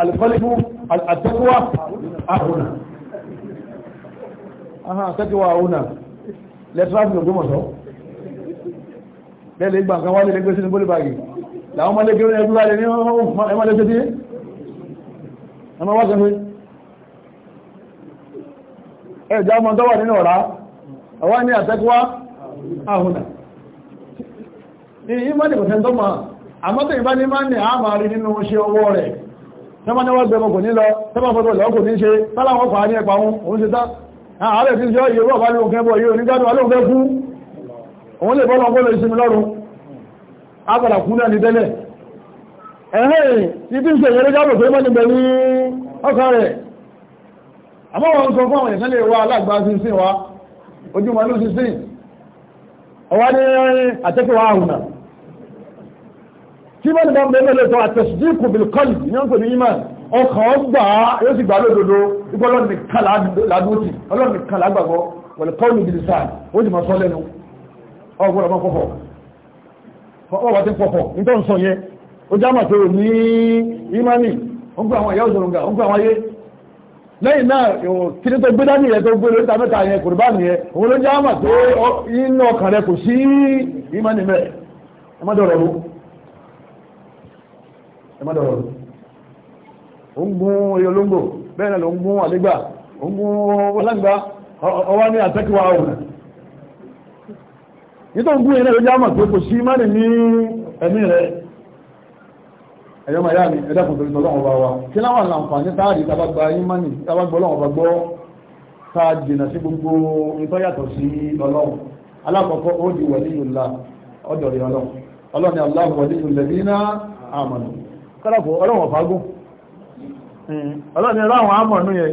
alifalifu àtẹ́kùwà àhùnà aha àtẹ́kùwà àhùnà lẹ́tíráfì ògbómọ̀sọ́ lẹ́lẹ́ ìgbà kan wálé lẹ́gbẹ́ sínú bólúbàgì làwọn ọmọlẹ́gbẹ́ ẹgbẹ́ wálé ní ọmọ ẹgbẹ́ ẹ̀dá ọmọ tó wà nínú ọ̀rá ọwá ní àtẹ́kùwá àhùnà ní ìmọ́ni kò tẹ́ntọ́ ma àmọ́tẹ̀ ìbá ní máa ní àmà rí nínú ṣe ọwọ́ rẹ̀ tẹ́mọ́ni wọ́n gbẹ̀mọ̀ kò ní lọ tẹ́mọ́ fọ́tọ̀ lọ́kù ní ṣe tálàwọ́ pàá ní ẹ̀pà òun ṣe tán ààrẹ tí ṣe yìí wọ́n bá ní òkè bọ̀ yìí onígbádùn alóòfẹ́ kú òun lè bọ́lọ̀ bọ́lọ̀ ìsinmi lọ́rùn agbàdà kú náà ní tẹ́lẹ̀ ẹ̀hẹ́ ibi ìṣẹ̀yẹrẹ́gbàdùn pé mọ́ níbẹ̀ àmọ́ wọn sọ fún àwọn ìyẹ̀sán lè wá alágbà sínsìn wa ojú wọn ló sínsìn ọwá ní àtẹ́kẹ̀wà àrùnà tí wọ́n ni wọ́n bẹ̀rẹ̀ lẹ́tọ́ àtẹ̀sìdíkù bilkọ́lì ní ọ̀pẹ̀ ní ìmọ̀ ọkàn ọgbà yóò sì gbà lódodo ipò ọlọ́nìkan làdúrótì ọlọ́nìkan làgbàgbọ́ wọ̀lẹ̀ kọ́lù bìí sáà ó sì máa sọ lẹ́nu ọgbọ̀n ọmọ pọ̀pọ̀ ọwọ́ ti pọ̀pọ̀ nítorí sọ yẹn ó já mà tó ní ìmánì ó gbà àwọn ìyá òṣèlú ga ó gbà àwọn ayé lẹ́yìn náà kíní tó gbé dání rẹ̀ tó gbé lóríta mẹ́ta yẹn kò bá nìyẹn òun ló jẹ́ àmà tó inú ọkàn rẹ̀ kò sí ìmánì mẹ́ ẹ má dọ̀rọ̀ mú ẹ má dọ̀rọ̀ mú ó ń gún eyín olóńgbò bẹ́ẹ̀ náà ló ń gún àlégbà ó ń gún ọlọ́ngbà ọwá ní àtẹ́kíwá ọ̀hún nítorí gún yẹn náà ló jẹ́ àmà tó kò sí ìmánì ní ẹ̀mí rẹ̀ ẹ̀yọ́ ma yáà ní ẹ̀dẹ́kùn torí tọ́lọ́wọ́ bá wa kí láwọn àǹfààní táàrí tàbàgbà ìmánì tàbàgbọ́lọ́wọ́ bá gbọ́ táà jìnà sí gbogbo ìtọ́yàtọ̀ sí ọlọ́run alákọ̀ọ́kọ́ ó di waliyullah ọdọ̀rẹ̀ ọlọ́run ọlọ́run ni Allahu waliyul ladina amanu kọ́lọ́pọ̀ ọlọ́run ọ̀fágún ọlọ́run ni ráwọn àmọ̀nú yẹ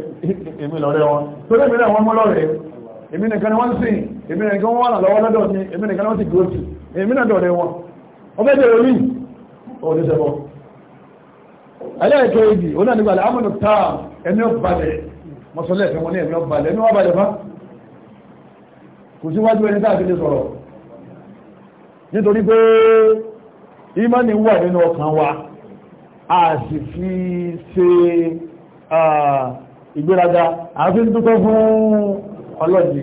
èmi lọ́rẹ́ wọn tó lẹ́mi rẹ̀ wọ́n mọ́ lọ́rẹ̀ èmi nìkan ni wọ́n sìn èmi nìkan wọ́n wà lọ́wọ́ ẹlẹ́ẹ̀kẹ́ ìdí ó náà nígbàlẹ̀ amúnù táà ẹni ọ̀bàlẹ̀ mọ́sọ̀lẹ̀ ẹ̀fẹ́ wọn ní ẹ̀mí ọ̀bàlẹ̀ ẹni ọ̀bàlẹ̀ fá kò síwájú ẹni táà fi lè sọ̀rọ̀ nítorí pé ìmánì wà nínú ọkàn wa a sì fi ṣe ìgbéraga àfi ń dúpẹ́ fún ọlọ́ọ̀dì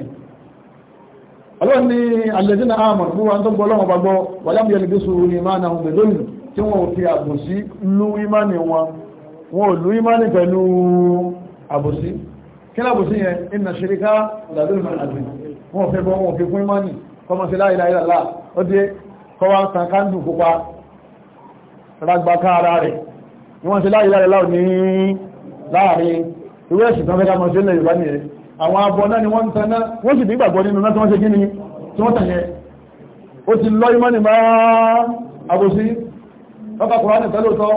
ọlọ́ọ̀ni alẹ́dínà àmọ̀ fún wa tó gbọ́ ọlọ́wọ́ gbàgbọ́ wàlámù yẹn tí wọ́n ò fi àbòsí lú ìmáni wọn wọ́n ò lú ìmáni pẹ̀lú àbòsí kí lábòsí yẹn iná ṣeríká ìdàdúrùmọ̀ àti wọ́n fẹ́ bọ́ wọ́n fi fún ìmáni kọmọ sí láìláìlá ó dé kọwa kan kándù pupa ragbaka ara rẹ̀ wọ́n sí láìláìlá ní láàrin ìwé ẹ̀sìn tán fẹ́ká mọ̀ sí ilẹ̀ Yorùbá nìyẹn àwọn abọ náà ni wọ́n ń taná wọ́n sì nígbàgbọ́ nínú náà tí wọ́n ṣe kí tí wọ́n tàn ó ti lọ ìmáni máa àbòsí ọkà kùránì tẹ́lótọ́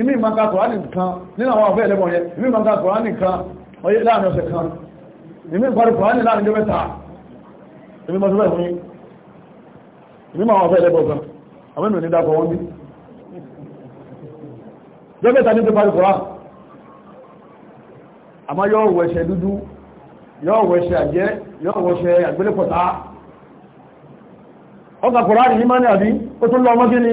ìmí ìmọ̀ká kùránì kan nínú àwọn ọ̀fẹ́ ẹlẹ́bọn yẹ ìmí ìmọ̀ká kùránì kan ọyẹ láàrin ọ̀sẹ̀ kan ìmí ìparí kùránì láàrin jẹ́ mẹ́ta ìmí mọ́ sílẹ̀ fún yí ìmí mọ́ àwọn ọ̀fẹ́ ẹlẹ́bọn kan àwọn ènìyàn ní dákọ̀ wọ́n bí jẹ́ mẹ́ta ní ti parí kùránì àmọ́ yóò wẹ̀ṣẹ̀ dúdú yóò wẹ̀ṣẹ̀ àjẹ́ yóò wẹ̀ṣẹ̀ àgbélépọ̀ta ọkà kùránì ní mọ́ ní àbí ó tún lọ ọmọ kí ni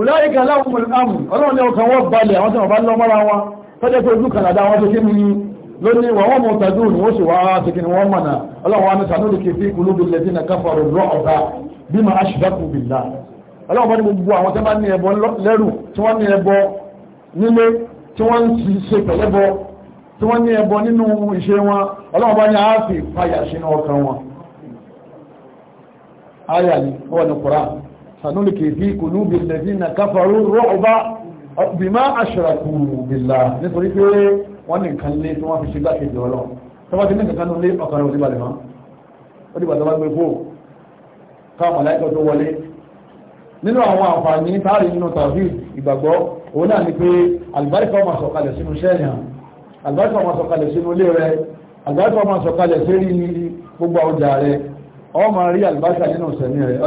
ọláìkà láwọn àmù ọlọ́run ní ọkàn wọ́n balẹ̀ àwọn tí wọ́n bá lọ mọ́ra wọn ti wa ní sànúdì kì fi kùlúbù lẹ́tí na káfàrò rọ a ṣìdákù bìlá ọlọ́run bá ní gbogbo àwọn tí wọ́n ní ṣe pẹ̀lẹ́bọ tí wọ́n ní ẹbọ nínú ìṣe a fàyà sínú ọkàn wọn. sanúlùkì fi kùlú bí lẹ́bí na káfàrú rọ́ọ̀bá bí má aṣọ́rakù bìlá nítorí pé wọ́n ní nǹkan lé tí wọ́n fi ṣe gbákejì ọlọ́ tọ́wọ́ ti ní nǹkan lé ọkàrà òdìbà lè máa tó bá gbé fò káwọn màláìkọ̀ tó wọlé nínú àwọn àǹfààní táàrí nínú tàbí ìgbàgbọ́ òun náà ni pé àlùbáríkà ọmọ sọ̀kalẹ̀ sínú sẹ́ẹ̀nì àlùbáríkà ọmọ sọ̀kalẹ̀ sínú ilé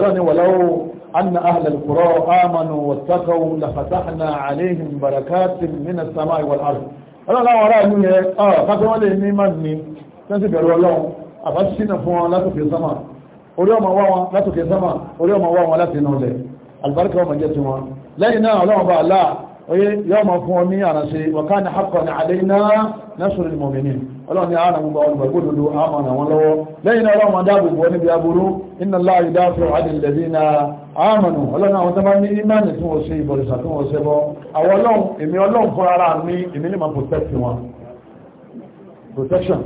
rẹ أن أهل القرى آمنوا واتقوا لفتحنا عليهم بركات من السماء والأرض ọlọ́run láwọn ará ìlú yẹ ọ̀pápẹ́ wọ́n lè ní máa ní tẹ́sí bẹ̀rù ọlọ́run àbáṣínà fún wọn látòkè sánmà orí ọmọ wá wọn látòkè sánmà orí ọmọ wá wọn láti inúlẹ̀ albarka ọmọ jẹ́ ti wọn lẹ́yìn náà ọlọ́run bá aláà oyé yọ́ ọmọ fún ọ ní àrànṣe wọ̀ká ní hakọ̀ ní àdéhìnà nasrul mu'minin ọlọ́run ni àánà gbogbo ọgbà gbódòdó àmọ̀nà wọn lọ́wọ́ lẹ́yìn ọlọ́run wọn dáàbò bọ́ níbi aburú iná láàyè dáàbò àdìlẹ̀bí na àmọ̀nà ọlọ́run àwọn tọ́mọ́ ní ìmáànì tí wọ́n ṣe ìbọ̀lùsà tí wọ́n ṣe bọ́ àwọn èmi ọlọ́run fún protection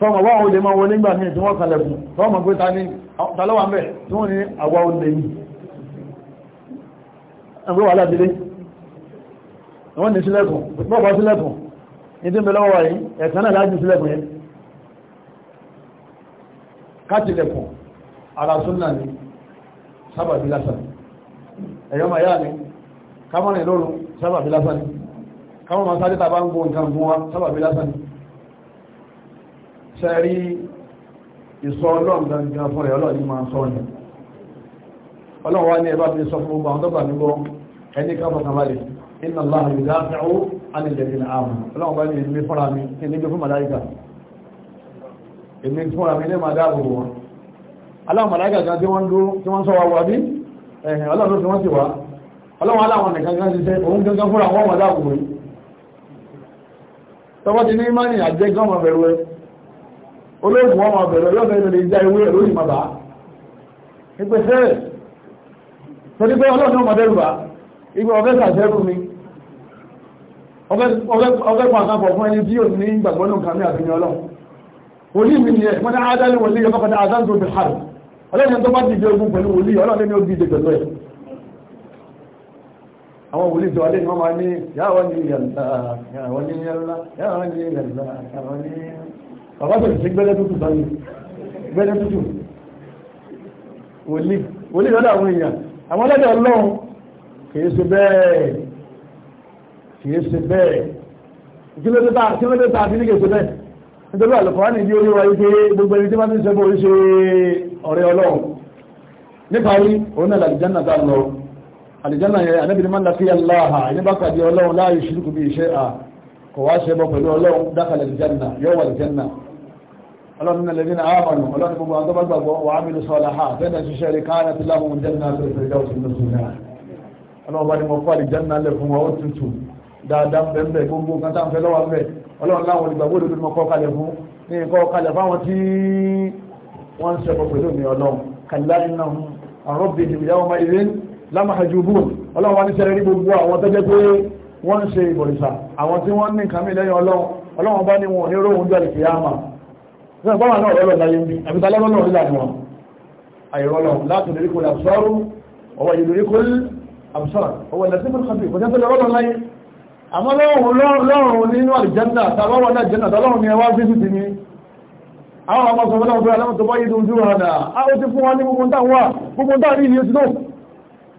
tọ́mọ̀ wá òde máa wọlé nígbà míì tí wọ́n kalẹ̀ fún tọ́mọ̀ pé ta ní talọ́wà mẹ́ tí wọ́n ní àwa òde yìí ẹgbẹ́ ìdí mi lọ́wọ́ yìí ẹ̀sán náà lájú sílẹ̀kùn yẹn káàkìlẹ̀kùn ara súnnà ní sábàbí lásán ẹ̀yọ́ ma yá ní kámọ́rin lóòrùn sábàbí lásán kámọ́ ma sáré tàbá ń gún nǹkan gún wa sábàbí lásán sẹ́rí ìsọ ọlọ́run gangan fún rẹ̀ ọlọ́run máa sọ ọ̀nà alìlẹ̀dìn àmù ọlọ́run bá ní ilé fọ́nra mi kí ní gbé fún màláìkà èmi fọ́nra mi ní máa dáàbò wọn aláwọn màláìkà kan tí wọ́n dúró tí wọ́n sọ wa wà bí ẹ̀hìn ọlọ́run tí wọ́n ti wá ọlọ́run aláwọn nìkan kan ṣiṣẹ́ òun gangan fúnra wọn wà dáàbò wọn tọwọ́ ti ní mánì àjẹ́ gan ọmọ bẹ̀rù ẹ olóògùn ọmọ bẹ̀rù ọlọ́bẹ̀ ilẹ̀ ìjà ewé ẹ̀ lórí màbá ìpèsè torí pé ọlọ́run ọmọ bẹ̀rù bá ìgbà ọ̀fẹ́ sàṣẹ́rù mi ọfẹ́ pàṣán pọ̀ fún ẹni tí ò ní gbàgbọ́ nù kàmí àfihàn ọlọ́run wòlíì mi ni ẹ̀ wọ́n ní adáni wòlíì ọkọ̀ kọ̀dá azán tó fi hàn ọlọ́run tó bá dìde ogun pẹ̀lú wòlíì ọlọ́run ní ó dìde pẹ̀lú ẹ̀ àwọn wòlíì tó alẹ́ ni wọ́n máa ní yàwọ́ ní yàlá yàwọ́ ní yàlá yàwọ́ ní yàlá yàwọ́ ní yàlá bàbá tó ti gbẹ́lẹ́ tútù báyìí kìí ṣe bẹ́ẹ̀ kílódé tá kílódé tá àti ní kìí ṣe bẹ́ẹ̀ nítorí àlùkọ́ránì ní orí wáyé pé gbogbo ẹni tí wọ́n ti ń ṣe bó ṣe ọ̀rẹ́ ọlọ́run níparí òun náà làlìjánà tá lọ àlìjánà yẹn anábìrin máa ń lafi aláha ẹni bá pàdé ọlọ́run láàyè ṣírùkù bí iṣẹ́ à kò wá ṣe bọ pẹ̀lú ọlọ́run dákà làlìjánà yóò wà làlìjánà ọlọ́run náà lẹ́ni náà àmàlù ọlọ́run gbogbo àwọn tó bá gbàgbọ́ wà á mílù sọ́ọ́lá ha bẹ́ẹ̀ ṣiṣẹ́ rí káyà tí láwọn jẹ́ dáadáa bẹ́ẹ̀ gbogbo nǹkan tá à ń fẹ́ lọ́wọ́ bẹ́ẹ̀ ọlọ́run láwọn olùgbàgbọ́ òdodo mọ̀ kọ́ kalẹ̀ fún ní nǹkan kalẹ̀ fáwọn tí wọ́n ń sẹ́kọ̀ pẹ̀lú mi ọlọ́run kàlá iná hun ọ̀rọ̀ bíi ìdìbò yàwó máa ìrìn lámàájú bù ọlọ́run wa ní sẹ́rẹ́ rí gbogbo àwọn tó jẹ́ pé wọ́n ń ṣe ìbọ̀rìṣà àwọn tí wọ́n ní nǹkan mi lẹ́yìn ọlọ́run ọlọ́run bá ní wọn ní róhun jọ ìkìyà àmà náà báwọn náà ọlọ́run láyé àmọ́ lọ́rùn nínú àlùjánnà tàbáwọ̀ náà jẹ́nà tàbáwọ̀ ni ẹwà fífì ti ní àwọn ọmọ sọ̀rọ̀ náà fẹ́ aláwọ̀ tó bá yìí dùn jù hàn náà a ó ti fún wa ní gbogbo táwà gbogbo táà ní ìlú ti náà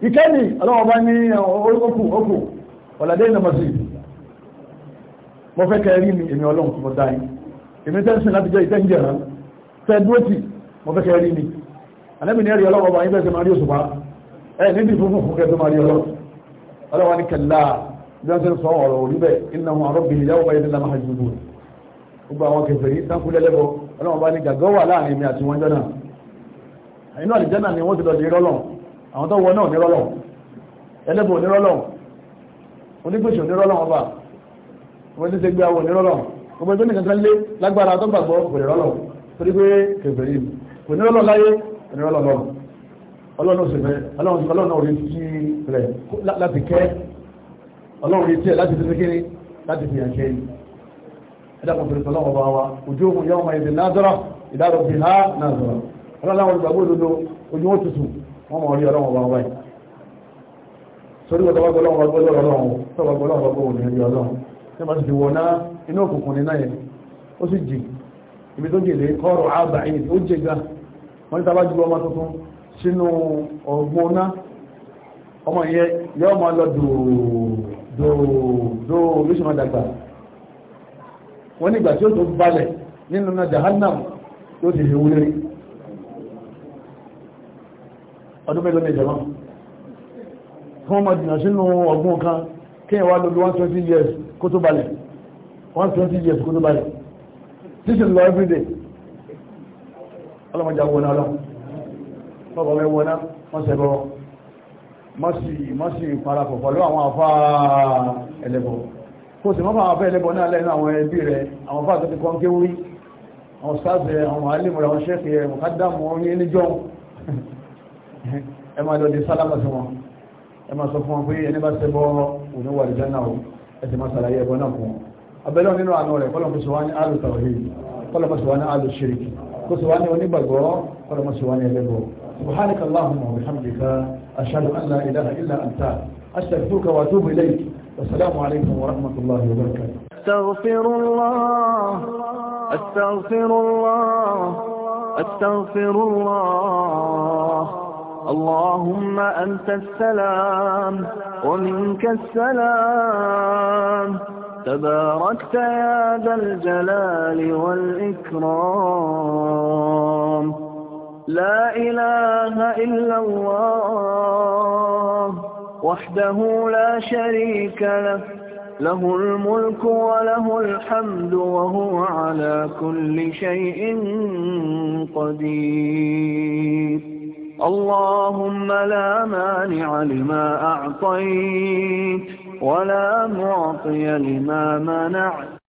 ìkẹ́ni ọlọ́wọ̀ bá ní okù okù ọ̀làdé ìnàmọ̀ sí mo fẹ́ kẹ́ rí mi èmi ọlọ́run tó dá yìí èmi bí wọ́n ti sọ ọ̀rọ̀ òní bẹ́ẹ̀ iná wọn àrọ́ bìí yàwó báyìí nílá máa jùlọ gbogbo àwọn kẹfẹ́ yìí tán kúlẹ̀ lẹ́bọ̀ ọlọ́wọ́n bá ní gàgọ́ wà láàrin mi àti wọn jọ́nà inú àlìjánà ni wọ́n ti lọ di rọ́lọ̀ àwọn tó wọ náà ní rọ́lọ̀ ẹlẹ́bọ̀ ní rọ́lọ̀ onígbèsè ní rọ́lọ̀ ọba wọ́n ti ṣe gbé àwọn ní rọ́lọ̀ gbogbo ẹgbẹ́ nìkan kan lé ọlọ́run etí ẹ̀ láti fi kékeré láti fi hàn ṣe yìí ẹ̀dàkùn fèrè tọ́lọ́wọ́ bá wa ojú òun yọ ọmọ ẹ̀dẹ̀ náàzọ́rọ̀ ìdárò bí ha náàzọ́rọ̀ ọlọ́láwọn olùgbàgbọ́ òdodo ojú wọn tutù wọn mọ̀ orí ọlọ́wọ́ bá wáyé sórí wọn tọ́wọ́ gbọ́lọ́wọ́ gbọ́lọ́ ọlọ́wọ́ tọ́wọ́ gbọ́lọ́wọ́ gbọ́ òní ẹ̀rí ọlọ́wọ́ tí wọ́n ti wọ̀ náà inú òkùnkùn ní náà yẹn ó tó jèlé kọ́rọ̀ àbà ẹ̀yìn ó jẹ wọ́n ti ta bá ọmọ tuntun sínú ọgbọ́n ọmọ yẹn yọ ọmọ lọ dùrù dòòdò lóṣù máa dàgbà wọ́n nígbà tí ó tó balẹ̀ nínú náà jahannam ló ti fi wúlérí ọdún mẹ́lọ ní ìjọba kí wọ́n máa dìnà sínú ọgbọ́n kan kí ẹwà lóbi 120 years kó tó balẹ̀ 120 years kó tó balẹ̀ this is love everyday ọlọ́mọdé àwọn ọ̀nà ọlọ́mọdé àwọn ọ̀nà wọ́n sẹ́gbọ́n mọ́sí ìparapọ̀ pẹ̀lú àwọn afá ẹlẹ́bọ̀ kò sì mọ́fà àwọn afẹ́ ẹlẹ́bọ̀ náà lẹ́nu àwọn ẹbí rẹ̀ àwọn afá tó ti kọ́ ké wí àwọn sáàbẹ̀ àwọn alìmọ̀rẹ̀ àwọn sẹ́ẹ̀kì rẹ̀ mọ̀kádàmù orí níjọ́ ẹ máa lọ di sálámà sí wọn ẹ máa sọ fún wọn pé ẹni bá ṣẹbọ òní wà lìjá náà ẹ sì máa ṣàlàyé ẹbọ náà fún wọn كسواني ونبغو ولما سواني لبغو سبحانك اللهم وبحمدك أشهد أن لا إله إلا أنت أستغفرك وأتوب إليك والسلام عليكم ورحمة الله وبركاته أستغفر الله أستغفر الله أستغفر الله اللهم أنت السلام ومنك السلام تباركت يا ذا الجلال والإكرام لا إله إلا الله وحده لا شريك له له الملك وله الحمد وهو على كل شيء قدير اللهم لا مانع لما أعطيت ولا معطي لما منعت